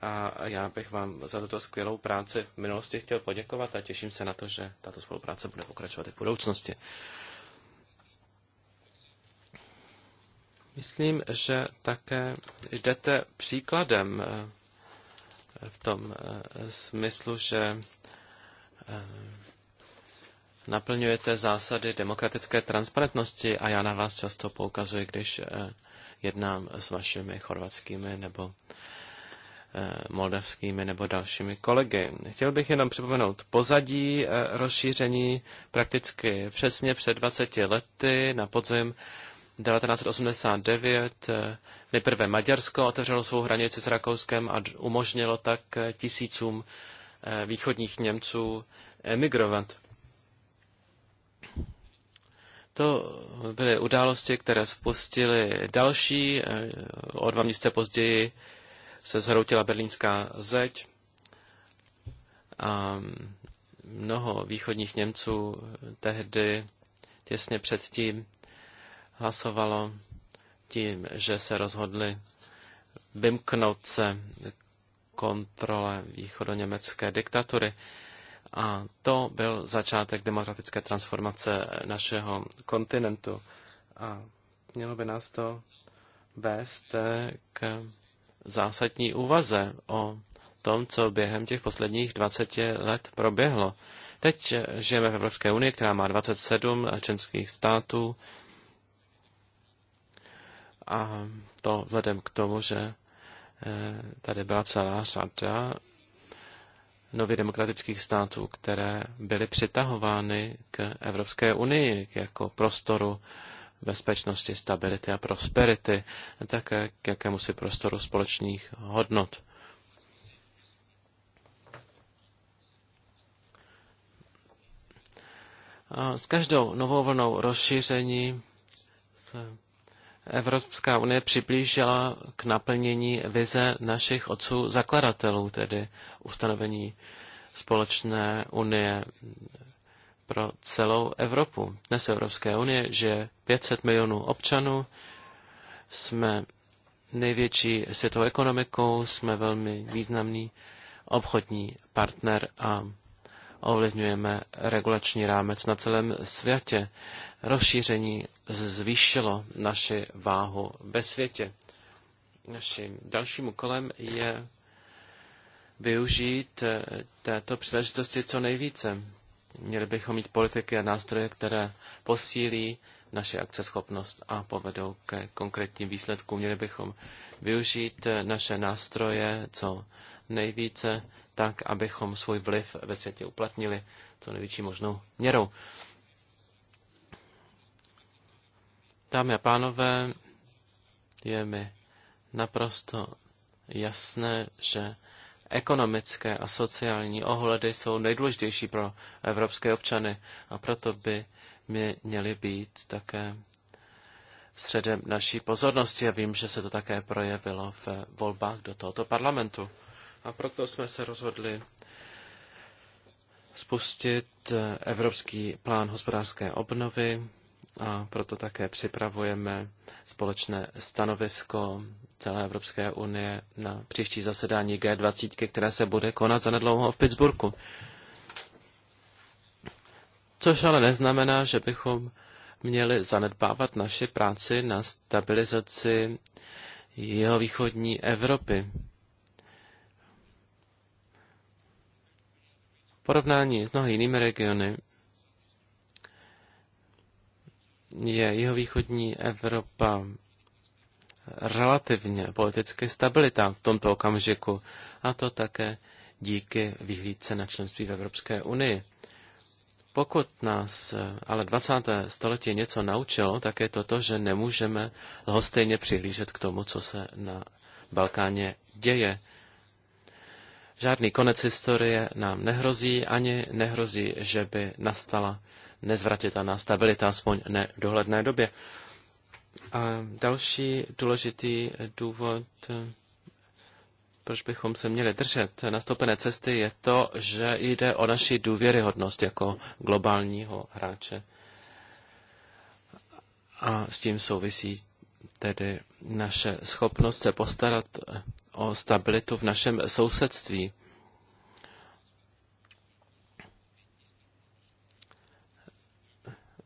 A já bych vám za tuto skvělou práci v minulosti chtěl poděkovat a těším se na to, že tato spolupráce bude pokračovat i v budoucnosti. Myslím, že také jdete příkladem eh, v tom eh, smyslu, že eh, naplňujete zásady demokratické transparentnosti a já na vás často poukazuji, když eh, jednám s vašimi chorvatskými nebo eh, moldavskými nebo dalšími kolegy. Chtěl bych jenom připomenout pozadí eh, rozšíření prakticky přesně před 20 lety na podzim 1989 nejprve Maďarsko otevřelo svou hranici s Rakouskem a umožnilo tak tisícům východních Němců emigrovat. To byly události, které spustily další. Eh, o dva měsíce později se zhroutila berlínská zeď a mnoho východních Němců tehdy těsně předtím hlasovalo tím, že se rozhodli vymknout se kontrole východoněmecké diktatury. A to byl začátek demokratické transformace našeho kontinentu. A mělo by nás to vést eh, k zásadní úvaze o tom, co během těch posledních 20 let proběhlo. Teď eh, žijeme v Evropské unii, která má 27 členských států a to vzhledem k tomu, že eh, tady byla celá řada nově demokratických států, které byly přitahovány k Evropské unii jako prostoru bezpečnosti, stability a prosperity, také k jakému si prostoru společných hodnot. A s každou novou vlnou rozšíření se Evropská unie přiblížila k naplnění vize našich otců zakladatelů, tedy ustanovení společné unie pro celou Evropu. Dnes Evropské unie žije 500 milionů občanů, jsme největší světovou ekonomikou, jsme velmi významný obchodní partner a ovlivňujeme regulační rámec na celém světě. Rozšíření zvýšilo naši váhu ve světě. Naším dalším úkolem je využít eh, této příležitosti co nejvíce. Měli bychom mít politiky a nástroje, které posílí naše akceschopnost a povedou ke konkrétním výsledkům. Měli bychom využít eh, naše nástroje co nejvíce tak, abychom svůj vliv ve světě uplatnili co největší možnou měrou. Dámy a pánové, je mi naprosto jasné, že ekonomické a sociální ohledy jsou nejdůležitější pro evropské občany a proto by mě měly být také středem naší pozornosti a vím, že se to také projevilo v volbách do tohoto parlamentu. A proto jsme se rozhodli spustit eh, Evropský plán hospodářské obnovy a proto také připravujeme společné stanovisko celé Evropské unie na příští zasedání G20, které se bude konat zanedlouho v Pittsburghu. Což ale neznamená, že bychom měli zanedbávat naši práci na stabilizaci jeho východní Evropy. porovnání s mnoha jinými regiony je jeho východní Evropa relativně politicky stabilita v tomto okamžiku, a to také díky vyhlídce na členství v Evropské unii. Pokud nás eh, ale 20. století něco naučilo, tak je to to, že nemůžeme lhostejně přihlížet k tomu, co se na Balkáně děje. Žádný konec historie nám nehrozí, ani nehrozí, že by nastala nezvratitelná stabilita, aspoň ne v dohledné době. A další důležitý důvod, proč bychom se měli držet nastoupené cesty, je to, že jde o naši důvěryhodnost jako globálního hráče. A s tím souvisí tedy naše schopnost se postarat o stabilitu v našem sousedství.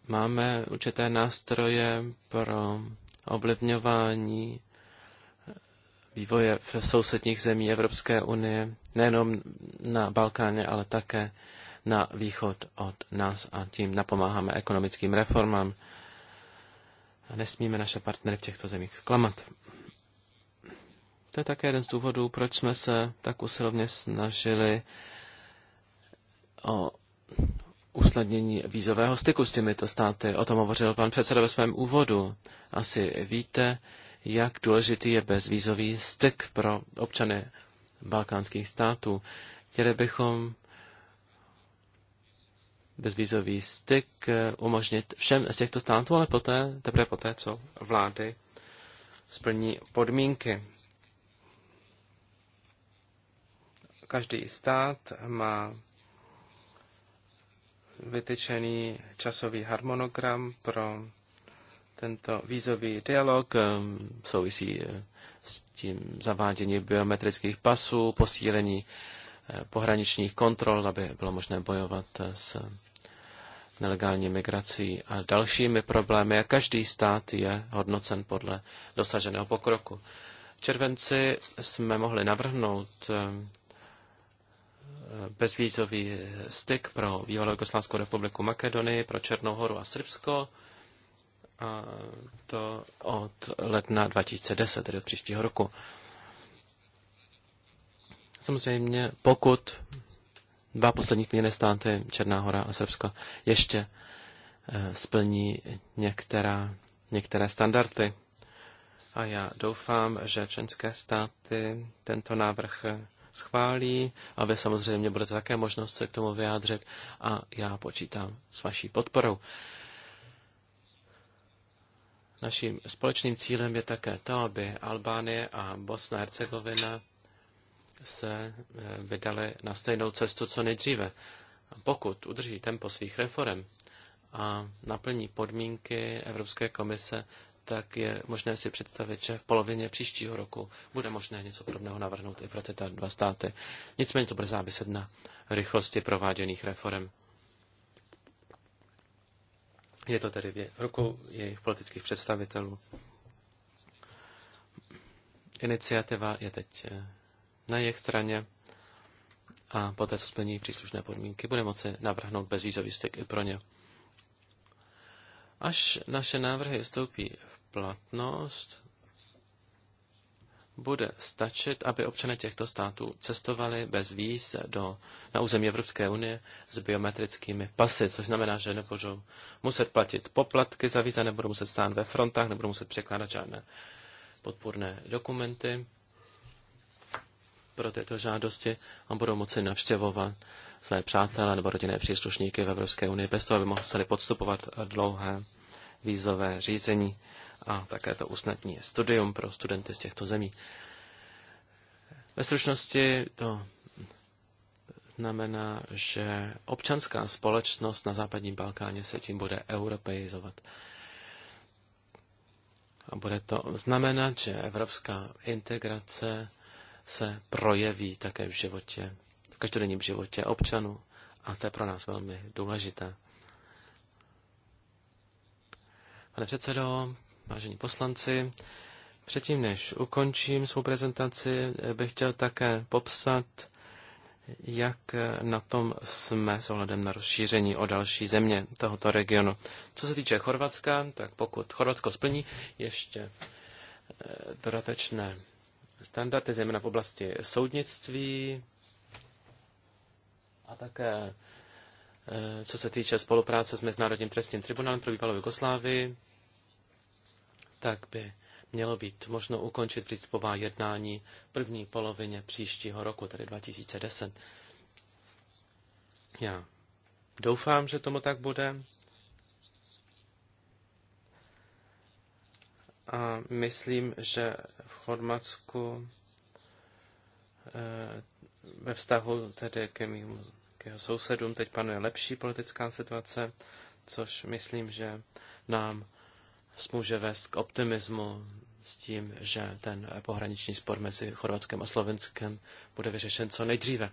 Máme určité nástroje pro ovlivňování vývoje v sousedních zemí Evropské unie, nejenom na Balkáně, ale také na východ od nás a tím napomáháme ekonomickým reformám. A nesmíme naše partnery v těchto zemích zklamat. To je také jeden z důvodů, proč jsme se tak usilovně snažili o usnadnění vízového styku s těmito státy. O tom hovořil pan předseda ve svém úvodu. Asi víte, jak důležitý je bezvízový styk pro občany balkánských států. Chtěli bychom bezvízový styk eh, umožnit všem z těchto států, ale poté, teprve poté, co vlády splní podmínky Každý stát má vytyčený časový harmonogram pro tento vízový dialog. Ehm, souvisí eh, s tím zavádění biometrických pasů, posílení eh, pohraničních kontrol, aby bylo možné bojovat eh, s nelegální migrací a dalšími problémy a každý stát je hodnocen podle dosaženého pokroku. V červenci jsme mohli navrhnout ehm, bezvízový styk pro bývalou Jugoslávskou republiku Makedonii, pro Černou horu a Srbsko. A to od ledna 2010, tedy od příštího roku. Samozřejmě, pokud dva poslední zmíněné státy, Černá hora a Srbsko, ještě eh, splní některá, některé standardy. A já doufám, že členské státy tento návrh eh, schválí a vy samozřejmě budete také možnost se k tomu vyjádřit a já počítám s vaší podporou. Naším společným cílem je také to, aby Albánie a Bosna a Hercegovina se eh, vydali na stejnou cestu co nejdříve. Pokud udrží tempo svých reform a naplní podmínky Evropské komise, tak je možné si představit, že v polovině příštího roku bude možné něco podobného navrhnout i pro ty dva státy. Nicméně to bude záviset na rychlosti prováděných reform. Je to tedy v rukou jejich politických představitelů. Iniciativa je teď eh, na jejich straně a poté, co splní příslušné podmínky, bude moci navrhnout bezvýzový styk i pro ně. Až naše návrhy vstoupí platnost, bude stačit, aby občané těchto států cestovali bez víz do, na území Evropské unie s biometrickými pasy, což znamená, že nebudou muset platit poplatky za víza, nebudou muset stát ve frontách, nebudou muset překládat žádné podpůrné dokumenty pro tyto žádosti a budou moci navštěvovat své přátelé, nebo rodinné příslušníky v Evropské unii bez toho, aby museli podstupovat dlouhé vízové řízení a také to usnadní studium pro studenty z těchto zemí. Ve stručnosti to znamená, že občanská společnost na západním Balkáně se tím bude europeizovat. A bude to znamenat, že evropská integrace se projeví také v životě, v každodenním životě občanů. A to je pro nás velmi důležité. Pane předsedo, vážení poslanci. Předtím, než ukončím svou prezentaci, bych chtěl také popsat, jak na tom jsme s ohledem na rozšíření o další země tohoto regionu. Co se týče Chorvatska, tak pokud Chorvatsko splní ještě eh, dodatečné standardy, zejména v oblasti soudnictví a také eh, co se týče spolupráce s Mezinárodním trestním tribunálem pro bývalou Jugoslávii, tak by mělo být možno ukončit přístupová jednání v první polovině příštího roku, tedy 2010. Já doufám, že tomu tak bude. A myslím, že v Chorvatsku eh, ve vztahu tedy k, mým, k jeho sousedům teď panuje lepší politická situace, což myslím, že nám může vést k optimismu s tím, že ten pohraniční spor mezi Chorvatskem a Slovenskem bude vyřešen co nejdříve.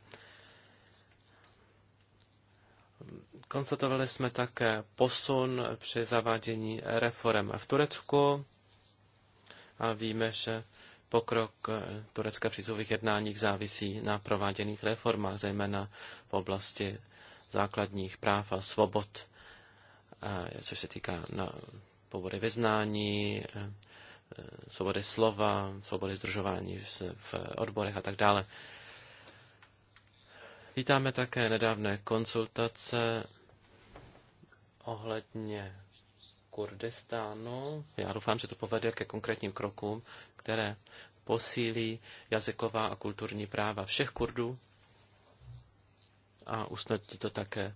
Konstatovali jsme také posun při zavádění reform v Turecku a víme, že pokrok Turecka v přízových jednáních závisí na prováděných reformách, zejména v oblasti základních práv a svobod, eh, což se týká na svobody vyznání, eh, eh, svobody slova, svobody združování v odborech a tak dále. Vítáme také nedávné konsultace ohledně Kurdistánu. Já doufám, že to povede ke konkrétním krokům, které posílí jazyková a kulturní práva všech Kurdů a usnadní to také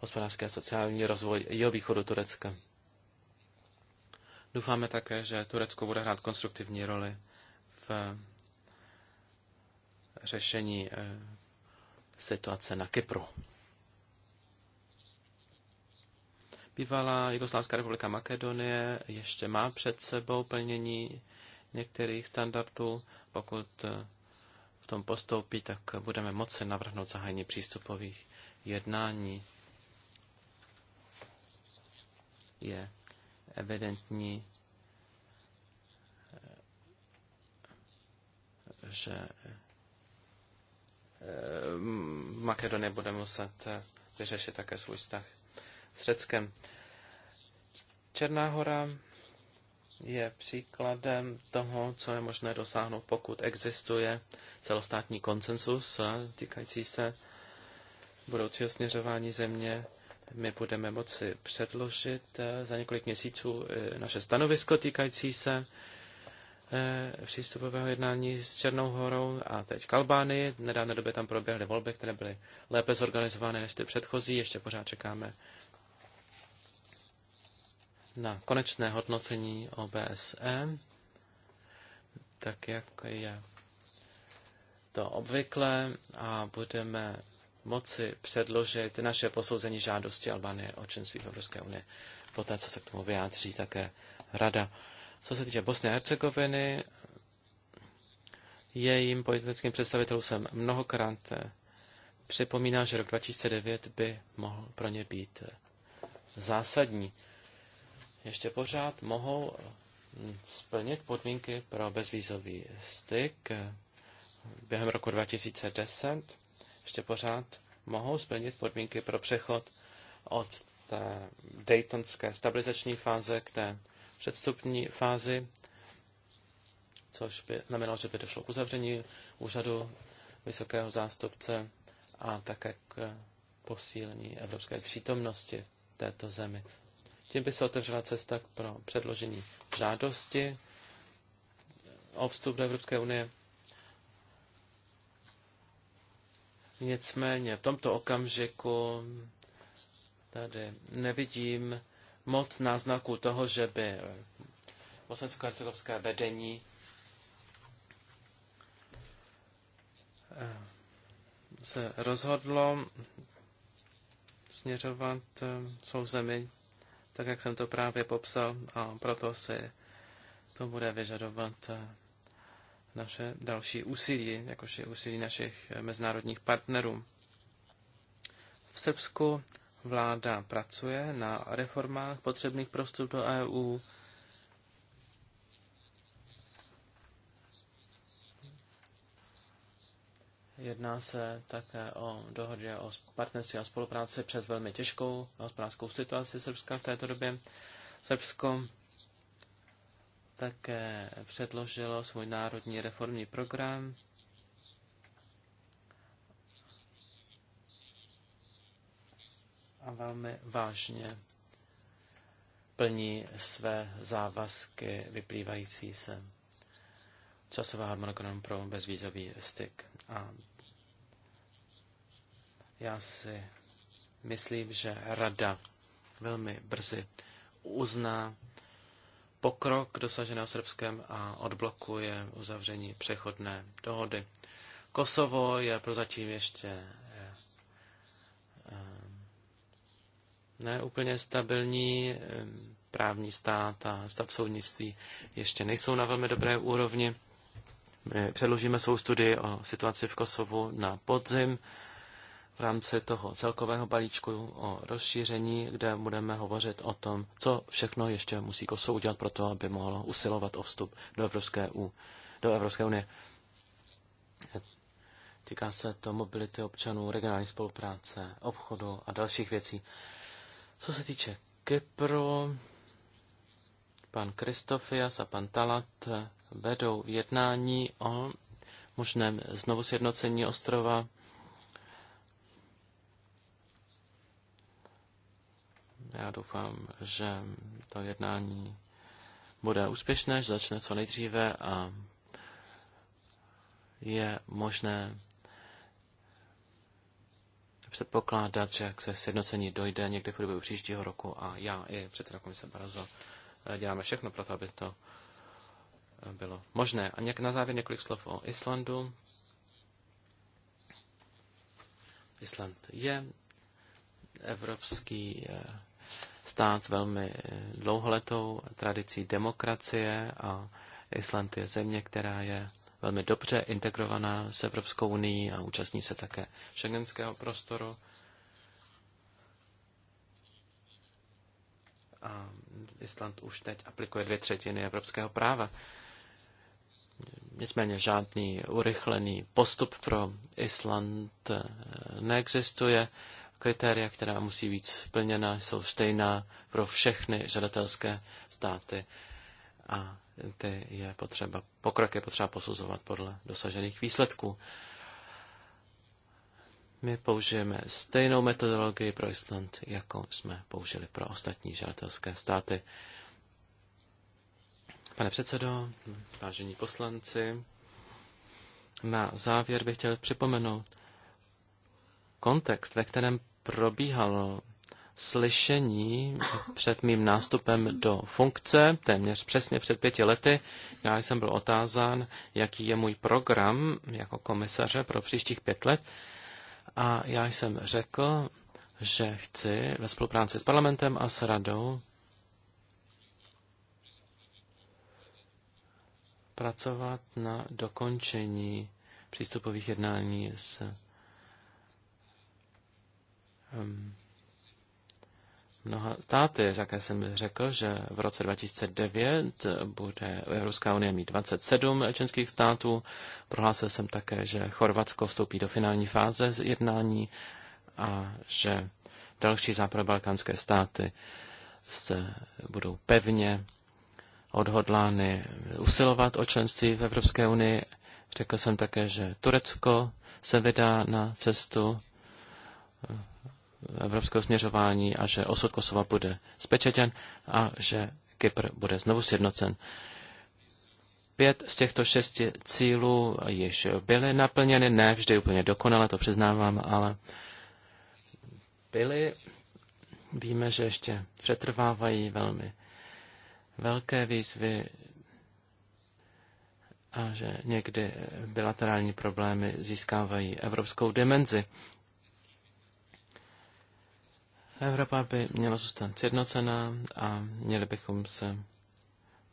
hospodářské a sociální rozvoj jeho východu Turecka. Doufáme také, že Turecko bude hrát konstruktivní roli v eh, řešení eh, situace na Kypru. Bývalá Jugoslávská republika Makedonie ještě má před sebou plnění některých standardů. Pokud eh, v tom postoupí, tak budeme moci navrhnout zahájení přístupových jednání. Je evidentní, že eh, Makedonie bude muset eh, vyřešit také svůj vztah s Řeckem. Černá hora je příkladem toho, co je možné dosáhnout, pokud existuje celostátní konsensus eh, týkající se budoucího směřování země my budeme moci předložit eh, za několik měsíců eh, naše stanovisko týkající se eh, přístupového jednání s Černou horou a teď k Albánii. nedávné době tam proběhly volby, které byly lépe zorganizované než ty předchozí. Ještě pořád čekáme na konečné hodnocení OBSE, tak jak je to obvykle a budeme moci předložit naše posouzení žádosti Albánie o členství v Evropské unii, poté co se k tomu vyjádří také rada. Co se týče Bosny a Hercegoviny, jejím politickým představitelům jsem mnohokrát eh, připomínal, že rok 2009 by mohl pro ně být eh, zásadní. Ještě pořád mohou mm, splnit podmínky pro bezvízový styk eh, během roku 2010 ještě pořád mohou splnit podmínky pro přechod od té Daytonské stabilizační fáze k té předstupní fázi, což by znamenalo, že by došlo k uzavření úřadu vysokého zástupce a také k posílení evropské přítomnosti v této zemi. Tím by se otevřela cesta pro předložení žádosti o vstup do Evropské unie Nicméně v tomto okamžiku tady nevidím moc náznaků toho, že by bosensko-hercegovské vedení eh, se rozhodlo směřovat eh, svou zemi, tak jak jsem to právě popsal, a proto si to bude vyžadovat eh, naše další úsilí, jakož je úsilí našich mezinárodních partnerů. V Srbsku vláda pracuje na reformách potřebných pro do EU. Jedná se také o dohodě o partnerství a spolupráci přes velmi těžkou hospodářskou situaci Srbska v této době. Srbsko také předložilo svůj národní reformní program. A velmi vážně plní své závazky vyplývající se časová harmonogram pro bezvízový styk. A já si myslím, že rada velmi brzy uzná pokrok dosažený Srbskem a odblokuje uzavření přechodné dohody. Kosovo je prozatím ještě eh, eh, neúplně stabilní, eh, právní stát a stav soudnictví ještě nejsou na velmi dobré úrovni. My předložíme svou studii o situaci v Kosovu na podzim v rámci toho celkového balíčku o rozšíření, kde budeme hovořit o tom, co všechno ještě musí Kosovo udělat pro to, aby mohlo usilovat o vstup do Evropské, U, do Evropské unie. Týká se to mobility občanů, regionální spolupráce, obchodu a dalších věcí. Co se týče Kypru, pan Kristofias a pan Talat vedou jednání o možném znovu sjednocení ostrova Já doufám, že to jednání bude úspěšné, že začne co nejdříve a je možné předpokládat, že k se sjednocení dojde někdy v průběhu příštího roku a já i předseda komise Barazo eh, děláme všechno pro to, aby to eh, bylo možné. A nějak na závěr několik slov o Islandu. Island je evropský eh, stát s velmi eh, dlouholetou tradicí demokracie a Island je země, která je velmi dobře integrovaná s Evropskou unii a účastní se také šengenského prostoru. A Island už teď aplikuje dvě třetiny evropského práva. Nicméně žádný urychlený postup pro Island eh, neexistuje. Kritéria, která musí být splněna, jsou stejná pro všechny žadatelské státy a ty je potřeba, pokrok je potřeba posuzovat podle dosažených výsledků. My použijeme stejnou metodologii pro Island, jako jsme použili pro ostatní žadatelské státy. Pane předsedo, vážení poslanci, na závěr bych chtěl připomenout, kontext, ve kterém probíhalo slyšení před mým nástupem do funkce, téměř přesně před pěti lety, já jsem byl otázán, jaký je můj program jako komisaře pro příštích pět let. A já jsem řekl, že chci ve spolupráci s parlamentem a s radou pracovat na dokončení přístupových jednání s Ehm, mnoha státy. jak jsem řekl, že v roce 2009 bude Evropská unie mít 27 členských států. Prohlásil jsem také, že Chorvatsko vstoupí do finální fáze z jednání a že další západobalkánské státy se budou pevně odhodlány usilovat o členství v Evropské unii. Řekl jsem také, že Turecko se vydá na cestu evropského směřování a že osud Kosova bude spečetěn a že Kypr bude znovu sjednocen. Pět z těchto šesti cílů již byly naplněny, ne vždy úplně dokonale, to přiznávám, ale byly. Víme, že ještě přetrvávají velmi velké výzvy a že někdy bilaterální problémy získávají evropskou dimenzi. Evropa by měla zůstat sjednocená a měli bychom se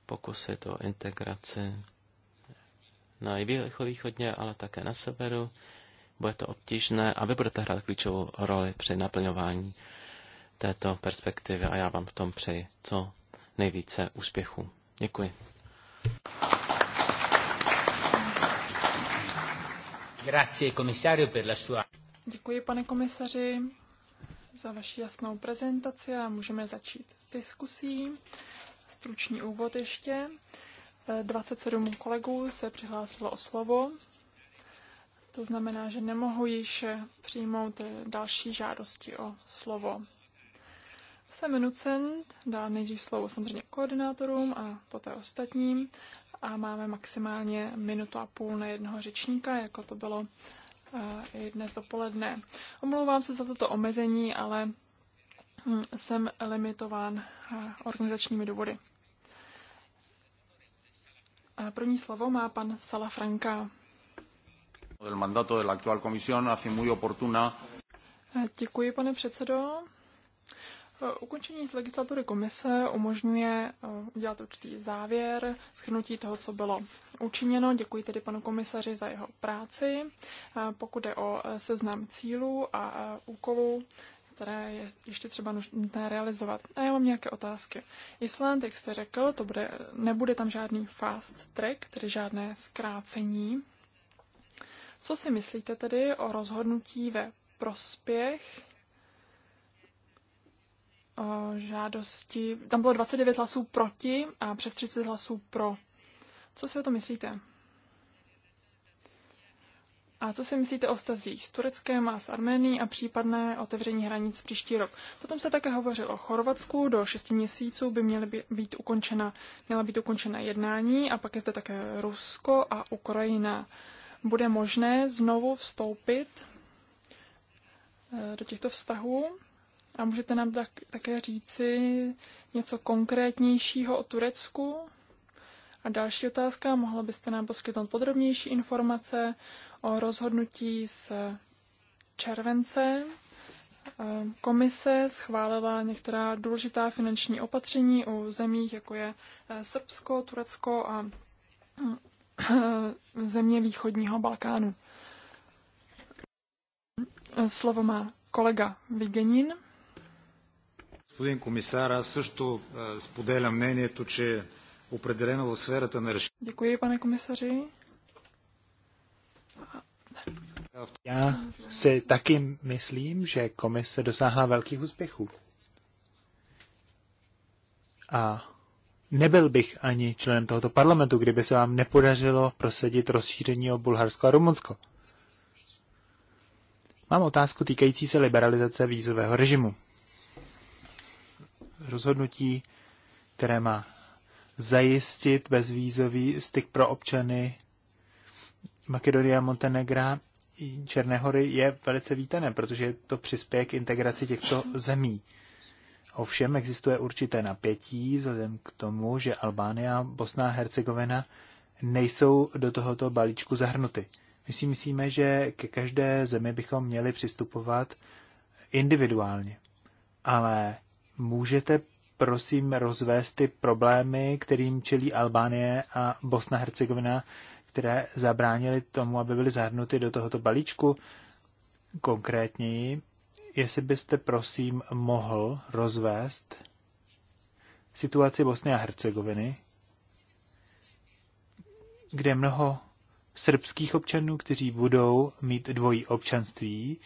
pokusit o integraci na východně, ale také na severu. Bude to obtížné a vy budete hrát klíčovou roli při naplňování této perspektivy a já vám v tom přeji co nejvíce úspěchů. Děkuji. Děkuji, pane komisaři, za vaši jasnou prezentaci a můžeme začít s diskusí. Stručný úvod ještě. 27 eh, kolegů se přihlásilo o slovo. To znamená, že nemohu již eh, přijmout eh, další žádosti o slovo. Jsem nucen dát nejdřív slovo samozřejmě koordinátorům a poté ostatním a máme maximálně minutu a půl na jednoho řečníka, jako to bylo i dnes dopoledne. Omlouvám se za toto omezení, ale hm, jsem limitován eh, organizačními důvody. První slovo má pan Salafranka. Del mandato de la actual comisión hace muy oportuna. Eh, děkuji, pane předsedo. Ukončení z legislatury komise umožňuje eh, udělat určitý závěr, schrnutí toho, co bylo učiněno. Děkuji tedy panu komisaři za jeho práci. Eh, pokud je o eh, seznam cílů a úkolů, které je ještě třeba nutné realizovat. A já mám nějaké otázky. Island, jak jste řekl, to bude, nebude tam žádný fast track, tedy žádné zkrácení. Co si myslíte tedy o rozhodnutí ve prospěch Eh, žádosti, tam bylo 29 hlasů proti a přes 30 hlasů pro. Co si o to myslíte? A co si myslíte o stazích s Tureckem a s Arménií a případné otevření hranic příští rok? Potom se také hovořilo o Chorvatsku. Do 6 měsíců by měly být ukončena, měla být ukončena jednání a pak je zde také Rusko a Ukrajina. Bude možné znovu vstoupit eh, do těchto vztahů? A můžete nám tak, také říci něco konkrétnějšího o Turecku? A další otázka, mohla byste nám poskytnout podrobnější informace o rozhodnutí z července. Eh, komise schválila některá důležitá finanční opatření u zemích, jako je eh, Srbsko, Turecko a eh, země východního Balkánu. Slovo má kolega Vigenin. Господин комисар, аз също споделям мнението, че определено в сферата на решение. Děkuji, pane komisaři. Já si taky myslím, že komise dosáhla velkých úspěchů. A nebyl bych ani členem tohoto parlamentu, kdyby se vám nepodařilo prosadit rozšíření o Bulharsko a Rumunsko. Mám otázku týkající se liberalizace vízového režimu rozhodnutí, které má zajistit bezvízový styk pro občany Makedonie a Montenegra Černé hory je velice vítané, protože to přispěje k integraci těchto zemí. Ovšem existuje určité napětí vzhledem k tomu, že Albánie a Bosna a Hercegovina nejsou do tohoto balíčku zahrnuty. My si myslíme, že ke každé zemi bychom měli přistupovat individuálně. Ale Můžete prosím rozvést ty problémy, kterým čelí Albánie a Bosna-Hercegovina, které zabránily tomu, aby byly zahrnuty do tohoto balíčku? Konkrétněji, jestli byste prosím mohl rozvést situaci Bosny a Hercegoviny, kde mnoho srbských občanů, kteří budou mít dvojí občanství,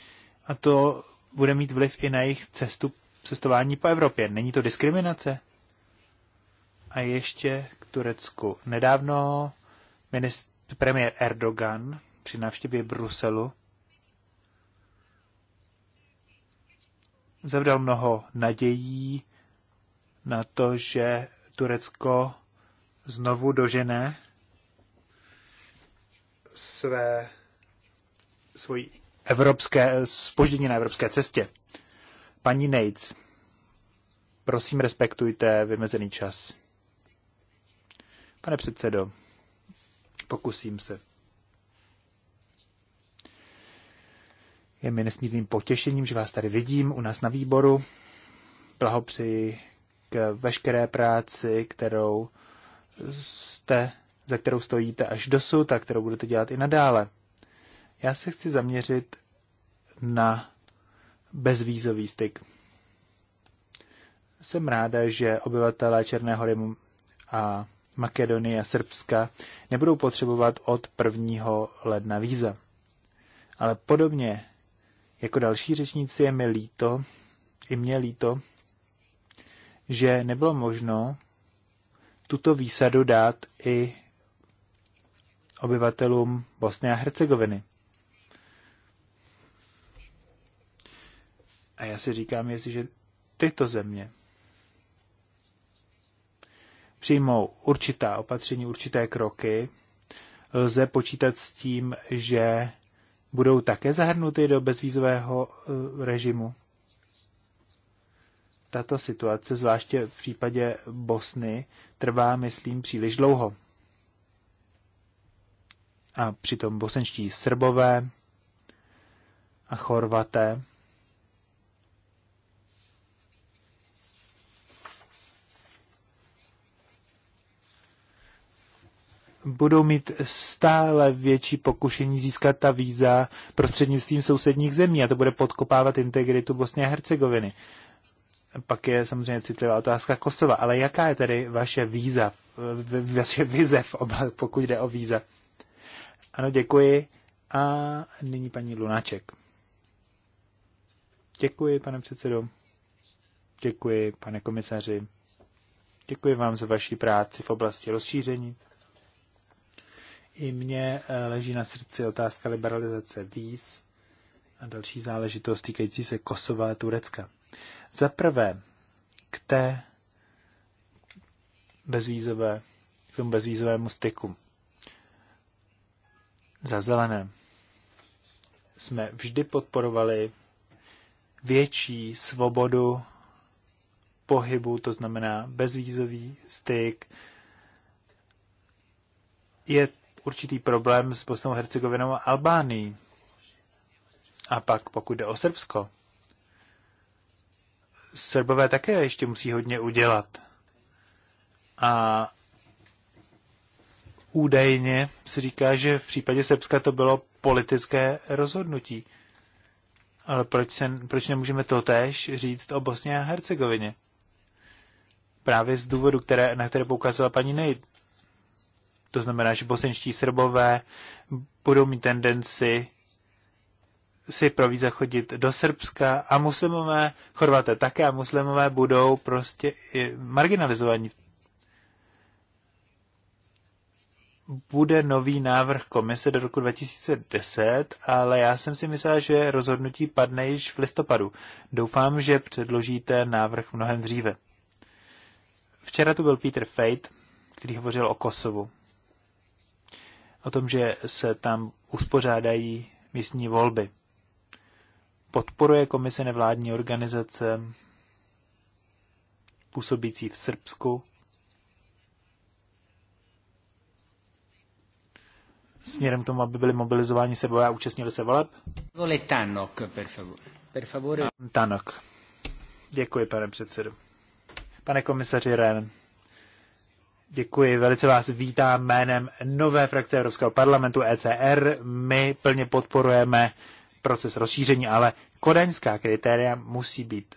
a to bude mít vliv i na jejich cestu cestování po Evropě. Není to diskriminace? A ještě k Turecku. Nedávno ministr, premiér Erdogan při návštěvě Bruselu zavdal mnoho nadějí na to, že Turecko znovu dožene své svoji evropské, spoždění na evropské cestě. Paní Nates, prosím respektujte vymezený čas. Pane předsedo, pokusím se. Je mi nesmírným potěšením, že vás tady vidím u nás na výboru. Blahopřeji k veškeré práci, kterou jste, za kterou stojíte až dosud a kterou budete dělat i nadále. Já se chci zaměřit na bezvízový styk. Jsem ráda, že obyvatelé Černé hory a Makedonie a Srbska nebudou potřebovat od 1. ledna víza. Ale podobně jako další řečníci je mi líto, i mě líto, že nebylo možno tuto výsadu dát i obyvatelům Bosny a Hercegoviny. A já si říkám, jestliže tyto země přijmou určitá opatření, určité kroky, lze počítat s tím, že budou také zahrnuty do bezvízového eh, režimu. Tato situace, zvláště v případě Bosny, trvá, myslím, příliš dlouho. A přitom bosenští Srbové a Chorvaté budou mít stále větší pokušení získat ta víza prostřednictvím sousedních zemí a to bude podkopávat integritu Bosny a Hercegoviny. Pak je samozřejmě citlivá otázka Kosova, ale jaká je tedy vaše víza, vaše vize, v oblasti, pokud jde o víza? Ano, děkuji. A nyní paní Lunáček. Děkuji, pane předsedo. Děkuji, pane komisaři. Děkuji vám za vaši práci v oblasti rozšíření. I mně eh, leží na srdci otázka liberalizace víz a další záležitost týkající se Kosova a Turecka. Za prvé, k té bezvízové, k tomu bezvízovému styku. Za zelené jsme vždy podporovali větší svobodu pohybu, to znamená bezvízový styk. Je určitý problém s Bosnou Hercegovinou a Albánií. A pak pokud jde o Srbsko, Srbové také ještě musí hodně udělat. A údajně se říká, že v případě Srbska to bylo politické rozhodnutí. Ale proč, se, proč nemůžeme to též říct o Bosně a Hercegovině? Právě z důvodu, které, na které poukázala paní Nejd. To znamená, že bosenští srbové budou mít tendenci si pro víza chodit do Srbska a muslimové, Chorvaté také, a muslimové budou prostě marginalizovaní. Bude nový návrh komise do roku 2010, ale já jsem si myslel, že rozhodnutí padne již v listopadu. Doufám, že předložíte návrh mnohem dříve. Včera tu byl Peter Fate, který hovořil o Kosovu o tom, že se tam uspořádají místní volby. Podporuje komise nevládní organizace působící v Srbsku. Směrem k tomu, aby byli mobilizováni se a účastnili se voleb. Vole Tanok, per favore. Per favore. Tanok. Děkuji, pane předsedo. Pane komisaři Ren, Děkuji, velice vás vítám jménem nové frakce Evropského parlamentu ECR. My plně podporujeme proces rozšíření, ale kodaňská kritéria musí být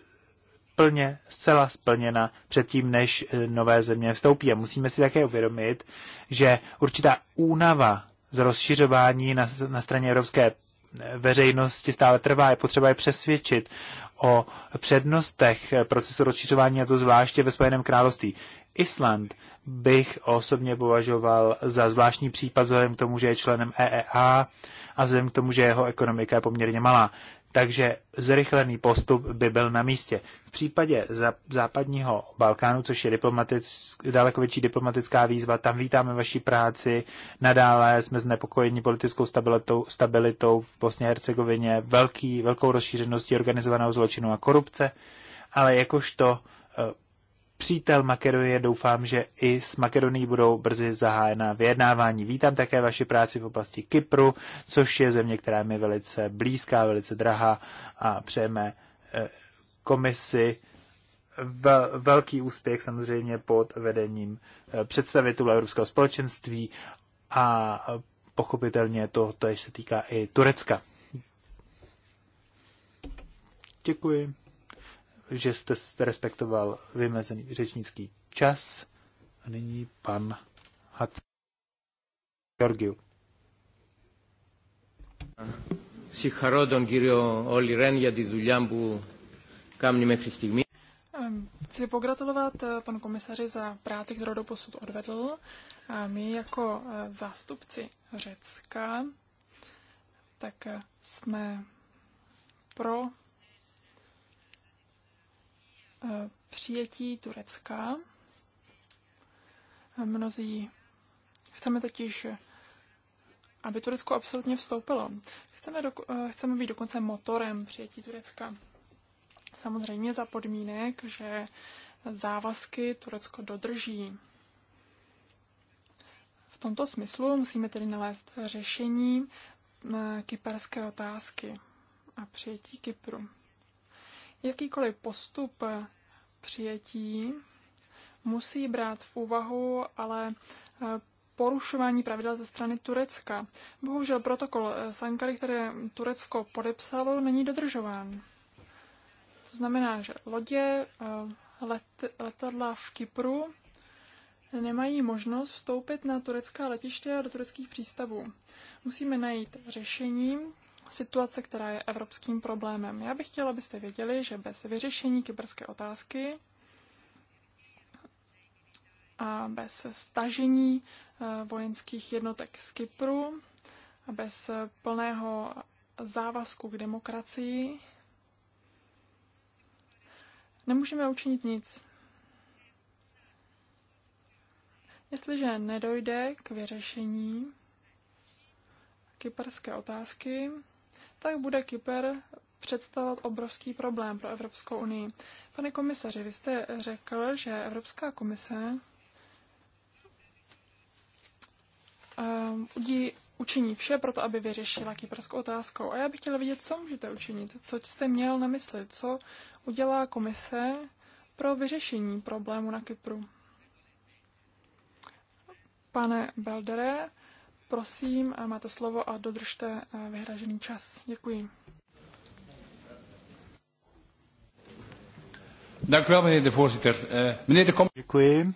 plně, zcela splněna předtím, než eh, nové země vstoupí. A musíme si také uvědomit, že určitá únava z rozšiřování na, na straně evropské eh, veřejnosti stále trvá. Je potřeba je přesvědčit o přednostech procesu rozšiřování, a to zvláště ve Spojeném království. Island bych osobně považoval za zvláštní případ vzhledem k tomu, že je členem EEA a vzhledem k tomu, že jeho ekonomika je poměrně malá takže zrychlený postup by byl na místě. V případě západního Balkánu, což je diplomatic, daleko větší diplomatická výzva, tam vítáme vaši práci. Nadále jsme znepokojeni politickou stabilitou, stabilitou v Bosně a Hercegovině, velký, velkou rozšířeností organizovaného zločinu a korupce, ale jakožto eh, přítel Makedonie. Doufám, že i s Makedonií budou brzy zahájena vyjednávání. Vítám také vaši práci v oblasti Kypru, což je země, která mi velice blízká, velice drahá a přejeme eh, komisi velký úspěch samozřejmě pod vedením eh, představitelů Evropského společenství a eh, pochopitelně to, to se týká i Turecka. Děkuji že jste respektoval vymezený řečnický čas. A nyní pan Hac. Georgiu. Συγχαρώ κύριο Όλη για τη δουλειά που κάνει μέχρι στιγμή. Chci pogratulovat eh, panu komisaři za práci, kterou do posud odvedl. A my jako eh, zástupci Řecka tak eh, jsme pro Eh, přijetí Turecka. Eh, mnozí chceme totiž, aby Turecko absolutně vstoupilo. Chceme, do, eh, chceme být dokonce motorem přijetí Turecka. Samozřejmě za podmínek, že závazky Turecko dodrží. V tomto smyslu musíme tedy nalézt řešení kyperské otázky a přijetí Kypru. Jakýkoliv postup přijetí musí brát v úvahu ale eh, porušování pravidel ze strany Turecka. Bohužel protokol eh, Sankary, které Turecko podepsalo, není dodržován. To znamená, že lodě, eh, let, letadla v Kypru nemají možnost vstoupit na turecká letiště a do tureckých přístavů. Musíme najít řešení, situace, která je evropským problémem. Já bych chtěla, abyste věděli, že bez vyřešení kyberské otázky a bez stažení eh, vojenských jednotek z Kypru a bez eh, plného závazku k demokracii nemůžeme učinit nic. Jestliže nedojde k vyřešení kyperské otázky, tak bude Kypr představovat obrovský problém pro Evropskou unii. Pane komisaři, vy jste řekl, že Evropská komise um, učiní vše pro to, aby vyřešila kyperskou otázkou. A já bych chtěla vidět, co můžete učinit, co jste měl na mysli, co udělá komise pro vyřešení problému na Kypru. Pane Beldere, Prosím, máte slovo a dodržte eh, vyhražený čas. Děkuji. Eh, Děkuji.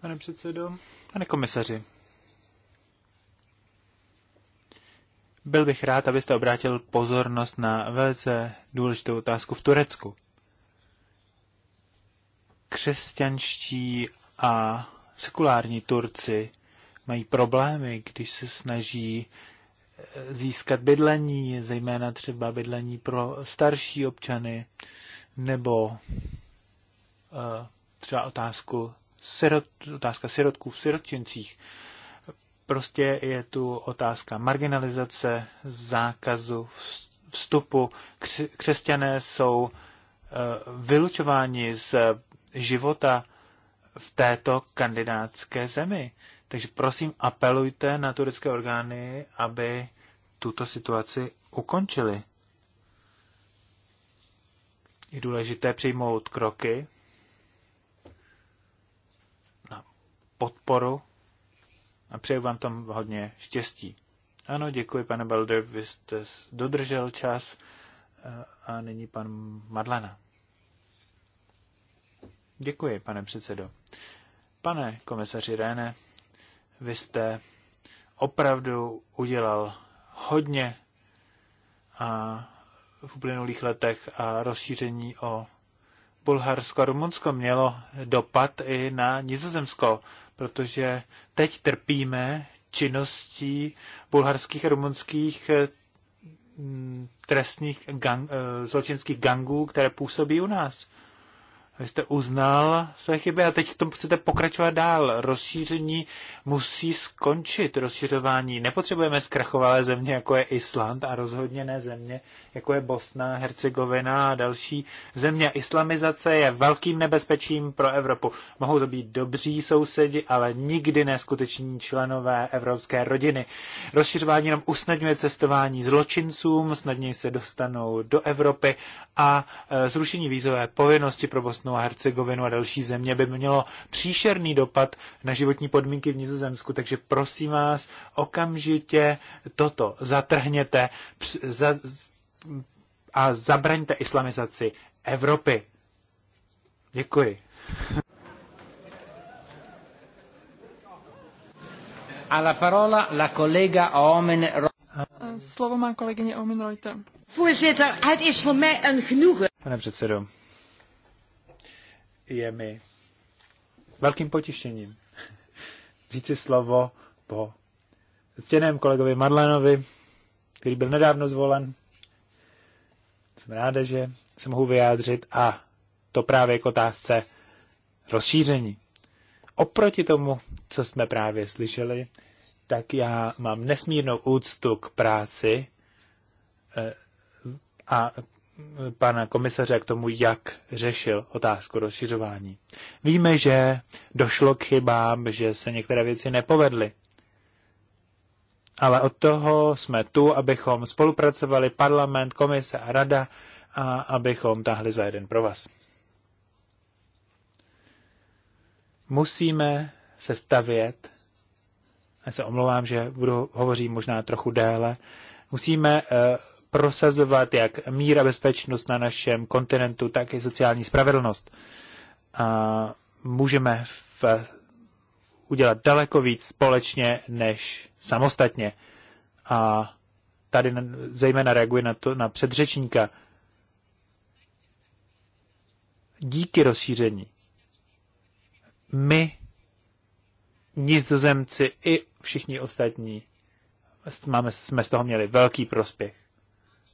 Pane předsedo, pane komisaři, byl bych rád, abyste obrátil pozornost na velice důležitou otázku v Turecku. Křesťanští a sekulární Turci mají problémy, když se snaží eh, získat bydlení, zejména třeba bydlení pro starší občany, nebo eh, třeba otázku sirot, otázka sirotků v sirotčincích. Prostě je tu otázka marginalizace, zákazu vstupu. Křesťané jsou eh, vylučováni z života v této kandidátské zemi. Takže prosím, apelujte na turecké orgány, aby tuto situaci ukončili. Je důležité přijmout kroky na podporu a přeju vám tam hodně štěstí. Ano, děkuji, pane Belder, vy jste dodržel čas eh, a nyní pan Madlena. Děkuji, pane předsedo. Pane komisaři Réne, vy jste opravdu udělal hodně a v uplynulých letech a rozšíření o Bulharsko a Rumunsko mělo dopad i na Nizozemsko, protože teď trpíme činností bulharských a rumunských eh, trestních gang, eh, zločinských gangů, které působí u nás. Vy jste uznal své chyby a teď v tom chcete pokračovat dál. Rozšíření musí skončit, rozšiřování. Nepotřebujeme zkrachovalé země, jako je Island a rozhodně ne země, jako je Bosna, Hercegovina a další země. Islamizace je velkým nebezpečím pro Evropu. Mohou to být dobří sousedi, ale nikdy neskuteční členové evropské rodiny. Rozšiřování nám usnadňuje cestování zločincům, snadněji se dostanou do Evropy a e, zrušení vízové povinnosti pro Bosnu Bosnu a Hercegovinu a další země by mělo příšerný dopad na životní podmínky v Nizozemsku. Takže prosím vás, okamžitě toto zatrhněte a zabraňte islamizaci Evropy. Děkuji. A la parola la collega Omen Slovo má kolegyně Omen Reuter. Voorzitter, het is voor mij een genoegen. Pane předsedo, je mi velkým potěšením říci slovo po ctěném kolegovi Marlénovi, který byl nedávno zvolen. Jsem ráda, že se mohu vyjádřit a to právě k otázce rozšíření. Oproti tomu, co jsme právě slyšeli, tak já mám nesmírnou úctu k práci eh, a pana komisaře k tomu, jak řešil otázku rozšiřování. Víme, že došlo k chybám, že se některé věci nepovedly. Ale od toho jsme tu, abychom spolupracovali parlament, komise a rada a abychom tahli za jeden pro vás. Musíme se stavět, já se omlouvám, že budu hovořit možná trochu déle, musíme eh, prosazovat jak mír a bezpečnost na našem kontinentu, tak i sociální spravedlnost. A můžeme v, udělat daleko víc společně než samostatně. A tady zejména reaguji na, to, na předřečníka. Díky rozšíření my, nizozemci i všichni ostatní, máme, jsme z toho měli velký prospěch.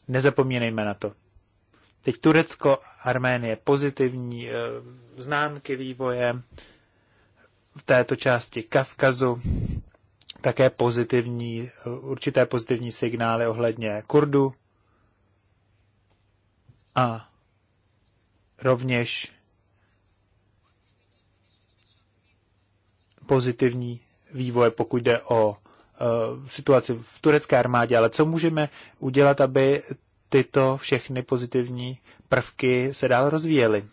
Nezapomínejme na to. Teď Turecko, Arménie, pozitivní e, známky vývoje v této části Kavkazu, také pozitivní, eh, určité pozitivní signály ohledně Kurdu a rovněž pozitivní vývoj, pokud jde o Eh, situaci v turecké armádě, ale co můžeme udělat, aby tyto všechny pozitivní prvky se dál rozvíjely?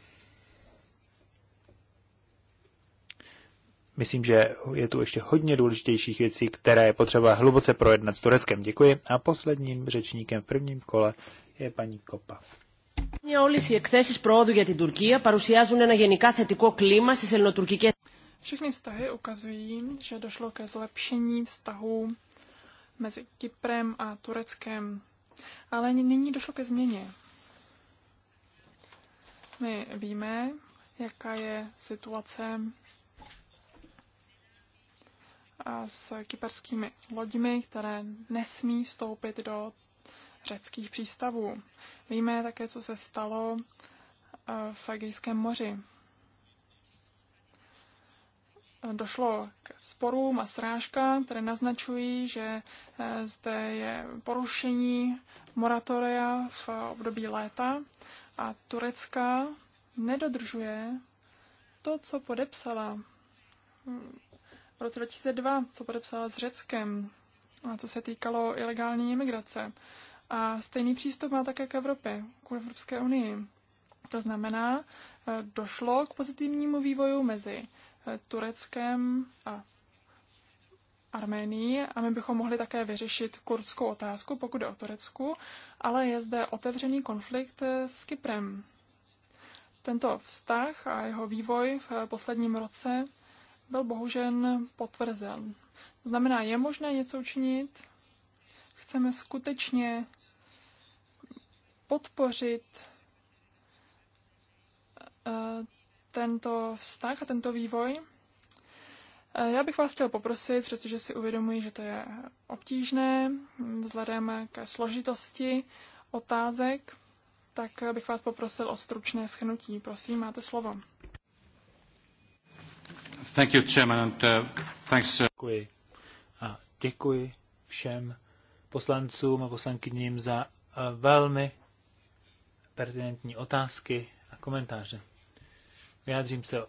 Myslím, že je tu ještě hodně důležitějších věcí, které je potřeba hluboce projednat s Tureckem. Děkuji. A posledním řečníkem v prvním kole je paní Kopa. Όλε οι εκθέσει πρόοδου για την Τουρκία παρουσιάζουν ένα γενικά θετικό κλίμα στι ελληνοτουρκικέ všechny vztahy ukazují, že došlo ke zlepšení vztahů mezi Kyprem a Tureckem, ale nyní došlo ke změně. My víme, jaká je situace s kyperskými loďmi, které nesmí vstoupit do řeckých přístavů. Víme také, co se stalo v Egejském moři došlo k sporům a srážkám, které naznačují, že eh, zde je porušení moratoria v období léta a Turecka nedodržuje to, co podepsala v roce 2002, co podepsala s Řeckem, a co se týkalo ilegální imigrace. A stejný přístup má také k Evropě, k Evropské unii. To znamená, eh, došlo k pozitivnímu vývoju mezi Tureckem a Arménii a my bychom mohli také vyřešit kurdskou otázku, pokud je o Turecku, ale je zde otevřený konflikt s Kyprem. Tento vztah a jeho vývoj v posledním roce byl bohužel potvrzen. Znamená, je možné něco učinit? Chceme skutečně podpořit eh, tento vztah a tento vývoj. E, já bych vás chtěl poprosit, přestože si uvědomuji, že to je obtížné vzhledem ke složitosti otázek, tak bych vás poprosil o stručné schnutí. Prosím, máte slovo. Thank you, Chairman, and, uh, thanks, uh, Děkuji. A děkuji všem poslancům a poslankyním za uh, velmi pertinentní otázky a komentáře. Vyjádřím se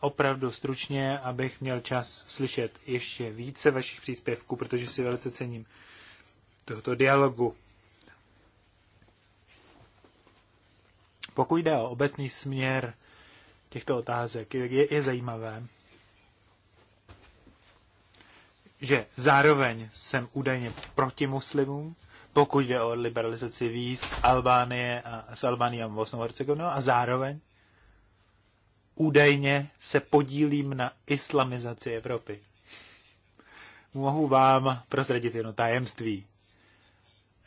opravdu stručně, abych měl čas slyšet ještě více vašich příspěvků, protože si velice cením tohoto dialogu. Pokud jde o obecný směr těchto otázek, je, je zajímavé, že zároveň jsem údajně proti muslimům, pokud jde o liberalizaci víz Albánie a s Albánií a Bosnou Hercegovinou, a zároveň údajně se podílím na islamizaci Evropy. Mohu vám prozradit jedno tajemství.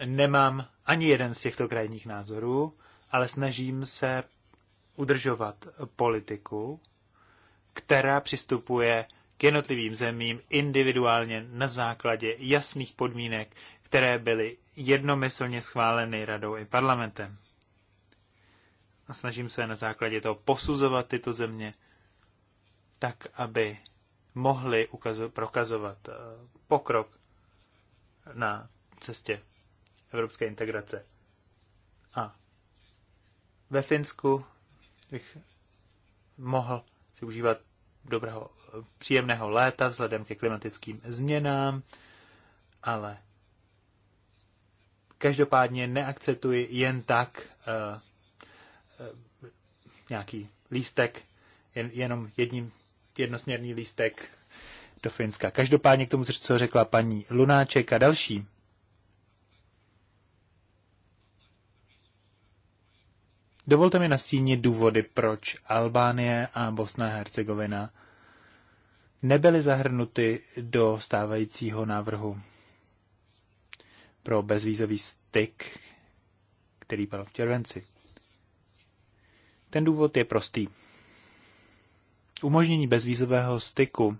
Nemám ani jeden z těchto krajních názorů, ale snažím se udržovat politiku, která přistupuje k jednotlivým zemím individuálně na základě jasných podmínek, které byly jednomyslně schváleny radou i parlamentem a snažím se na základě toho posuzovat tyto země tak, aby mohli prokazovat eh, pokrok na cestě evropské integrace. A ve Finsku bych mohl využívat dobrého, eh, příjemného léta vzhledem ke klimatickým změnám, ale každopádně neakceptuji jen tak eh, Eh, nějaký lístek, jen, jenom jedním, jednosměrný lístek do Finska. Každopádně k tomu, co řekla paní Lunáček a další, Dovolte mi nastínit důvody, proč Albánie a Bosna a Hercegovina nebyly zahrnuty do stávajícího návrhu pro bezvízový styk, který byl v červenci. Ten důvod je prostý. Umožnění bezvízového styku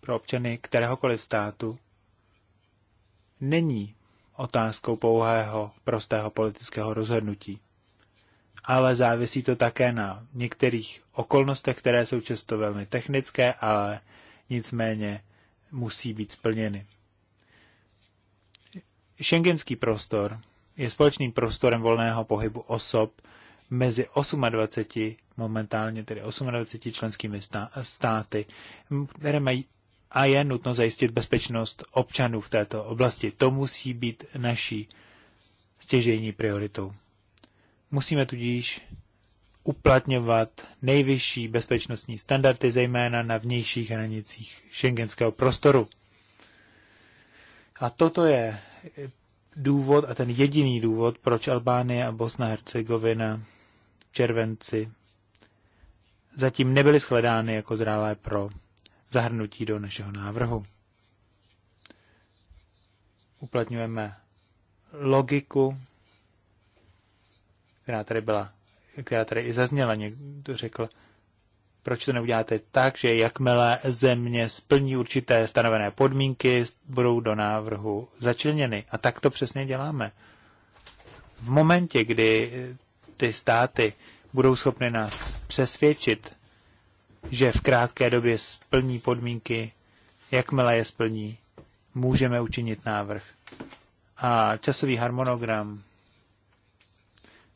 pro občany kteréhokoliv státu není otázkou pouhého prostého politického rozhodnutí, ale závisí to také na některých okolnostech, které jsou často velmi technické, ale nicméně musí být splněny. Schengenský prostor je společným prostorem volného pohybu osob mezi 28, momentálně tedy 28 členskými státy, které mají a je nutno zajistit bezpečnost občanů v této oblasti. To musí být naší stěžejní prioritou. Musíme tudíž uplatňovat nejvyšší bezpečnostní standardy, zejména na vnějších hranicích šengenského prostoru. A toto je důvod a ten jediný důvod, proč Albánie a Bosna Hercegovina červenci zatím nebyly shledány jako zrálé pro zahrnutí do našeho návrhu. Uplatňujeme logiku, která tady byla, která tady i zazněla, někdo řekl, proč to neuděláte tak, že jakmile země splní určité stanovené podmínky, budou do návrhu začleněny. A tak to přesně děláme. V momentě, kdy ty státy budou schopny nás přesvědčit, že v krátké době splní podmínky, jakmile je splní, můžeme učinit návrh. A časový harmonogram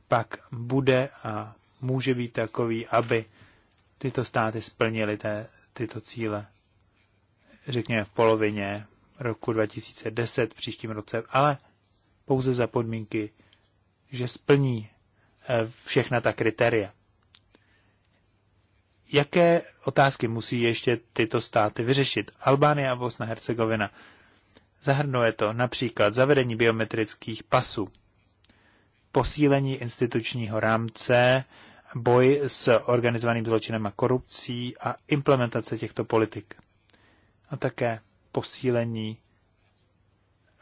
pak bude a může být takový, aby tyto státy splnily té, tyto cíle, řekněme v polovině roku 2010, příštím roce, ale pouze za podmínky, že splní všechna ta kritéria. Jaké otázky musí ještě tyto státy vyřešit? Albánie a Bosna Hercegovina. Zahrnuje to například zavedení biometrických pasů, posílení institučního rámce, boj s organizovaným zločinem a korupcí a implementace těchto politik. A také posílení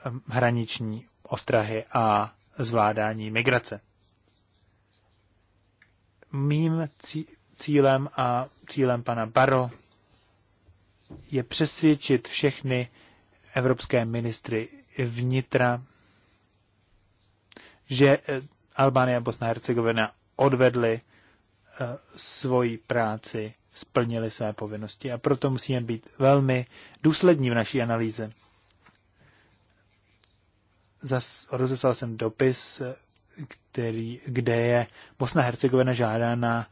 ehm, hraniční ostrahy a zvládání migrace mým cílem a cílem pana Baro je přesvědčit všechny evropské ministry vnitra, že eh, Albánie a Bosna a Hercegovina odvedly eh, svoji práci, splnili své povinnosti a proto musíme být velmi důslední v naší analýze. Rozeslal jsem dopis eh, který, kde je Bosna Hercegovina žádána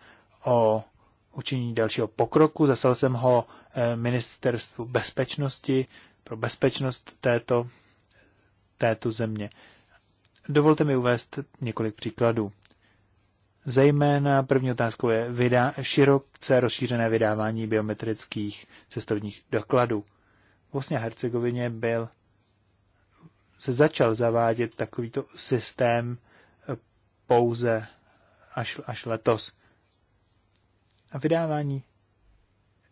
o učení dalšího pokroku. Zasal jsem ho eh, ministerstvu bezpečnosti pro bezpečnost této, této země. Dovolte mi uvést několik příkladů. Zejména první otázkou je vydá, široce rozšířené vydávání biometrických cestovních dokladů. V Bosně a Hercegovině byl, se začal zavádět takovýto systém pouze až, až letos. A vydávání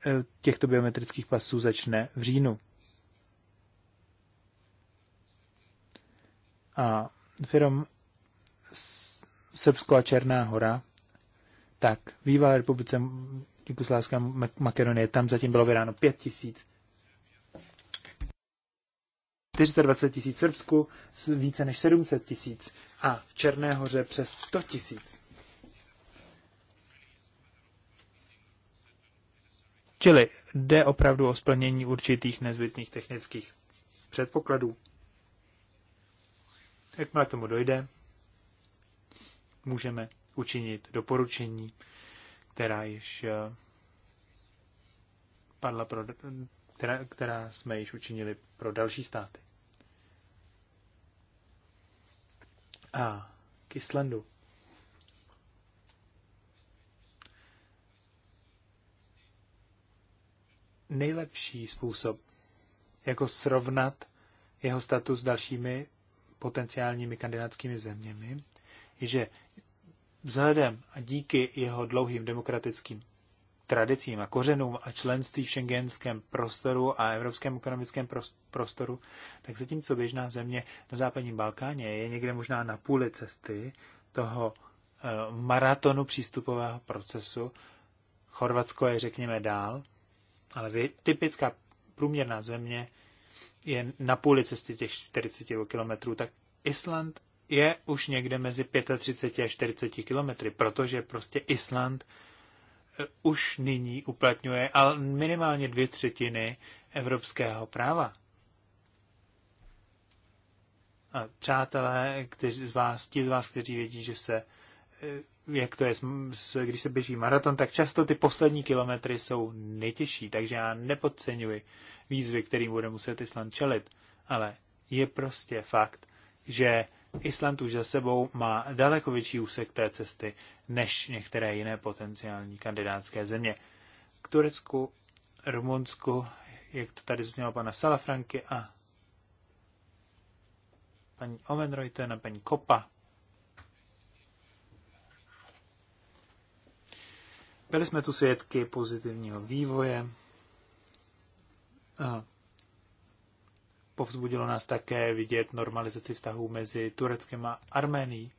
eh, těchto biometrických pasů začne v říjnu. A firm Srbsko a Černá hora, tak v bývalé republice Jugoslávská Makedonie, tam zatím bylo vydáno 5000 420 tisíc v Srbsku, více než 700 tisíc a v Černé hoře přes 100 tisíc. Čili jde opravdu o splnění určitých nezbytných technických předpokladů. Jakmile tomu dojde, můžeme učinit doporučení, která již eh, padla pro, která, která jsme již učinili pro další státy. a k Islandu. Nejlepší způsob, jako srovnat jeho status s dalšími potenciálními kandidátskými zeměmi, je, že vzhledem a díky jeho dlouhým demokratickým tradicím a kořenům a členství v šengenském prostoru a evropském ekonomickém prostoru, tak zatímco běžná země na západním Balkáně je někde možná na půli cesty toho eh, maratonu přístupového procesu, Chorvatsko je, řekněme, dál, ale typická průměrná země je na půli cesty těch 40 kilometrů, tak Island je už někde mezi 35 a 40 kilometry, protože prostě Island už nyní uplatňuje ale minimálně dvě třetiny evropského práva. A přátelé, kteří z vás, ti z vás, kteří vědí, že se, eh, jak to je, když se běží maraton, tak často ty poslední kilometry jsou nejtěžší, takže já nepodceňuji výzvy, kterým bude muset Island čelit, ale je prostě fakt, že Island už za sebou má daleko větší úsek té cesty než některé jiné potenciální kandidátské země. K Turecku, Rumunsku, jak to tady zněla pana Salafranky a paní Omenrojten na paní Kopa. Byli jsme tu svědky pozitivního vývoje. Aha. Povzbudilo nás také vidět normalizaci vztahů mezi Tureckem a Arménií.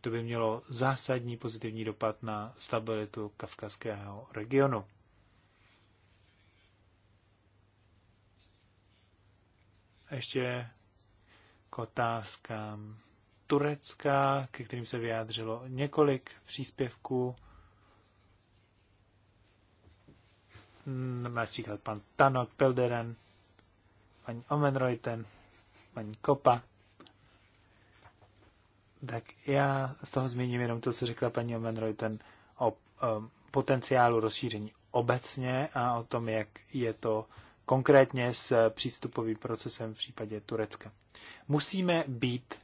To by mělo zásadní pozitivní dopad na stabilitu kavkazského regionu. A ještě k otázkám Turecka, ke kterým se vyjádřilo několik příspěvků. Mm, například pan Tanok Pelderen, paní Omenreuten, paní Kopa. Tak já z toho zmíním jenom to, co řekla paní Omenroy, ten o potenciálu rozšíření obecně a o tom, jak je to konkrétně s přístupovým procesem v případě Turecka. Musíme být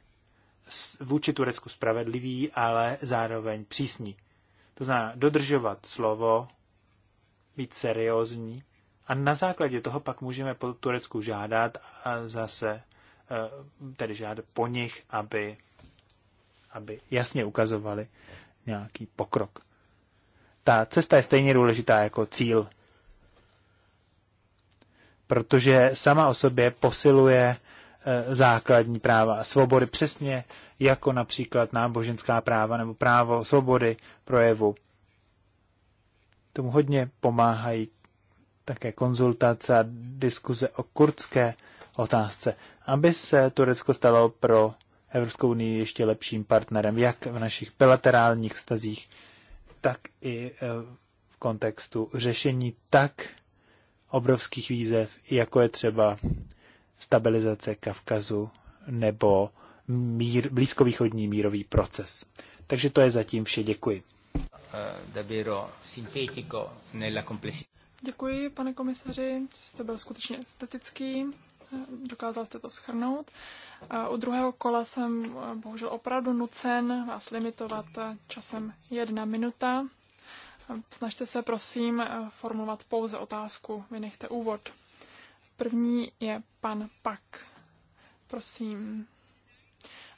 vůči Turecku spravedliví, ale zároveň přísní. To znamená dodržovat slovo, být seriózní a na základě toho pak můžeme po Turecku žádat a zase eh, tedy žádat po nich, aby aby jasně ukazovali nějaký pokrok. Ta cesta je stejně důležitá jako cíl, protože sama o sobě posiluje eh, základní práva a svobody, přesně jako například náboženská práva nebo právo svobody projevu. Tomu hodně pomáhají také konzultace a diskuze o kurdské otázce, aby se Turecko stalo pro Evropskou unii ještě lepším partnerem, jak v našich bilaterálních vztazích, tak i eh, v kontextu řešení tak obrovských výzev, jako je třeba stabilizace Kavkazu nebo mír, blízkovýchodní mírový proces. Takže to je zatím vše. Děkuji. Eh, Děkuji, pane komisaři, jste byl skutečně estetický dokázal jste to schrnout. U druhého kola jsem eh, bohužel opravdu nucen vás limitovat eh, časem jedna minuta. Snažte se prosím eh, formulovat pouze otázku, vynechte úvod. První je pan Pak. Prosím.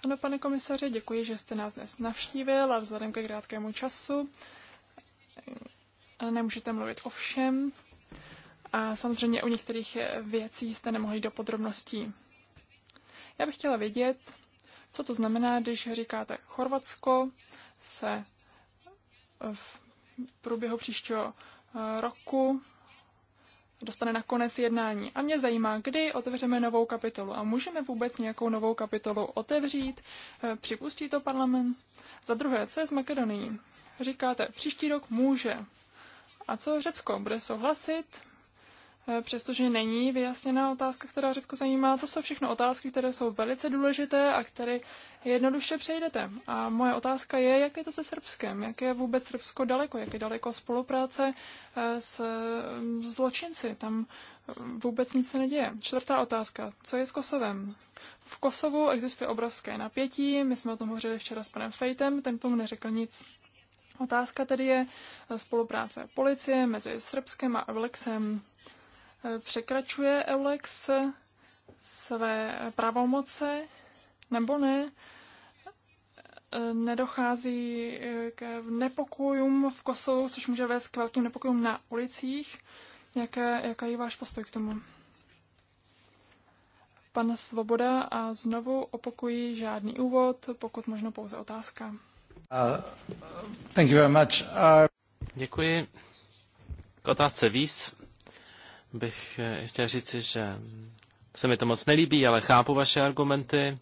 Ano, pane komisaři, děkuji, že jste nás dnes navštívil a vzhledem ke krátkému času nemůžete mluvit o všem a samozřejmě u některých věcí jste nemohli do podrobností. Já bych chtěla vědět, co to znamená, když říkáte Chorvatsko se v průběhu příštího eh, roku dostane na konec jednání. A mě zajímá, kdy otevřeme novou kapitolu. A můžeme vůbec nějakou novou kapitolu otevřít? Eh, připustí to parlament? Za druhé, co je s Makedonií? Říkáte, příští rok může. A co Řecko? Bude souhlasit? Eh, přestože není vyjasněná otázka, která Řecko zajímá. To jsou všechno otázky, které jsou velice důležité a které jednoduše přejdete. A moje otázka je, jak je to se Srbskem? Jak je vůbec Srbsko daleko? Jak je daleko spolupráce eh, s mm, zločinci? Tam eh, vůbec nic se neděje. Čtvrtá otázka. Co je s Kosovem? V Kosovu existuje obrovské napětí. My jsme o tom hovořili včera s panem Fejtem, ten tomu neřekl nic. Otázka tedy je spolupráce policie mezi Srbskem a Evlexem překračuje Eulex své pravomoce nebo ne. Nedochází k nepokojům v Kosovu, což může vést k velkým nepokojům na ulicích. Jaké, jaká je váš postoj k tomu? Pan Svoboda a znovu opakuji žádný úvod, pokud možno pouze otázka. Uh, thank you very much. Uh... Děkuji. K otázce víc bych eh, chtěl říci, že se mi to moc nelíbí, ale chápu vaše argumenty.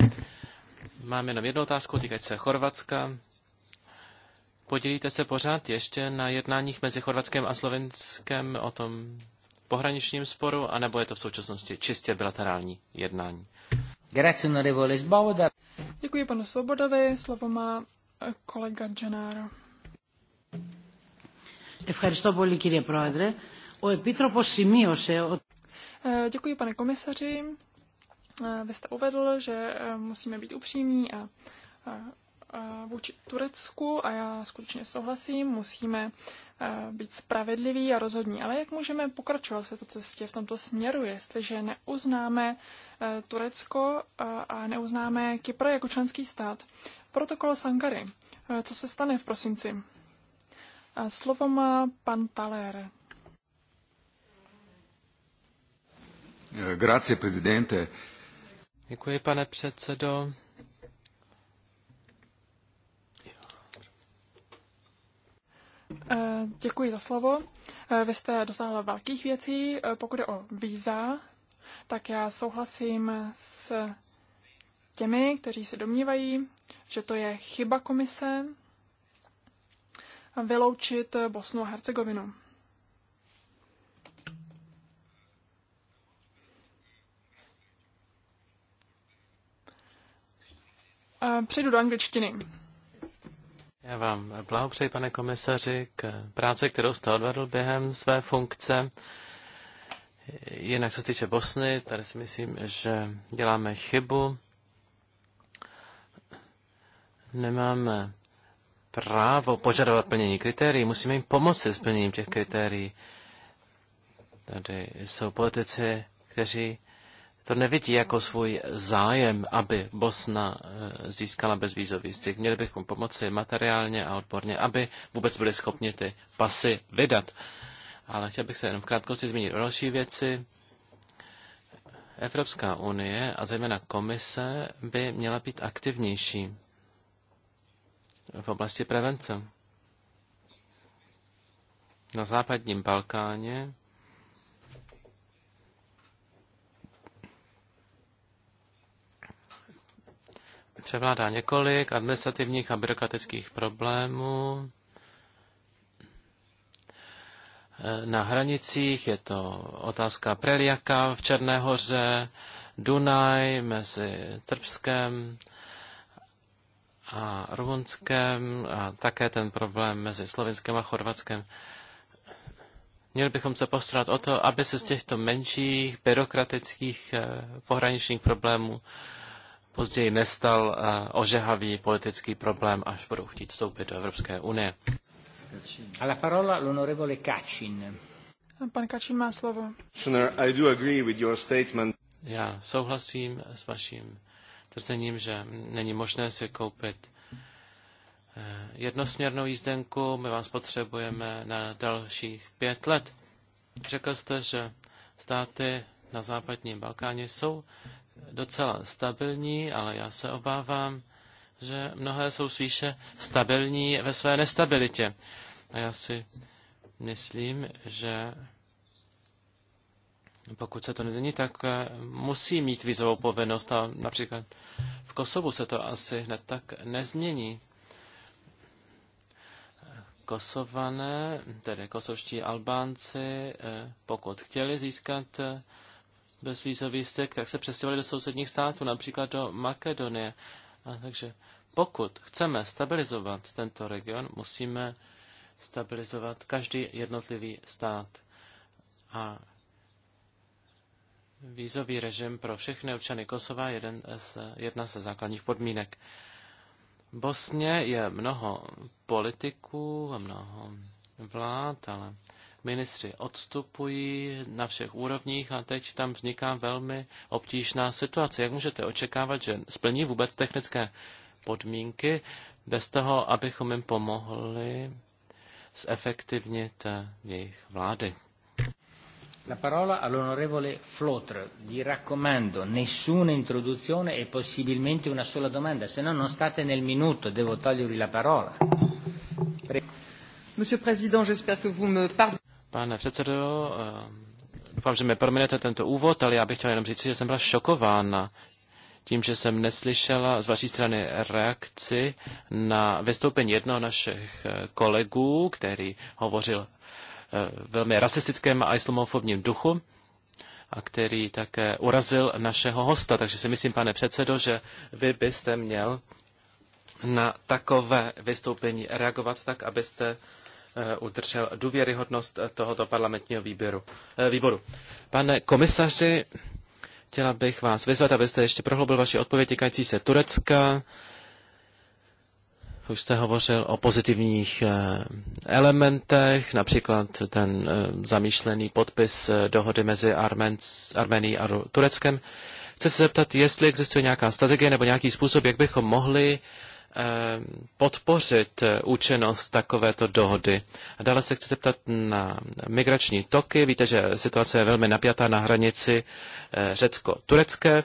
Mám jenom jednu otázku, týkať se Chorvatska. Podělíte se pořád ještě na jednáních mezi Chorvatskem a Slovenskem o tom pohraničním sporu, anebo je to v současnosti čistě bilaterální jednání? Děkuji panu Svobodovi, slovo má eh, kolega Gennaro. Ευχαριστώ πολύ κύριε Πρόεδρε. Děkuji, pane komisaři. E, vy jste uvedl, že e, musíme být upřímní a vůči Turecku a já skutečně souhlasím, musíme e, být spravedliví a rozhodní. Ale jak můžeme pokračovat v této cestě v tomto směru, jestliže neuznáme Turecko a neuznáme Kypr jako členský stát? Protokol Sankary. Co se stane v prosinci? Slovo má pan Taler. Eh, grazie, Děkuji, pane předsedo. Eh, děkuji za slovo. Eh, vy jste dosáhla velkých věcí. Pokud je o víza, tak já souhlasím s těmi, kteří se domnívají, že to je chyba komise vyloučit Bosnu a Hercegovinu. Přejdu do angličtiny. Já vám blahopřeji, pane komisaři, k práci, kterou jste odvedl během své funkce. Jinak co se týče Bosny, tady si myslím, že děláme chybu. Nemáme právo požadovat plnění kritérií, musíme jim pomoci s plněním těch kritérií. Tady jsou politici, kteří to nevidí jako svůj zájem, aby Bosna eh, získala bezvízový styk. Měli bychom pomoci materiálně a odborně, aby vůbec byli schopni ty pasy vydat. Ale chtěl bych se jenom v krátkosti zmínit o další věci. Evropská unie a zejména komise by měla být aktivnější v oblasti prevence. Na západním Balkáně převládá několik administrativních a byrokratických problémů. E, na hranicích je to otázka Preliaka v Černé Dunaj mezi Trbskem a Rumunskem a také ten problém mezi Slovenskem a Chorvatskem. Měli bychom se postarat o to, aby se z těchto menších byrokratických e, pohraničních problémů později nestal eh, ožehavý politický problém, až budou chtít vstoupit do Evropské unie. A la parola l'onorevole Kacin. Pan Kacin má slovo. I do agree with your statement. Já souhlasím s vaším tvrzením, že není možné si koupit eh, jednosměrnou jízdenku. My vás potřebujeme na dalších pět let. Řekl jste, že státy na západním Balkáně jsou docela stabilní, ale já se obávám, že mnohé jsou spíše stabilní ve své nestabilitě. A já si myslím, že pokud se to není, tak eh, musí mít vizovou povinnost a například v Kosovu se to asi hned tak nezmění. Kosované, tedy kosovští Albánci, eh, pokud chtěli získat eh, bezvízový styk, tak se přestěhovali do sousedních států, například do Makedonie. A takže pokud chceme stabilizovat tento region, musíme stabilizovat každý jednotlivý stát. A vízový režim pro všechny občany Kosova je jedna ze základních podmínek. V Bosně je mnoho politiků a mnoho vlád, ale ministři odstupují na všech úrovních a teď tam vzniká velmi obtížná situace. Jak můžete očekávat, že splní vůbec technické podmínky bez toho, abychom jim pomohli zefektivnit eh, jejich vlády? La parola all'onorevole Flotre. Vi raccomando, nessuna introduzione e possibilmente una sola domanda, se no non state nel minuto, devo togliervi la parola. Monsieur le Président, j'espère que vous me pardonnez. Pane předsedo, eh, doufám, že mi prominete tento úvod, ale já bych chtěl jenom říct, že jsem byla šokována tím, že jsem neslyšela z vaší strany reakci na vystoupení jednoho našich eh, kolegů, který hovořil eh, velmi rasistickém a islamofobním duchu a který také urazil našeho hosta. Takže si myslím, pane předsedo, že vy byste měl na takové vystoupení reagovat tak, abyste Eh, udržel důvěryhodnost tohoto parlamentního výběru, eh, výboru. Pane komisaři, chtěla bych vás vyzvat, abyste ještě prohloubil vaši odpověď týkající se Turecka. Už jste hovořil o pozitivních eh, elementech, například ten zamýšlený podpis dohody mezi Armenií a Tureckem. Chci se zeptat, jestli existuje nějaká strategie nebo nějaký způsob, jak bychom mohli Eh, podpořit eh, účinnost takovéto dohody. A dále se chci zeptat na migrační toky. Víte, že situace je velmi napjatá na hranici eh, Řecko-Turecké.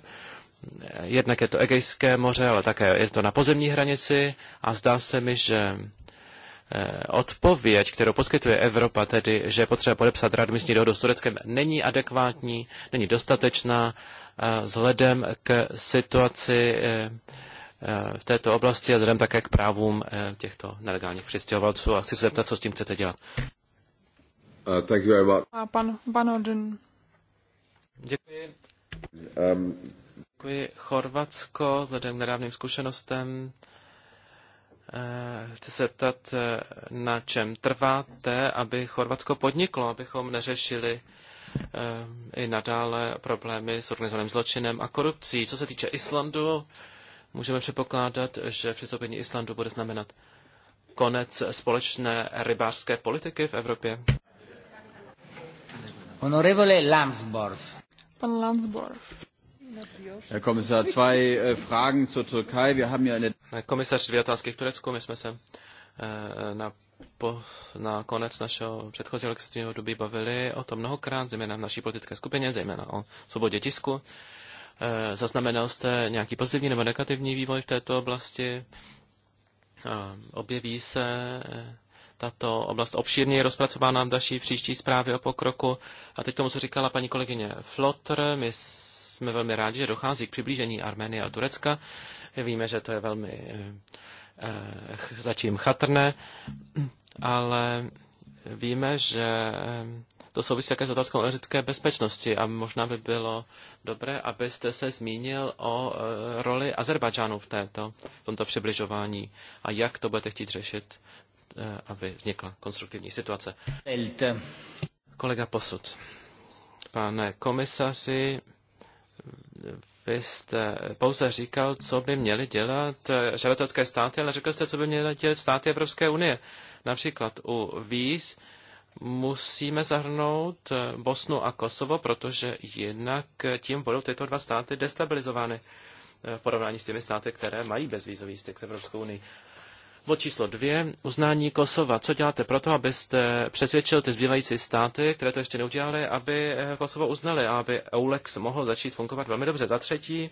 Jednak je to Egejské moře, ale také je to na pozemní hranici a zdá se mi, že odpověď, kterou poskytuje Evropa, tedy, že je potřeba podepsat readmisní dohodu s Tureckem, není adekvátní, není dostatečná vzhledem k situaci Eh, v této oblasti a vzhledem také k právům eh, těchto nelegálních přistěhovalců. A chci se zeptat, co s tím chcete dělat. Uh, thank you very much. A pan Van Orden. Děkuji. Um... Děkuji. Chorvatsko, vzhledem k nedávným zkušenostem, eh, Chci se ptat, na čem trváte, aby Chorvatsko podniklo, abychom neřešili i nadále problémy s organizovaným zločinem a korupcí. Co se týče Islandu, Můžeme předpokládat, že přistoupení Islandu bude znamenat konec společné rybářské politiky v Evropě? Honorable Lambsdorff. Pan Lambsdorff. Herr Kommissar, zwei äh, Fragen zur Türkei. Wir haben ja eine... Komisař, dvě otázky k Turecku. My jsme se äh, na, po, na konec našeho předchozího legislativního doby bavili o tom mnohokrát, zejména v naší politické skupině, zejména o svobodě tisku. Eh, zaznamenal jste nějaký pozitivní nebo negativní vývoj v této oblasti? Objeví se eh, tato oblast obšírně je rozpracována v další příští zprávě o pokroku. A teď tomu, co říkala paní kolegyně Flotr, my jsme velmi rádi, že dochází k přiblížení Arménie a Turecka. Víme, že to je velmi eh, eh zatím chatrné, ale víme, že to souvisí také s otázkou energetické bezpečnosti a možná by bylo dobré, abyste se zmínil o e, roli Azerbajdžánu v, této, v tomto přibližování a jak to budete chtít řešit, e, aby vznikla konstruktivní situace. Kolega Posud. Pane komisaři, vy jste pouze říkal, co by měly dělat e, žadatelské státy, ale řekl jste, co by měly dělat státy Evropské unie. Například u víz musíme zahrnout eh, Bosnu a Kosovo, protože jinak eh, tím budou tyto dva státy destabilizovány eh, v porovnání s těmi státy, které mají bezvýzový styk s Evropskou unii. Bod číslo dvě, uznání Kosova. Co děláte to, abyste přesvědčil ty zbývající státy, které to ještě neudělali, aby Kosovo uznali a aby EULEX mohl začít fungovat velmi dobře? Za třetí,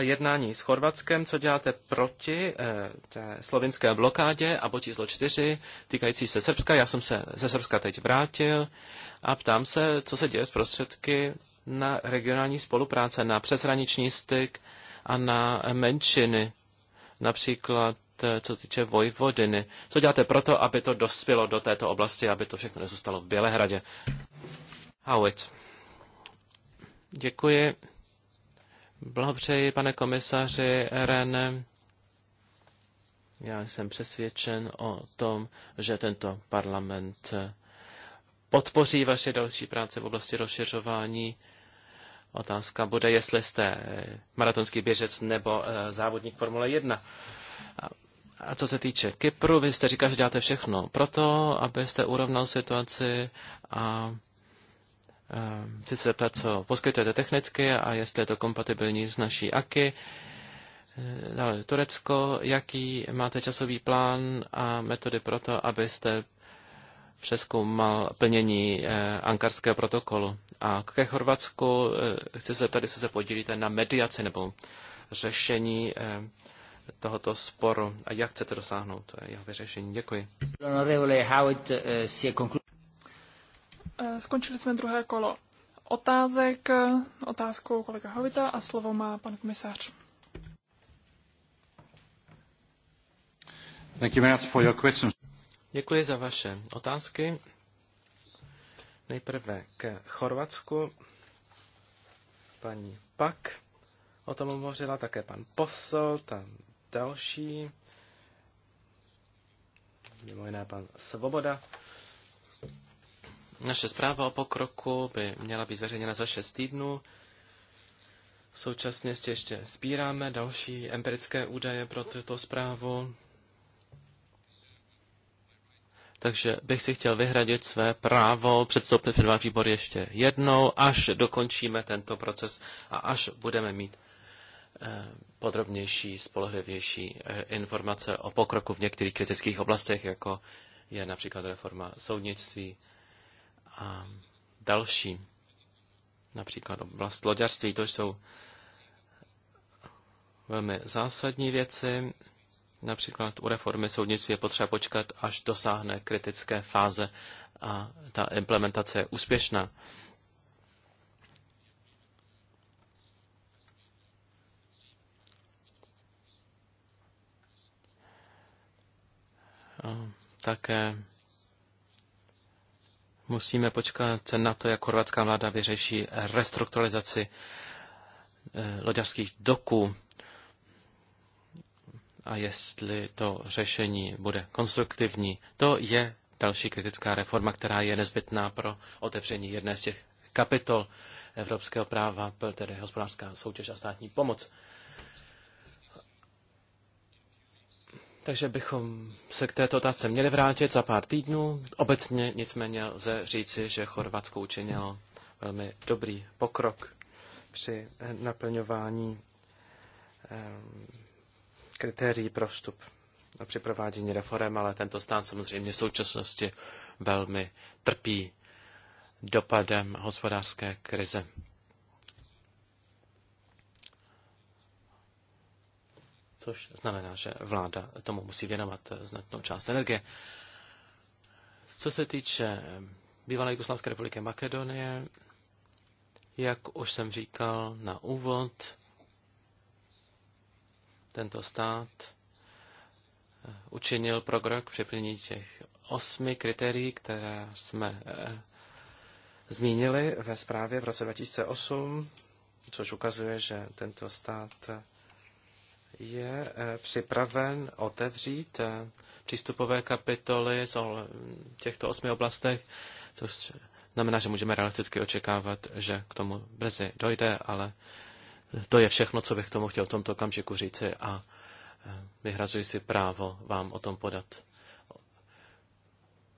jednání s Chorvatskem, co děláte proti eh, té slovinské blokádě a bod číslo čtyři týkající se Srbska. Já jsem se ze Srbska teď vrátil a ptám se, co se děje s prostředky na regionální spolupráce, na přeshraniční styk a na menšiny, například eh, co týče Vojvodiny. Co děláte proto, aby to dospělo do této oblasti, aby to všechno nezůstalo v Bělehradě? Howitz, Děkuji. Blahopřeji, pane komisaři Rene. Já jsem přesvědčen o tom, že tento parlament eh, podpoří vaše další práce v oblasti rozšiřování. Otázka bude, jestli jste eh, maratonský běžec nebo eh, závodník Formule 1. A co se týče Kypru, vy jste říkal, že děláte všechno proto, abyste urovnal situaci a Eh, chci se zeptat, co poskytujete technicky a jestli je to kompatibilní s naší AKI. Eh, dále Turecko, jaký máte časový plán a metody pro to, abyste přeskoumal plnění eh, ankarského protokolu. A ke Chorvatsku chci se tady, se se podílíte na mediaci nebo řešení tohoto sporu a jak chcete dosáhnout jeho vyřešení. Děkuji. Eh, skončili jsme druhé kolo otázek. Otázkou kolega Hovita a slovo má pan komisář. Thank you for your questions. Děkuji za vaše otázky. Nejprve k Chorvatsku. Paní Pak o tom hovořila, také pan Posol, tam další. Mimo jiné pan Svoboda naše zpráva o pokroku by měla být zveřejněna za 6 týdnů. Současně ještě sbíráme další empirické údaje pro tuto zprávu. Takže bych si chtěl vyhradit své právo předstoupit před váš výbor ještě jednou, až dokončíme tento proces a až budeme mít eh, podrobnější, spolehlivější eh, informace o pokroku v některých kritických oblastech, jako je například reforma soudnictví a další, například oblast loďařství, to jsou velmi zásadní věci. Například u reformy soudnictví je potřeba počkat, až dosáhne kritické fáze a ta implementace je úspěšná. Také Musíme počkat na to, jak chorvatská vláda vyřeší restrukturalizaci eh, loďařských doků a jestli to řešení bude konstruktivní. To je další kritická reforma, která je nezbytná pro otevření jedné z těch kapitol evropského práva, tedy hospodářská soutěž a státní pomoc. Takže bychom se k této otázce měli vrátit za pár týdnů. Obecně nicméně lze říci, že Chorvatsko učinilo velmi dobrý pokrok při eh, naplňování eh, kritérií pro vstup a při provádění reform, ale tento stát samozřejmě v současnosti velmi trpí dopadem hospodářské krize. což znamená, že vláda tomu musí věnovat značnou část energie. Co se týče bývalé Jugoslávské republiky Makedonie, jak už jsem říkal na úvod, tento stát eh, učinil pokrok při plnění těch osmi kritérií, které jsme eh, zmínili ve zprávě v roce 2008, což ukazuje, že tento stát je eh, připraven otevřít eh, přístupové kapitoly z těchto osmi oblastech, což znamená, že můžeme realisticky očekávat, že k tomu brzy dojde, ale to je všechno, co bych tomu chtěl v tomto okamžiku říci a eh, vyhrazuji si právo vám o tom podat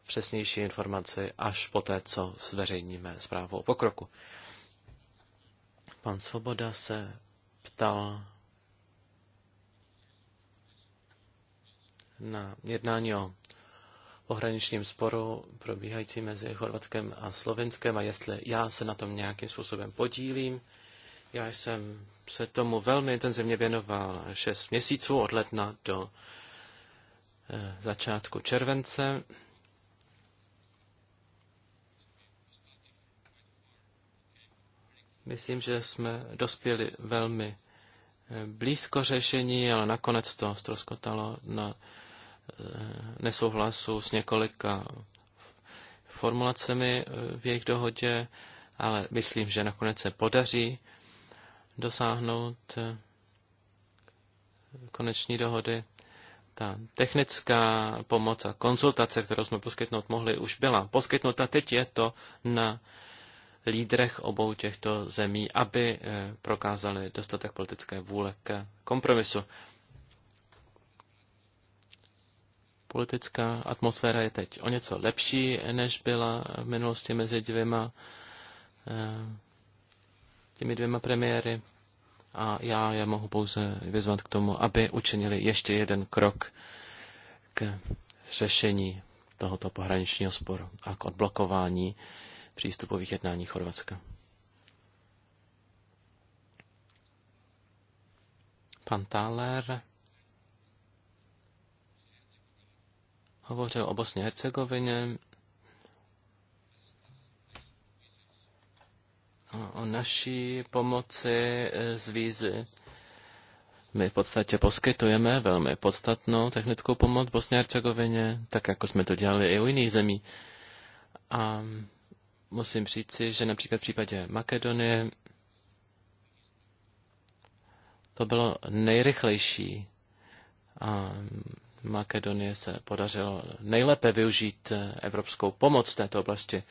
přesnější informaci až po té, co zveřejníme zprávu o pokroku. Pan Svoboda se ptal na jednání o pohraničním sporu probíhající mezi Chorvatskem a Slovenskem a jestli já se na tom nějakým způsobem podílím. Já jsem se tomu velmi intenzivně věnoval 6 měsíců od ledna do eh, začátku července. Myslím, že jsme dospěli velmi eh, blízko řešení, ale nakonec to ztroskotalo na Eh, nesouhlasu s několika formulacemi eh, v jejich dohodě, ale myslím, že nakonec se podaří dosáhnout eh, koneční dohody. Ta technická pomoc a konzultace, kterou jsme poskytnout mohli, už byla poskytnuta. Teď je to na lídrech obou těchto zemí, aby prokázali dostatek politické vůle k kompromisu. Politická atmosféra je teď o něco lepší, než byla v minulosti mezi dvěma eh, těmi dvěma premiéry a já je mohu pouze vyzvat k tomu, aby učinili ještě jeden krok k řešení tohoto pohraničního sporu a k odblokování přístupových jednání Chorvatska. Pan Thaler hovořil o Bosně Hercegovině, o naší pomoci e, z vízy. My v podstatě poskytujeme velmi podstatnou technickou pomoc Bosně Hercegovině, tak jako jsme to dělali i u jiných zemí. A musím říci, že například v případě Makedonie to bylo nejrychlejší a Makedonie se podařilo nejlépe využít eh, evropskou pomoc v této oblasti.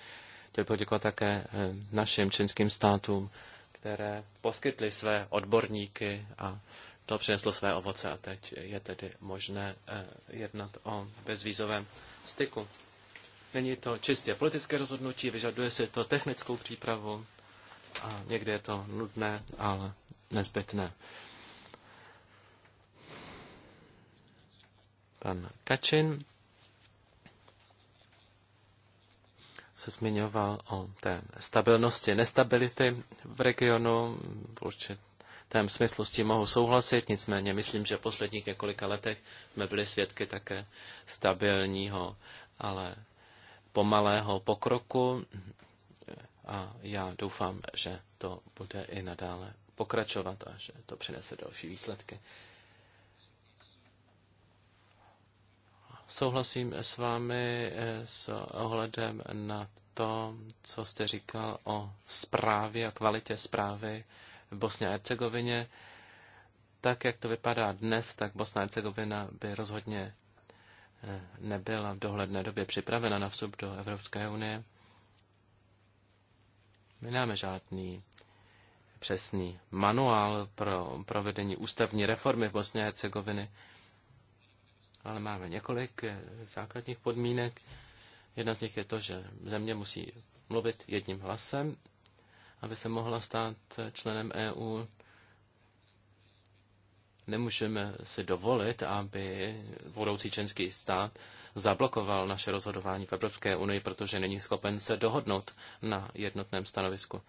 Chtěl poděkovat také eh, našim členským státům, které poskytly své odborníky a to přineslo své ovoce a teď je tedy možné eh, jednat o bezvízovém styku. Není to čistě politické rozhodnutí, vyžaduje si to technickou přípravu a někdy je to nudné, ale nezbytné. Pan Kačin se zmiňoval o té stabilnosti, nestability v regionu. V určitém smyslu s tím mohu souhlasit, nicméně myslím, že v posledních několika letech jsme byli svědky také stabilního, ale pomalého pokroku a já doufám, že to bude i nadále pokračovat a že to přinese další výsledky. Souhlasím s vámi eh, s ohledem na to, co jste říkal o zprávě a kvalitě zprávy v Bosně a Hercegovině. Tak, jak to vypadá dnes, tak Bosna a Hercegovina by rozhodně eh, nebyla v dohledné době připravena na vstup do Evropské unie. My nemáme žádný přesný manuál pro provedení ústavní reformy v Bosně a Hercegoviny ale máme několik eh, základních podmínek. Jedna z nich je to, že země musí mluvit jedním hlasem, aby se mohla stát eh, členem EU. Nemůžeme si dovolit, aby budoucí členský stát zablokoval naše rozhodování v Evropské unii, protože není schopen se dohodnout na jednotném stanovisku.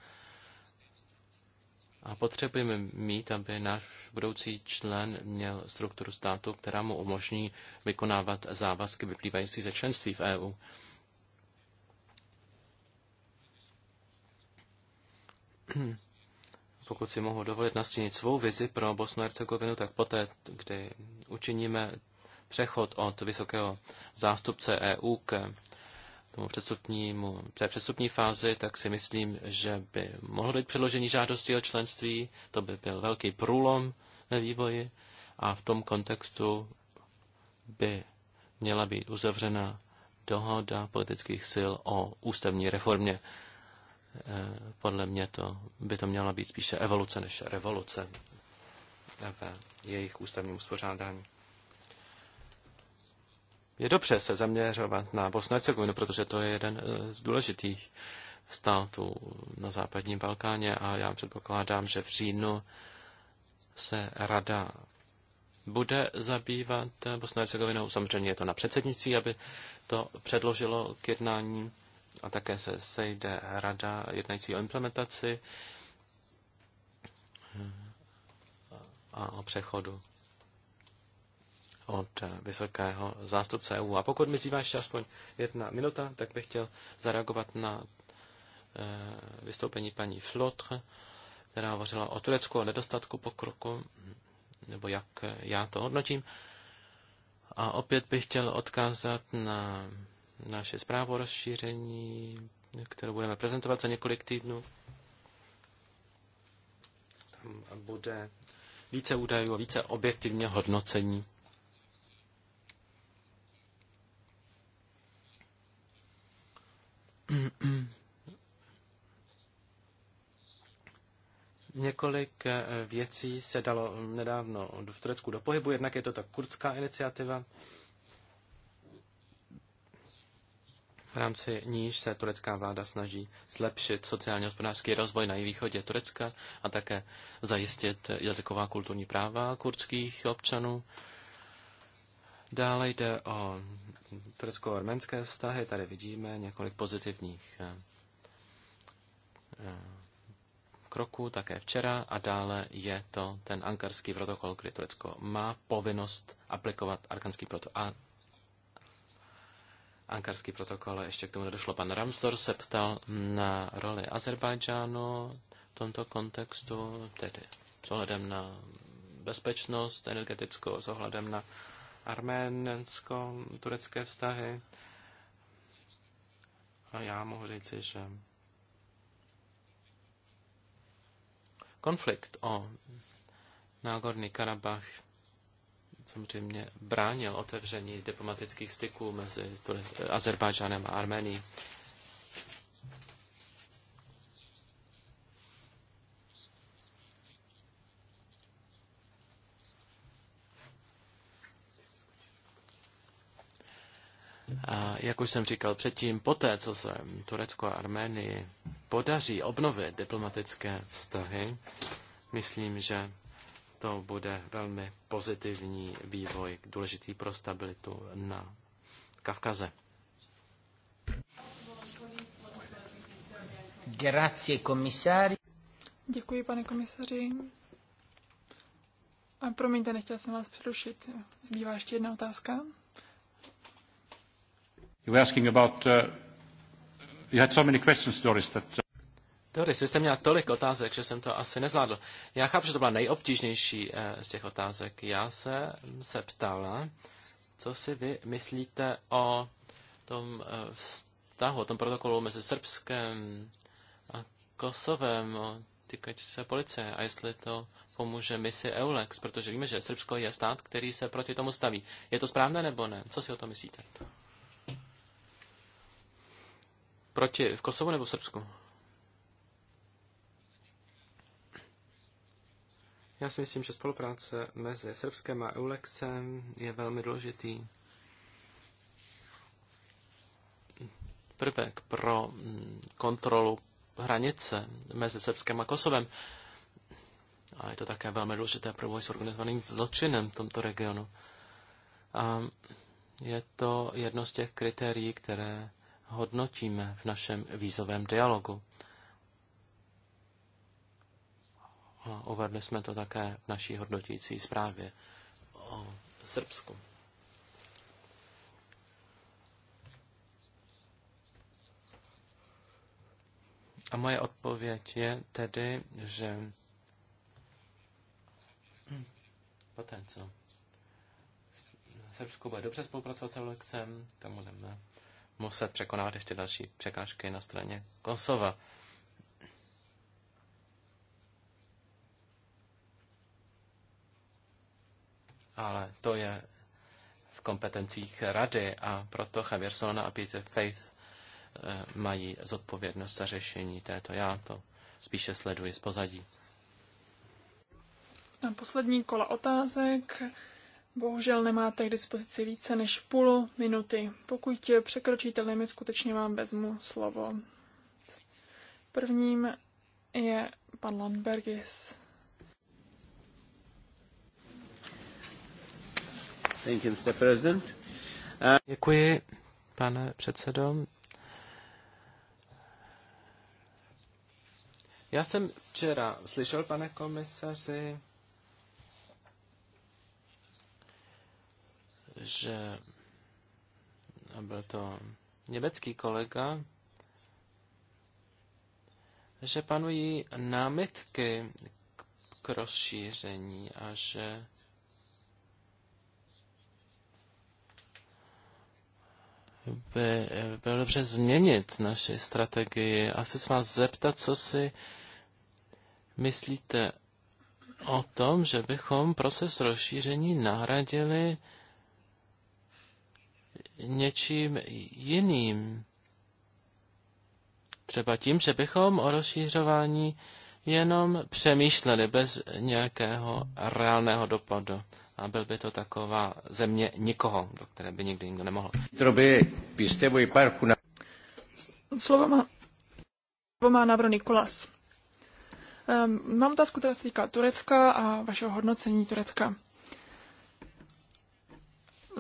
A potřebujeme mít, aby náš budoucí člen měl strukturu státu, která mu umožní vykonávat závazky vyplývající ze členství v EU. Pokud si mohu dovolit nastínit svou vizi pro Bosnu a Hercegovinu, tak poté, kdy učiníme přechod od vysokého zástupce EU k tomu přestupnímu, té přestupní fázi, tak si myslím, že by mohlo být předložení žádosti o členství, to by byl velký průlom ve vývoji a v tom kontextu by měla být uzavřena dohoda politických sil o ústavní reformě. E, podle mě to by to měla být spíše evoluce než revoluce v jejich ústavním uspořádání je dobře se zaměřovat na Bosnu a Hercegovinu, protože to je jeden eh, z důležitých států na západním Balkáně a já předpokládám, že v říjnu se rada bude zabývat eh, Bosnu a Hercegovinou. Samozřejmě je to na předsednictví, aby to předložilo k jednání a také se sejde rada jednající o implementaci eh, a o přechodu od eh, vysokého zástupce EU. A pokud mi zbývá ještě aspoň jedna minuta, tak bych chtěl zareagovat na eh, vystoupení paní Flotre, která hovořila o Turecku, o nedostatku pokroku, nebo jak já to hodnotím. A opět bych chtěl odkázat na naše zprávu o rozšíření, kterou budeme prezentovat za několik týdnů. Tam bude více údajů a více objektivně hodnocení Několik eh, věcí se dalo nedávno v Turecku do pohybu, jednak je to ta kurdská iniciativa, v rámci níž se turecká vláda snaží zlepšit sociálně hospodářský rozvoj na východě Turecka a také zajistit jazyková kulturní práva kurdských občanů. Dále jde o turecko-arménské vztahy. Tady vidíme několik pozitivních eh, eh, kroků, také včera. A dále je to ten ankarský protokol, kdy Turecko má povinnost aplikovat arkanský protokol. A ankarský protokol, ještě k tomu nedošlo. Pan Ramsdor se ptal na roli Azerbajdžánu v tomto kontextu, tedy s ohledem na bezpečnost energetickou, s ohledem na arménsko-turecké vztahy. A já mohu říci, že konflikt o Nágorný Karabach samozřejmě bránil otevření diplomatických styků mezi Azerbajdžánem a Arménií. A jak už jsem říkal předtím, poté, co se Turecko a Arménii podaří obnovit diplomatické vztahy, myslím, že to bude velmi pozitivní vývoj, důležitý pro stabilitu na Kavkaze. Grazie, komisáři. Děkuji, pane komisaři. A promiňte, nechtěl jsem vás přerušit. Zbývá ještě jedna otázka. You were asking about, uh, you had so many questions, Doris, that... Uh, Doris, vy jste měla tolik otázek, že jsem to asi nezvládl. Já chápu, že to byla nejobtížnější eh, z těch otázek. Já se, se ptala, co si vy myslíte o tom eh, vztahu, o tom protokolu mezi Srbskem a Kosovem, týkající se policie, a jestli to pomůže misi EULEX, protože víme, že Srbsko je stát, který se proti tomu staví. Je to správné nebo ne? Co si o to myslíte? Proti v Kosovu nebo v Srbsku? Já si myslím, že spolupráce mezi Srbskem a Eulexem je velmi důležitý prvek pro mm, kontrolu hranice mezi Srbskem a Kosovem. A je to také velmi důležité pro boj s organizovaným zločinem v tomto regionu. A je to jedno z těch kritérií, které hodnotíme v našem vízovém dialogu. A uvedli jsme to také v naší hodnotící zprávě o Srbsku. A moje odpověď je tedy, že poté co Srbsko bude dobře spolupracovat s Alexem, tam budeme muset překonávat ještě další překážky na straně Kosova. Ale to je v kompetencích rady a proto Javier Solana a Peter Faith eh, mají zodpovědnost za řešení této. Já to spíše sleduji z pozadí. Na poslední kola otázek Bohužel nemáte k dispozici více než půl minuty. Pokud překročíte limit, skutečně vám vezmu slovo. Prvním je pan Landbergis. Thank you, Mr. President. Uh... Děkuji, pane předsedo. Já jsem včera slyšel, pane komisaři, že a byl to německý kolega, že panují námitky k rozšíření a že by bylo dobře změnit naši strategii a se s vás zeptat, co si myslíte o tom, že bychom proces rozšíření nahradili něčím jiným. Třeba tím, že bychom o rozšířování jenom přemýšleli bez nějakého reálného dopadu. A byl by to taková země nikoho, do které by nikdy nikdo nemohl. Slovo má, slovo má Navro Nikolas. Um, mám otázku, která se týká Turecka a vašeho hodnocení Turecka.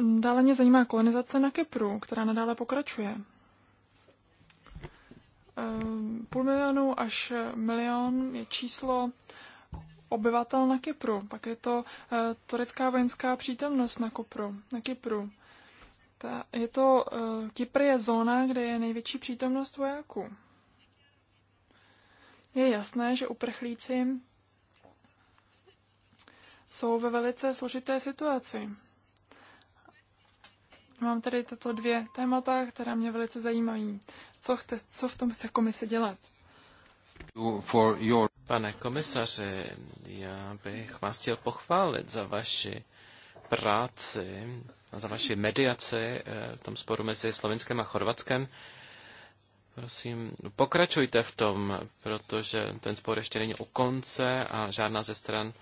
Dále mě zajímá kolonizace na Kypru, která nadále pokračuje. Eh, půl milionu až milion je číslo obyvatel na Kypru. Pak je to eh, turecká vojenská přítomnost na, Kopru, na Kypru. Ta, je to, eh, Kypr je zóna, kde je největší přítomnost vojáků. Je jasné, že uprchlíci jsou ve velice složité situaci. Mám tady tato dvě témata, která mě velice zajímají. Co, chte, co v tom chce komise dělat? Pane komisaři, já bych vás chtěl pochválit za vaši práci a za vaši mediaci eh, v tom sporu mezi Slovenskem a Chorvatskem. Prosím, pokračujte v tom, protože ten spor ještě není u konce a žádná ze stran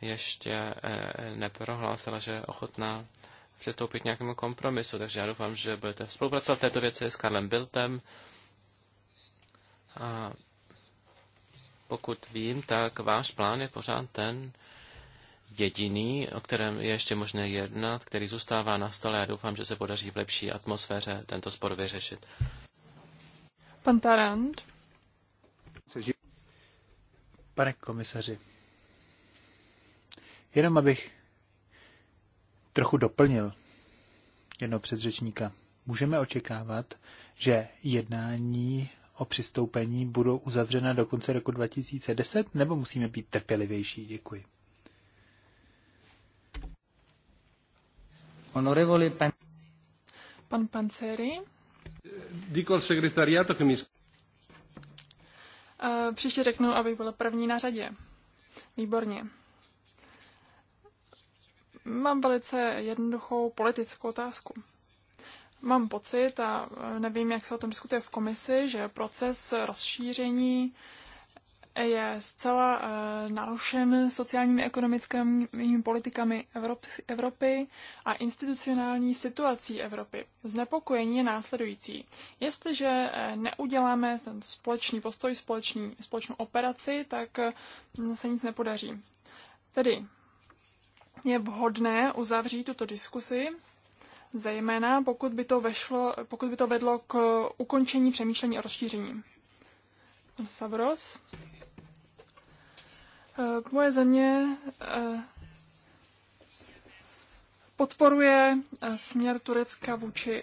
ještě eh, neprohlásila, že je ochotná přistoupit k nějakému kompromisu, takže já doufám, že budete spolupracovat v této věci s Karlem Biltem. A pokud vím, tak váš plán je pořád ten jediný, o kterém je ještě možné jednat, který zůstává na stole. Já doufám, že se podaří v lepší atmosféře tento spor vyřešit. Pan Tarant. Pane komisaři, jenom abych trochu doplnil jedno předřečníka. Můžeme očekávat, že jednání o přistoupení budou uzavřena do konce roku 2010, nebo musíme být trpělivější? Děkuji. Honorevoli pan... pan Panceri. Díkol sekretariátu, segretariato che mi... Eh, příště řeknu, aby byla první na řadě. Výborně. Mám velice jednoduchou politickou otázku. Mám pocit, a e, nevím, jak se o tom diskutuje v komisi, že proces rozšíření je zcela uh, narušen sociálními ekonomickými politikami Evropy a institucionální situací Evropy. Znepokojení je následující. Jestliže e, neuděláme ten společný postoj, společný, společnou operaci, tak se nic nepodaří. Tedy je vhodné uzavřít tuto diskusi, zejména pokud by to, vešlo, pokud by to vedlo k ukončení přemýšlení o rozšíření. Pan Savros. Eh, moje země eh, podporuje eh, směr Turecka vůči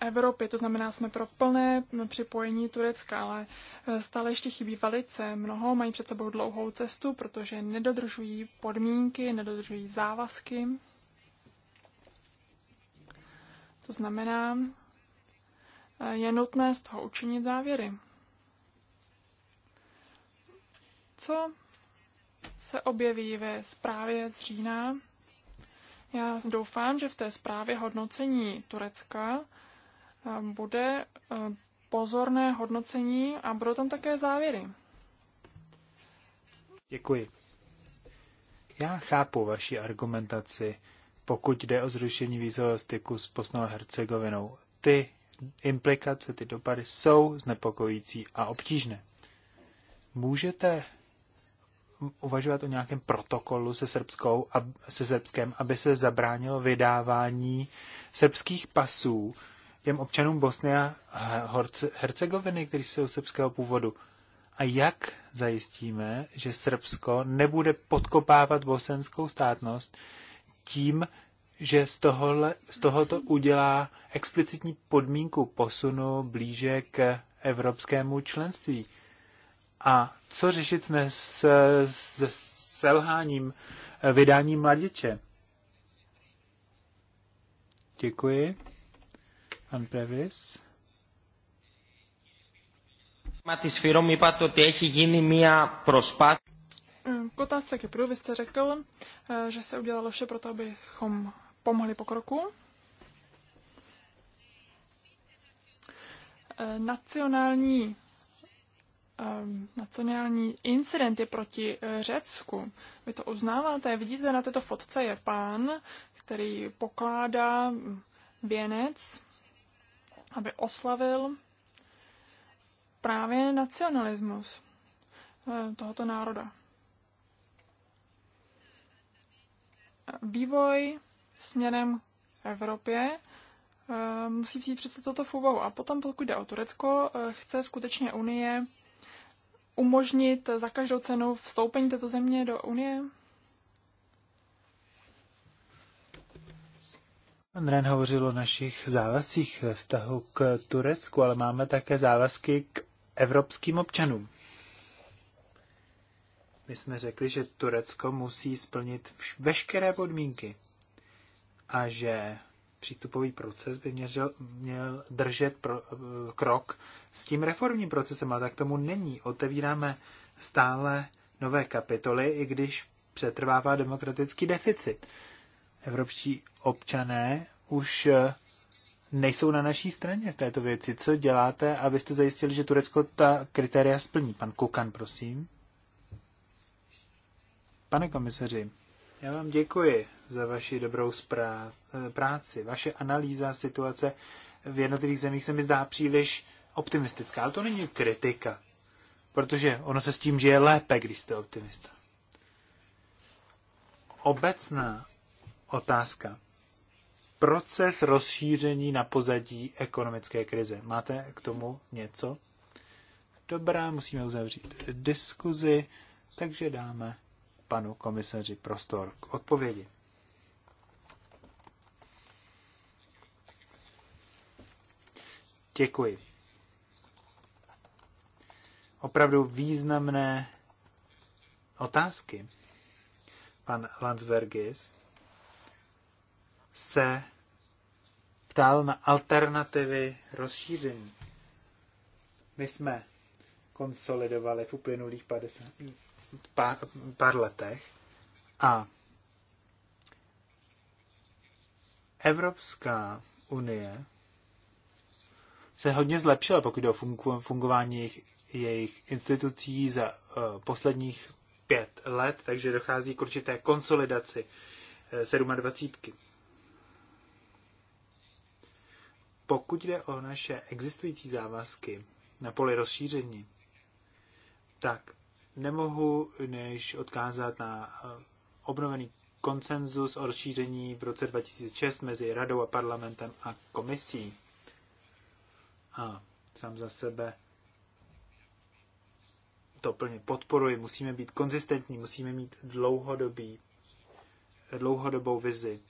Evropy, to znamená, jsme pro plné připojení Turecka, ale eh, stále ještě chybí velice mnoho, mají před sebou dlouhou cestu, protože nedodržují podmínky, nedodržují závazky. To znamená, eh, je nutné z toho učinit závěry. Co se objeví ve zprávě z října? Já doufám, že v té zprávě hodnocení Turecka bude eh, pozorné hodnocení a budou tam také závěry. Děkuji. Já chápu vaši argumentaci, pokud jde o zrušení vízového styku s Bosnou a Hercegovinou. Ty implikace, ty dopady jsou znepokojící a obtížné. Můžete uvažovat o nějakém protokolu se, srbskou, se srbskem, aby se zabránilo vydávání srbských pasů těm občanům Bosny a Hercegoviny, kteří jsou srbského původu? A jak zajistíme, že Srbsko nebude podkopávat bosenskou státnost tím, že z, tohohle, z tohoto udělá explicitní podmínku posunu blíže k evropskému členství? A co řešit dnes s, s selháním vydání mladěče? Děkuji. Pan Previs. Της Φυρόμ είπατε ότι έχει γίνει μία προσπάθεια. K otázce Kypru vy jste řekl, eh, že se udělalo vše pro to, abychom pomohli pokroku. Eh, nacionální eh, nacionální je proti Řecku. Vy to uznáváte, vidíte na této fotce je pán, který pokládá mm, věnec aby oslavil právě nacionalismus eh, tohoto národa. Vývoj směrem k Evropě eh, musí vzít přece toto v úvahu. A potom, pokud jde o Turecko, eh, chce skutečně Unie umožnit za každou cenu vstoupení této země do Unie? Pan Ren hovořil o našich závazcích ve vztahu k Turecku, ale máme také závazky k evropským občanům. My jsme řekli, že Turecko musí splnit veškeré podmínky a že přístupový proces by měřil, měl držet pro, krok s tím reformním procesem, ale tak tomu není. Otevíráme stále nové kapitoly, i když přetrvává demokratický deficit evropští občané už eh, nejsou na naší straně v této věci. Co děláte, abyste zajistili, že Turecko ta kritéria splní? Pan Kukan, prosím. Pane komisaři, já vám děkuji za vaši dobrou eh, práci. Vaše analýza situace v jednotlivých zemích se mi zdá příliš optimistická, ale to není kritika, protože ono se s tím žije lépe, když jste optimista. Obecná otázka. Proces rozšíření na pozadí ekonomické krize. Máte k tomu něco? Dobrá, musíme uzavřít diskuzi, takže dáme panu komisaři prostor k odpovědi. Děkuji. Opravdu významné otázky. Pan Landsvergis se ptal na alternativy rozšíření. My jsme konsolidovali v uplynulých 50, pár, pár letech a Evropská unie se hodně zlepšila, pokud jde o fungování jejich, jejich institucí za uh, posledních pět let, takže dochází k určité konsolidaci uh, eh, 27. Pokud jde o naše existující závazky na poli rozšíření, tak nemohu než odkázat na eh, obnovený konsenzus o rozšíření v roce 2006 mezi radou a parlamentem a komisí. A sám za sebe to plně podporuji. Musíme být konzistentní, musíme mít dlouhodobý, dlouhodobou vizi,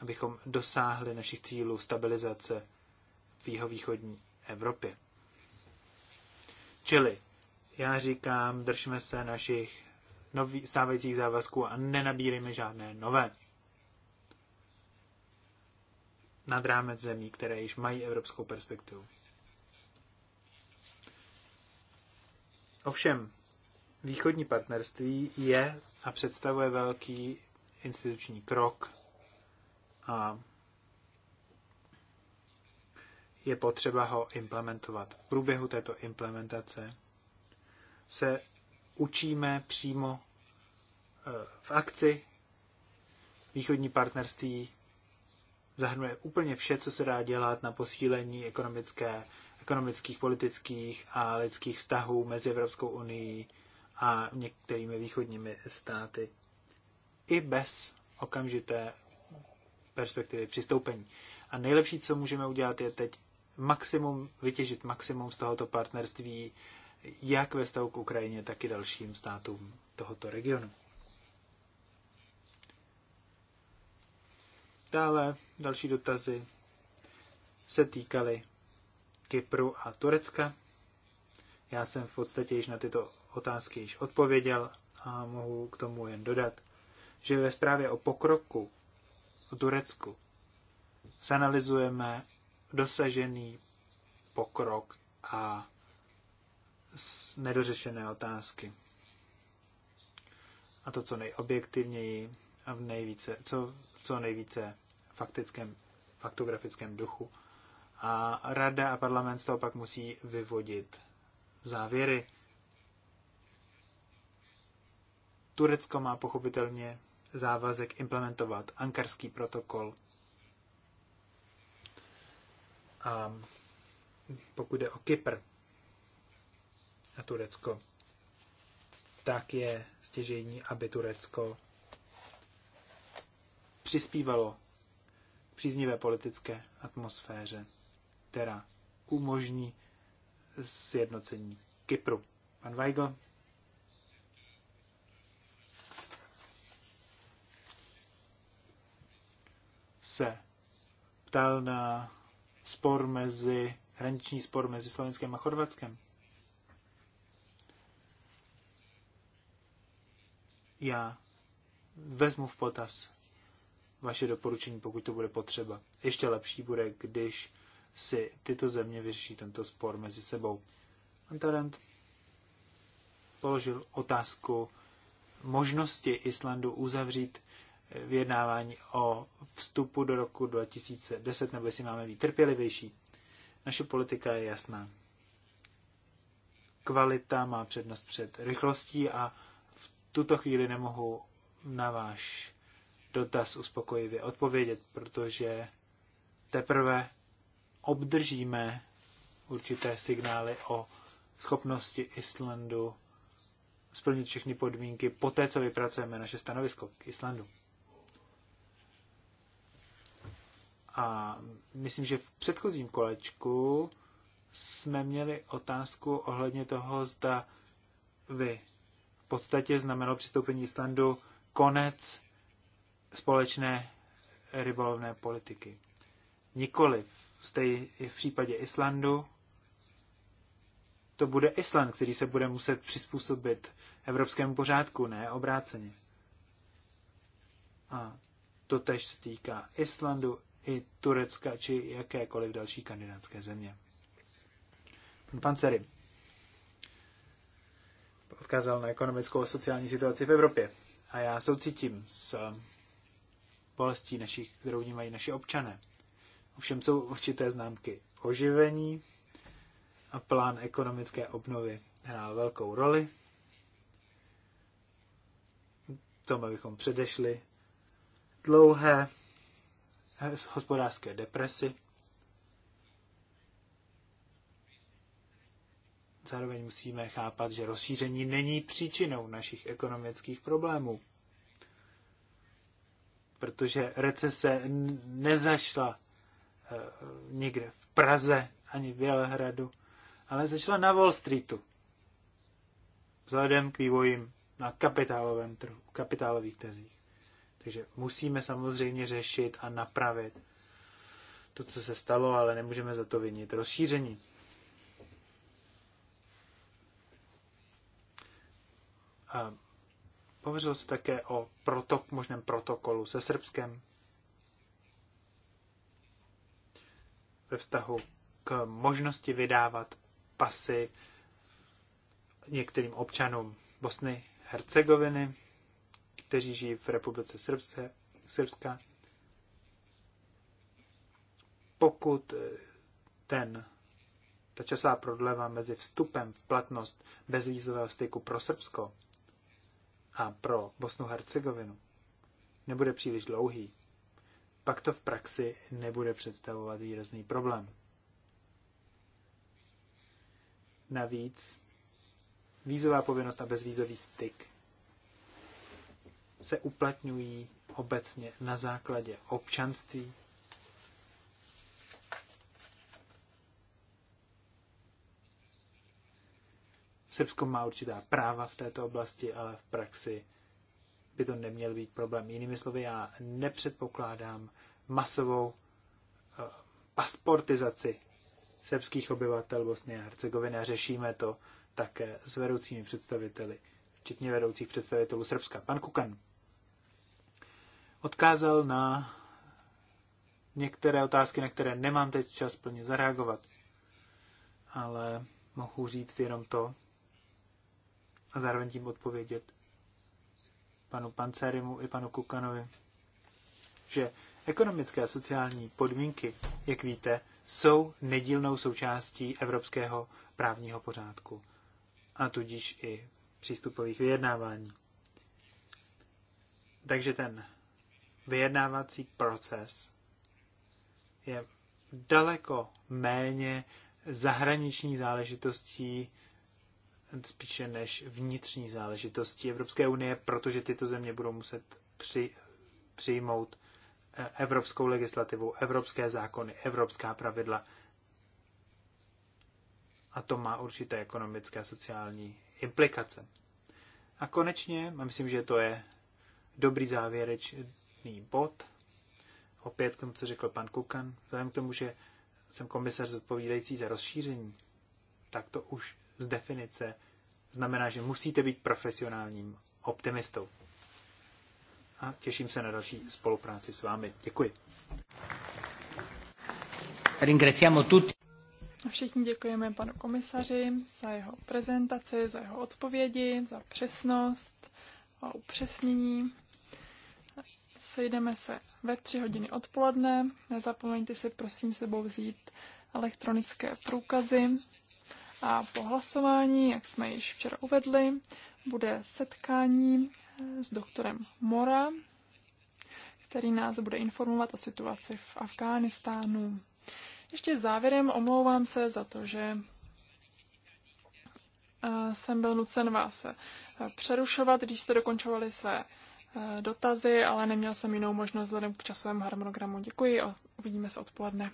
abychom dosáhli našich cílů stabilizace v východní Evropě. Čili já říkám, držme se našich nový, stávajících závazků a nenabírejme žádné nové. Nad rámec zemí, které již mají evropskou perspektivu. Ovšem, východní partnerství je a představuje velký instituční krok a je potřeba ho implementovat. V průběhu této implementace se učíme přímo e, v akci. Východní partnerství zahrnuje úplně vše, co se dá dělat na posílení ekonomické, ekonomických, politických a lidských vztahů mezi Evropskou unii a některými východními státy. I bez okamžité perspektivy přistoupení. A nejlepší, co můžeme udělat, je teď maximum, vytěžit maximum z tohoto partnerství, jak ve stavu k Ukrajině, tak i dalším státům tohoto regionu. Dále další dotazy se týkaly Kypru a Turecka. Já jsem v podstatě již na tyto otázky již odpověděl a mohu k tomu jen dodat, že ve zprávě o pokroku o Turecku zanalizujeme dosažený pokrok a nedořešené otázky. A to co nejobjektivněji a v nejvíce, co, co nejvíce faktickém, faktografickém duchu. A rada a parlament z toho pak musí vyvodit závěry. Turecko má pochopitelně závazek implementovat ankarský protokol a pokud jde o Kypr a Turecko, tak je stěžení, aby Turecko přispívalo příznivé politické atmosféře, která umožní sjednocení Kypru. Pan Weigl. se ptal na spor mezi, hraniční spor mezi Slovenskem a Chorvatskem. Já vezmu v potaz vaše doporučení, pokud to bude potřeba. Ještě lepší bude, když si tyto země vyřeší tento spor mezi sebou. Antarant položil otázku možnosti Islandu uzavřít vyjednávání o vstupu do roku 2010, nebo jestli máme být trpělivější. Naše politika je jasná. Kvalita má přednost před rychlostí a v tuto chvíli nemohu na váš dotaz uspokojivě odpovědět, protože teprve obdržíme určité signály o schopnosti Islandu splnit všechny podmínky poté, co vypracujeme naše stanovisko k Islandu. A myslím, že v předchozím kolečku jsme měli otázku ohledně toho, zda vy v podstatě znamenalo přistoupení Islandu konec společné rybolovné politiky. Nikoliv v případě Islandu to bude Island, který se bude muset přizpůsobit evropskému pořádku, ne obráceně. A to tež se týká Islandu i Turecka či jakékoliv další kandidátské země. Pan Panceri odkázal na ekonomickou a sociální situaci v Evropě. A já soucitím s bolestí, našich, kterou vnímají naši občané. Ovšem jsou určité známky oživení a plán ekonomické obnovy hrál velkou roli. Tomu bychom předešli dlouhé Eh, hospodářské depresi. Zároveň musíme chápat, že rozšíření není příčinou našich ekonomických problémů, protože recese nezašla eh, nikde v Praze ani v Bělehradu, ale začala na Wall Streetu. Vzhledem k vývojím na kapitálovém trhu, kapitálových trzích. Takže musíme samozřejmě řešit a napravit to, co se stalo, ale nemůžeme za to vinit rozšíření. A pohořilo se také o protok, možném protokolu se Srbskem ve vztahu k možnosti vydávat pasy některým občanům Bosny Hercegoviny kteří žijí v republice Srbce, Srbska. Pokud eh, ten, ta časová prodleva mezi vstupem v platnost bezvízového styku pro Srbsko a pro Bosnu Hercegovinu nebude příliš dlouhý, pak to v praxi nebude představovat výrazný problém. Navíc vízová povinnost a bezvízový styk se uplatňují obecně na základě občanství. Srbsko má určitá práva v této oblasti, ale v praxi by to neměl být problém. Jinými slovy, já nepředpokládám masovou eh, pasportizaci srbských obyvatel Bosny a Hercegoviny a řešíme to také s vedoucími představiteli, včetně vedoucích představitelů Srbska. Pan Kukan odkázal na některé otázky, na které nemám teď čas plně zareagovat. Ale mohu říct jenom to a zároveň tím odpovědět panu Pancerimu i panu Kukanovi, že ekonomické a sociální podmínky, jak víte, jsou nedílnou součástí evropského právního pořádku a tudíž i přístupových vyjednávání. Takže ten vyjednávací proces je daleko méně zahraniční záležitostí, spíše než vnitřní záležitostí Evropské unie, protože tyto země budou muset při, přijmout eh, evropskou legislativu, evropské zákony, evropská pravidla. A to má určité ekonomické a sociální implikace. A konečně, a myslím, že to je dobrý závěreč, Nyní bod. Opět k tomu, co řekl pan Kukan. Vzhledem k tomu, že jsem komisař zodpovídající za rozšíření, tak to už z definice znamená, že musíte být profesionálním optimistou. A těším se na další spolupráci s vámi. Děkuji. Všichni děkujeme panu komisaři za jeho prezentaci, za jeho odpovědi, za přesnost a upřesnění. Sejdeme se ve tři hodiny odpoledne. Nezapomeňte si prosím sebou vzít elektronické průkazy. A po hlasování, jak jsme již včera uvedli, bude setkání eh, s doktorem Mora, který nás bude informovat o situaci v Afghánistánu. Ještě závěrem omlouvám se za to, že eh, jsem byl nucen vás eh, přerušovat, když jste dokončovali své Eh, dotazy, ale neměl jsem jinou možnost vzhledem k časovému harmonogramu. Děkuji a uvidíme se odpoledne.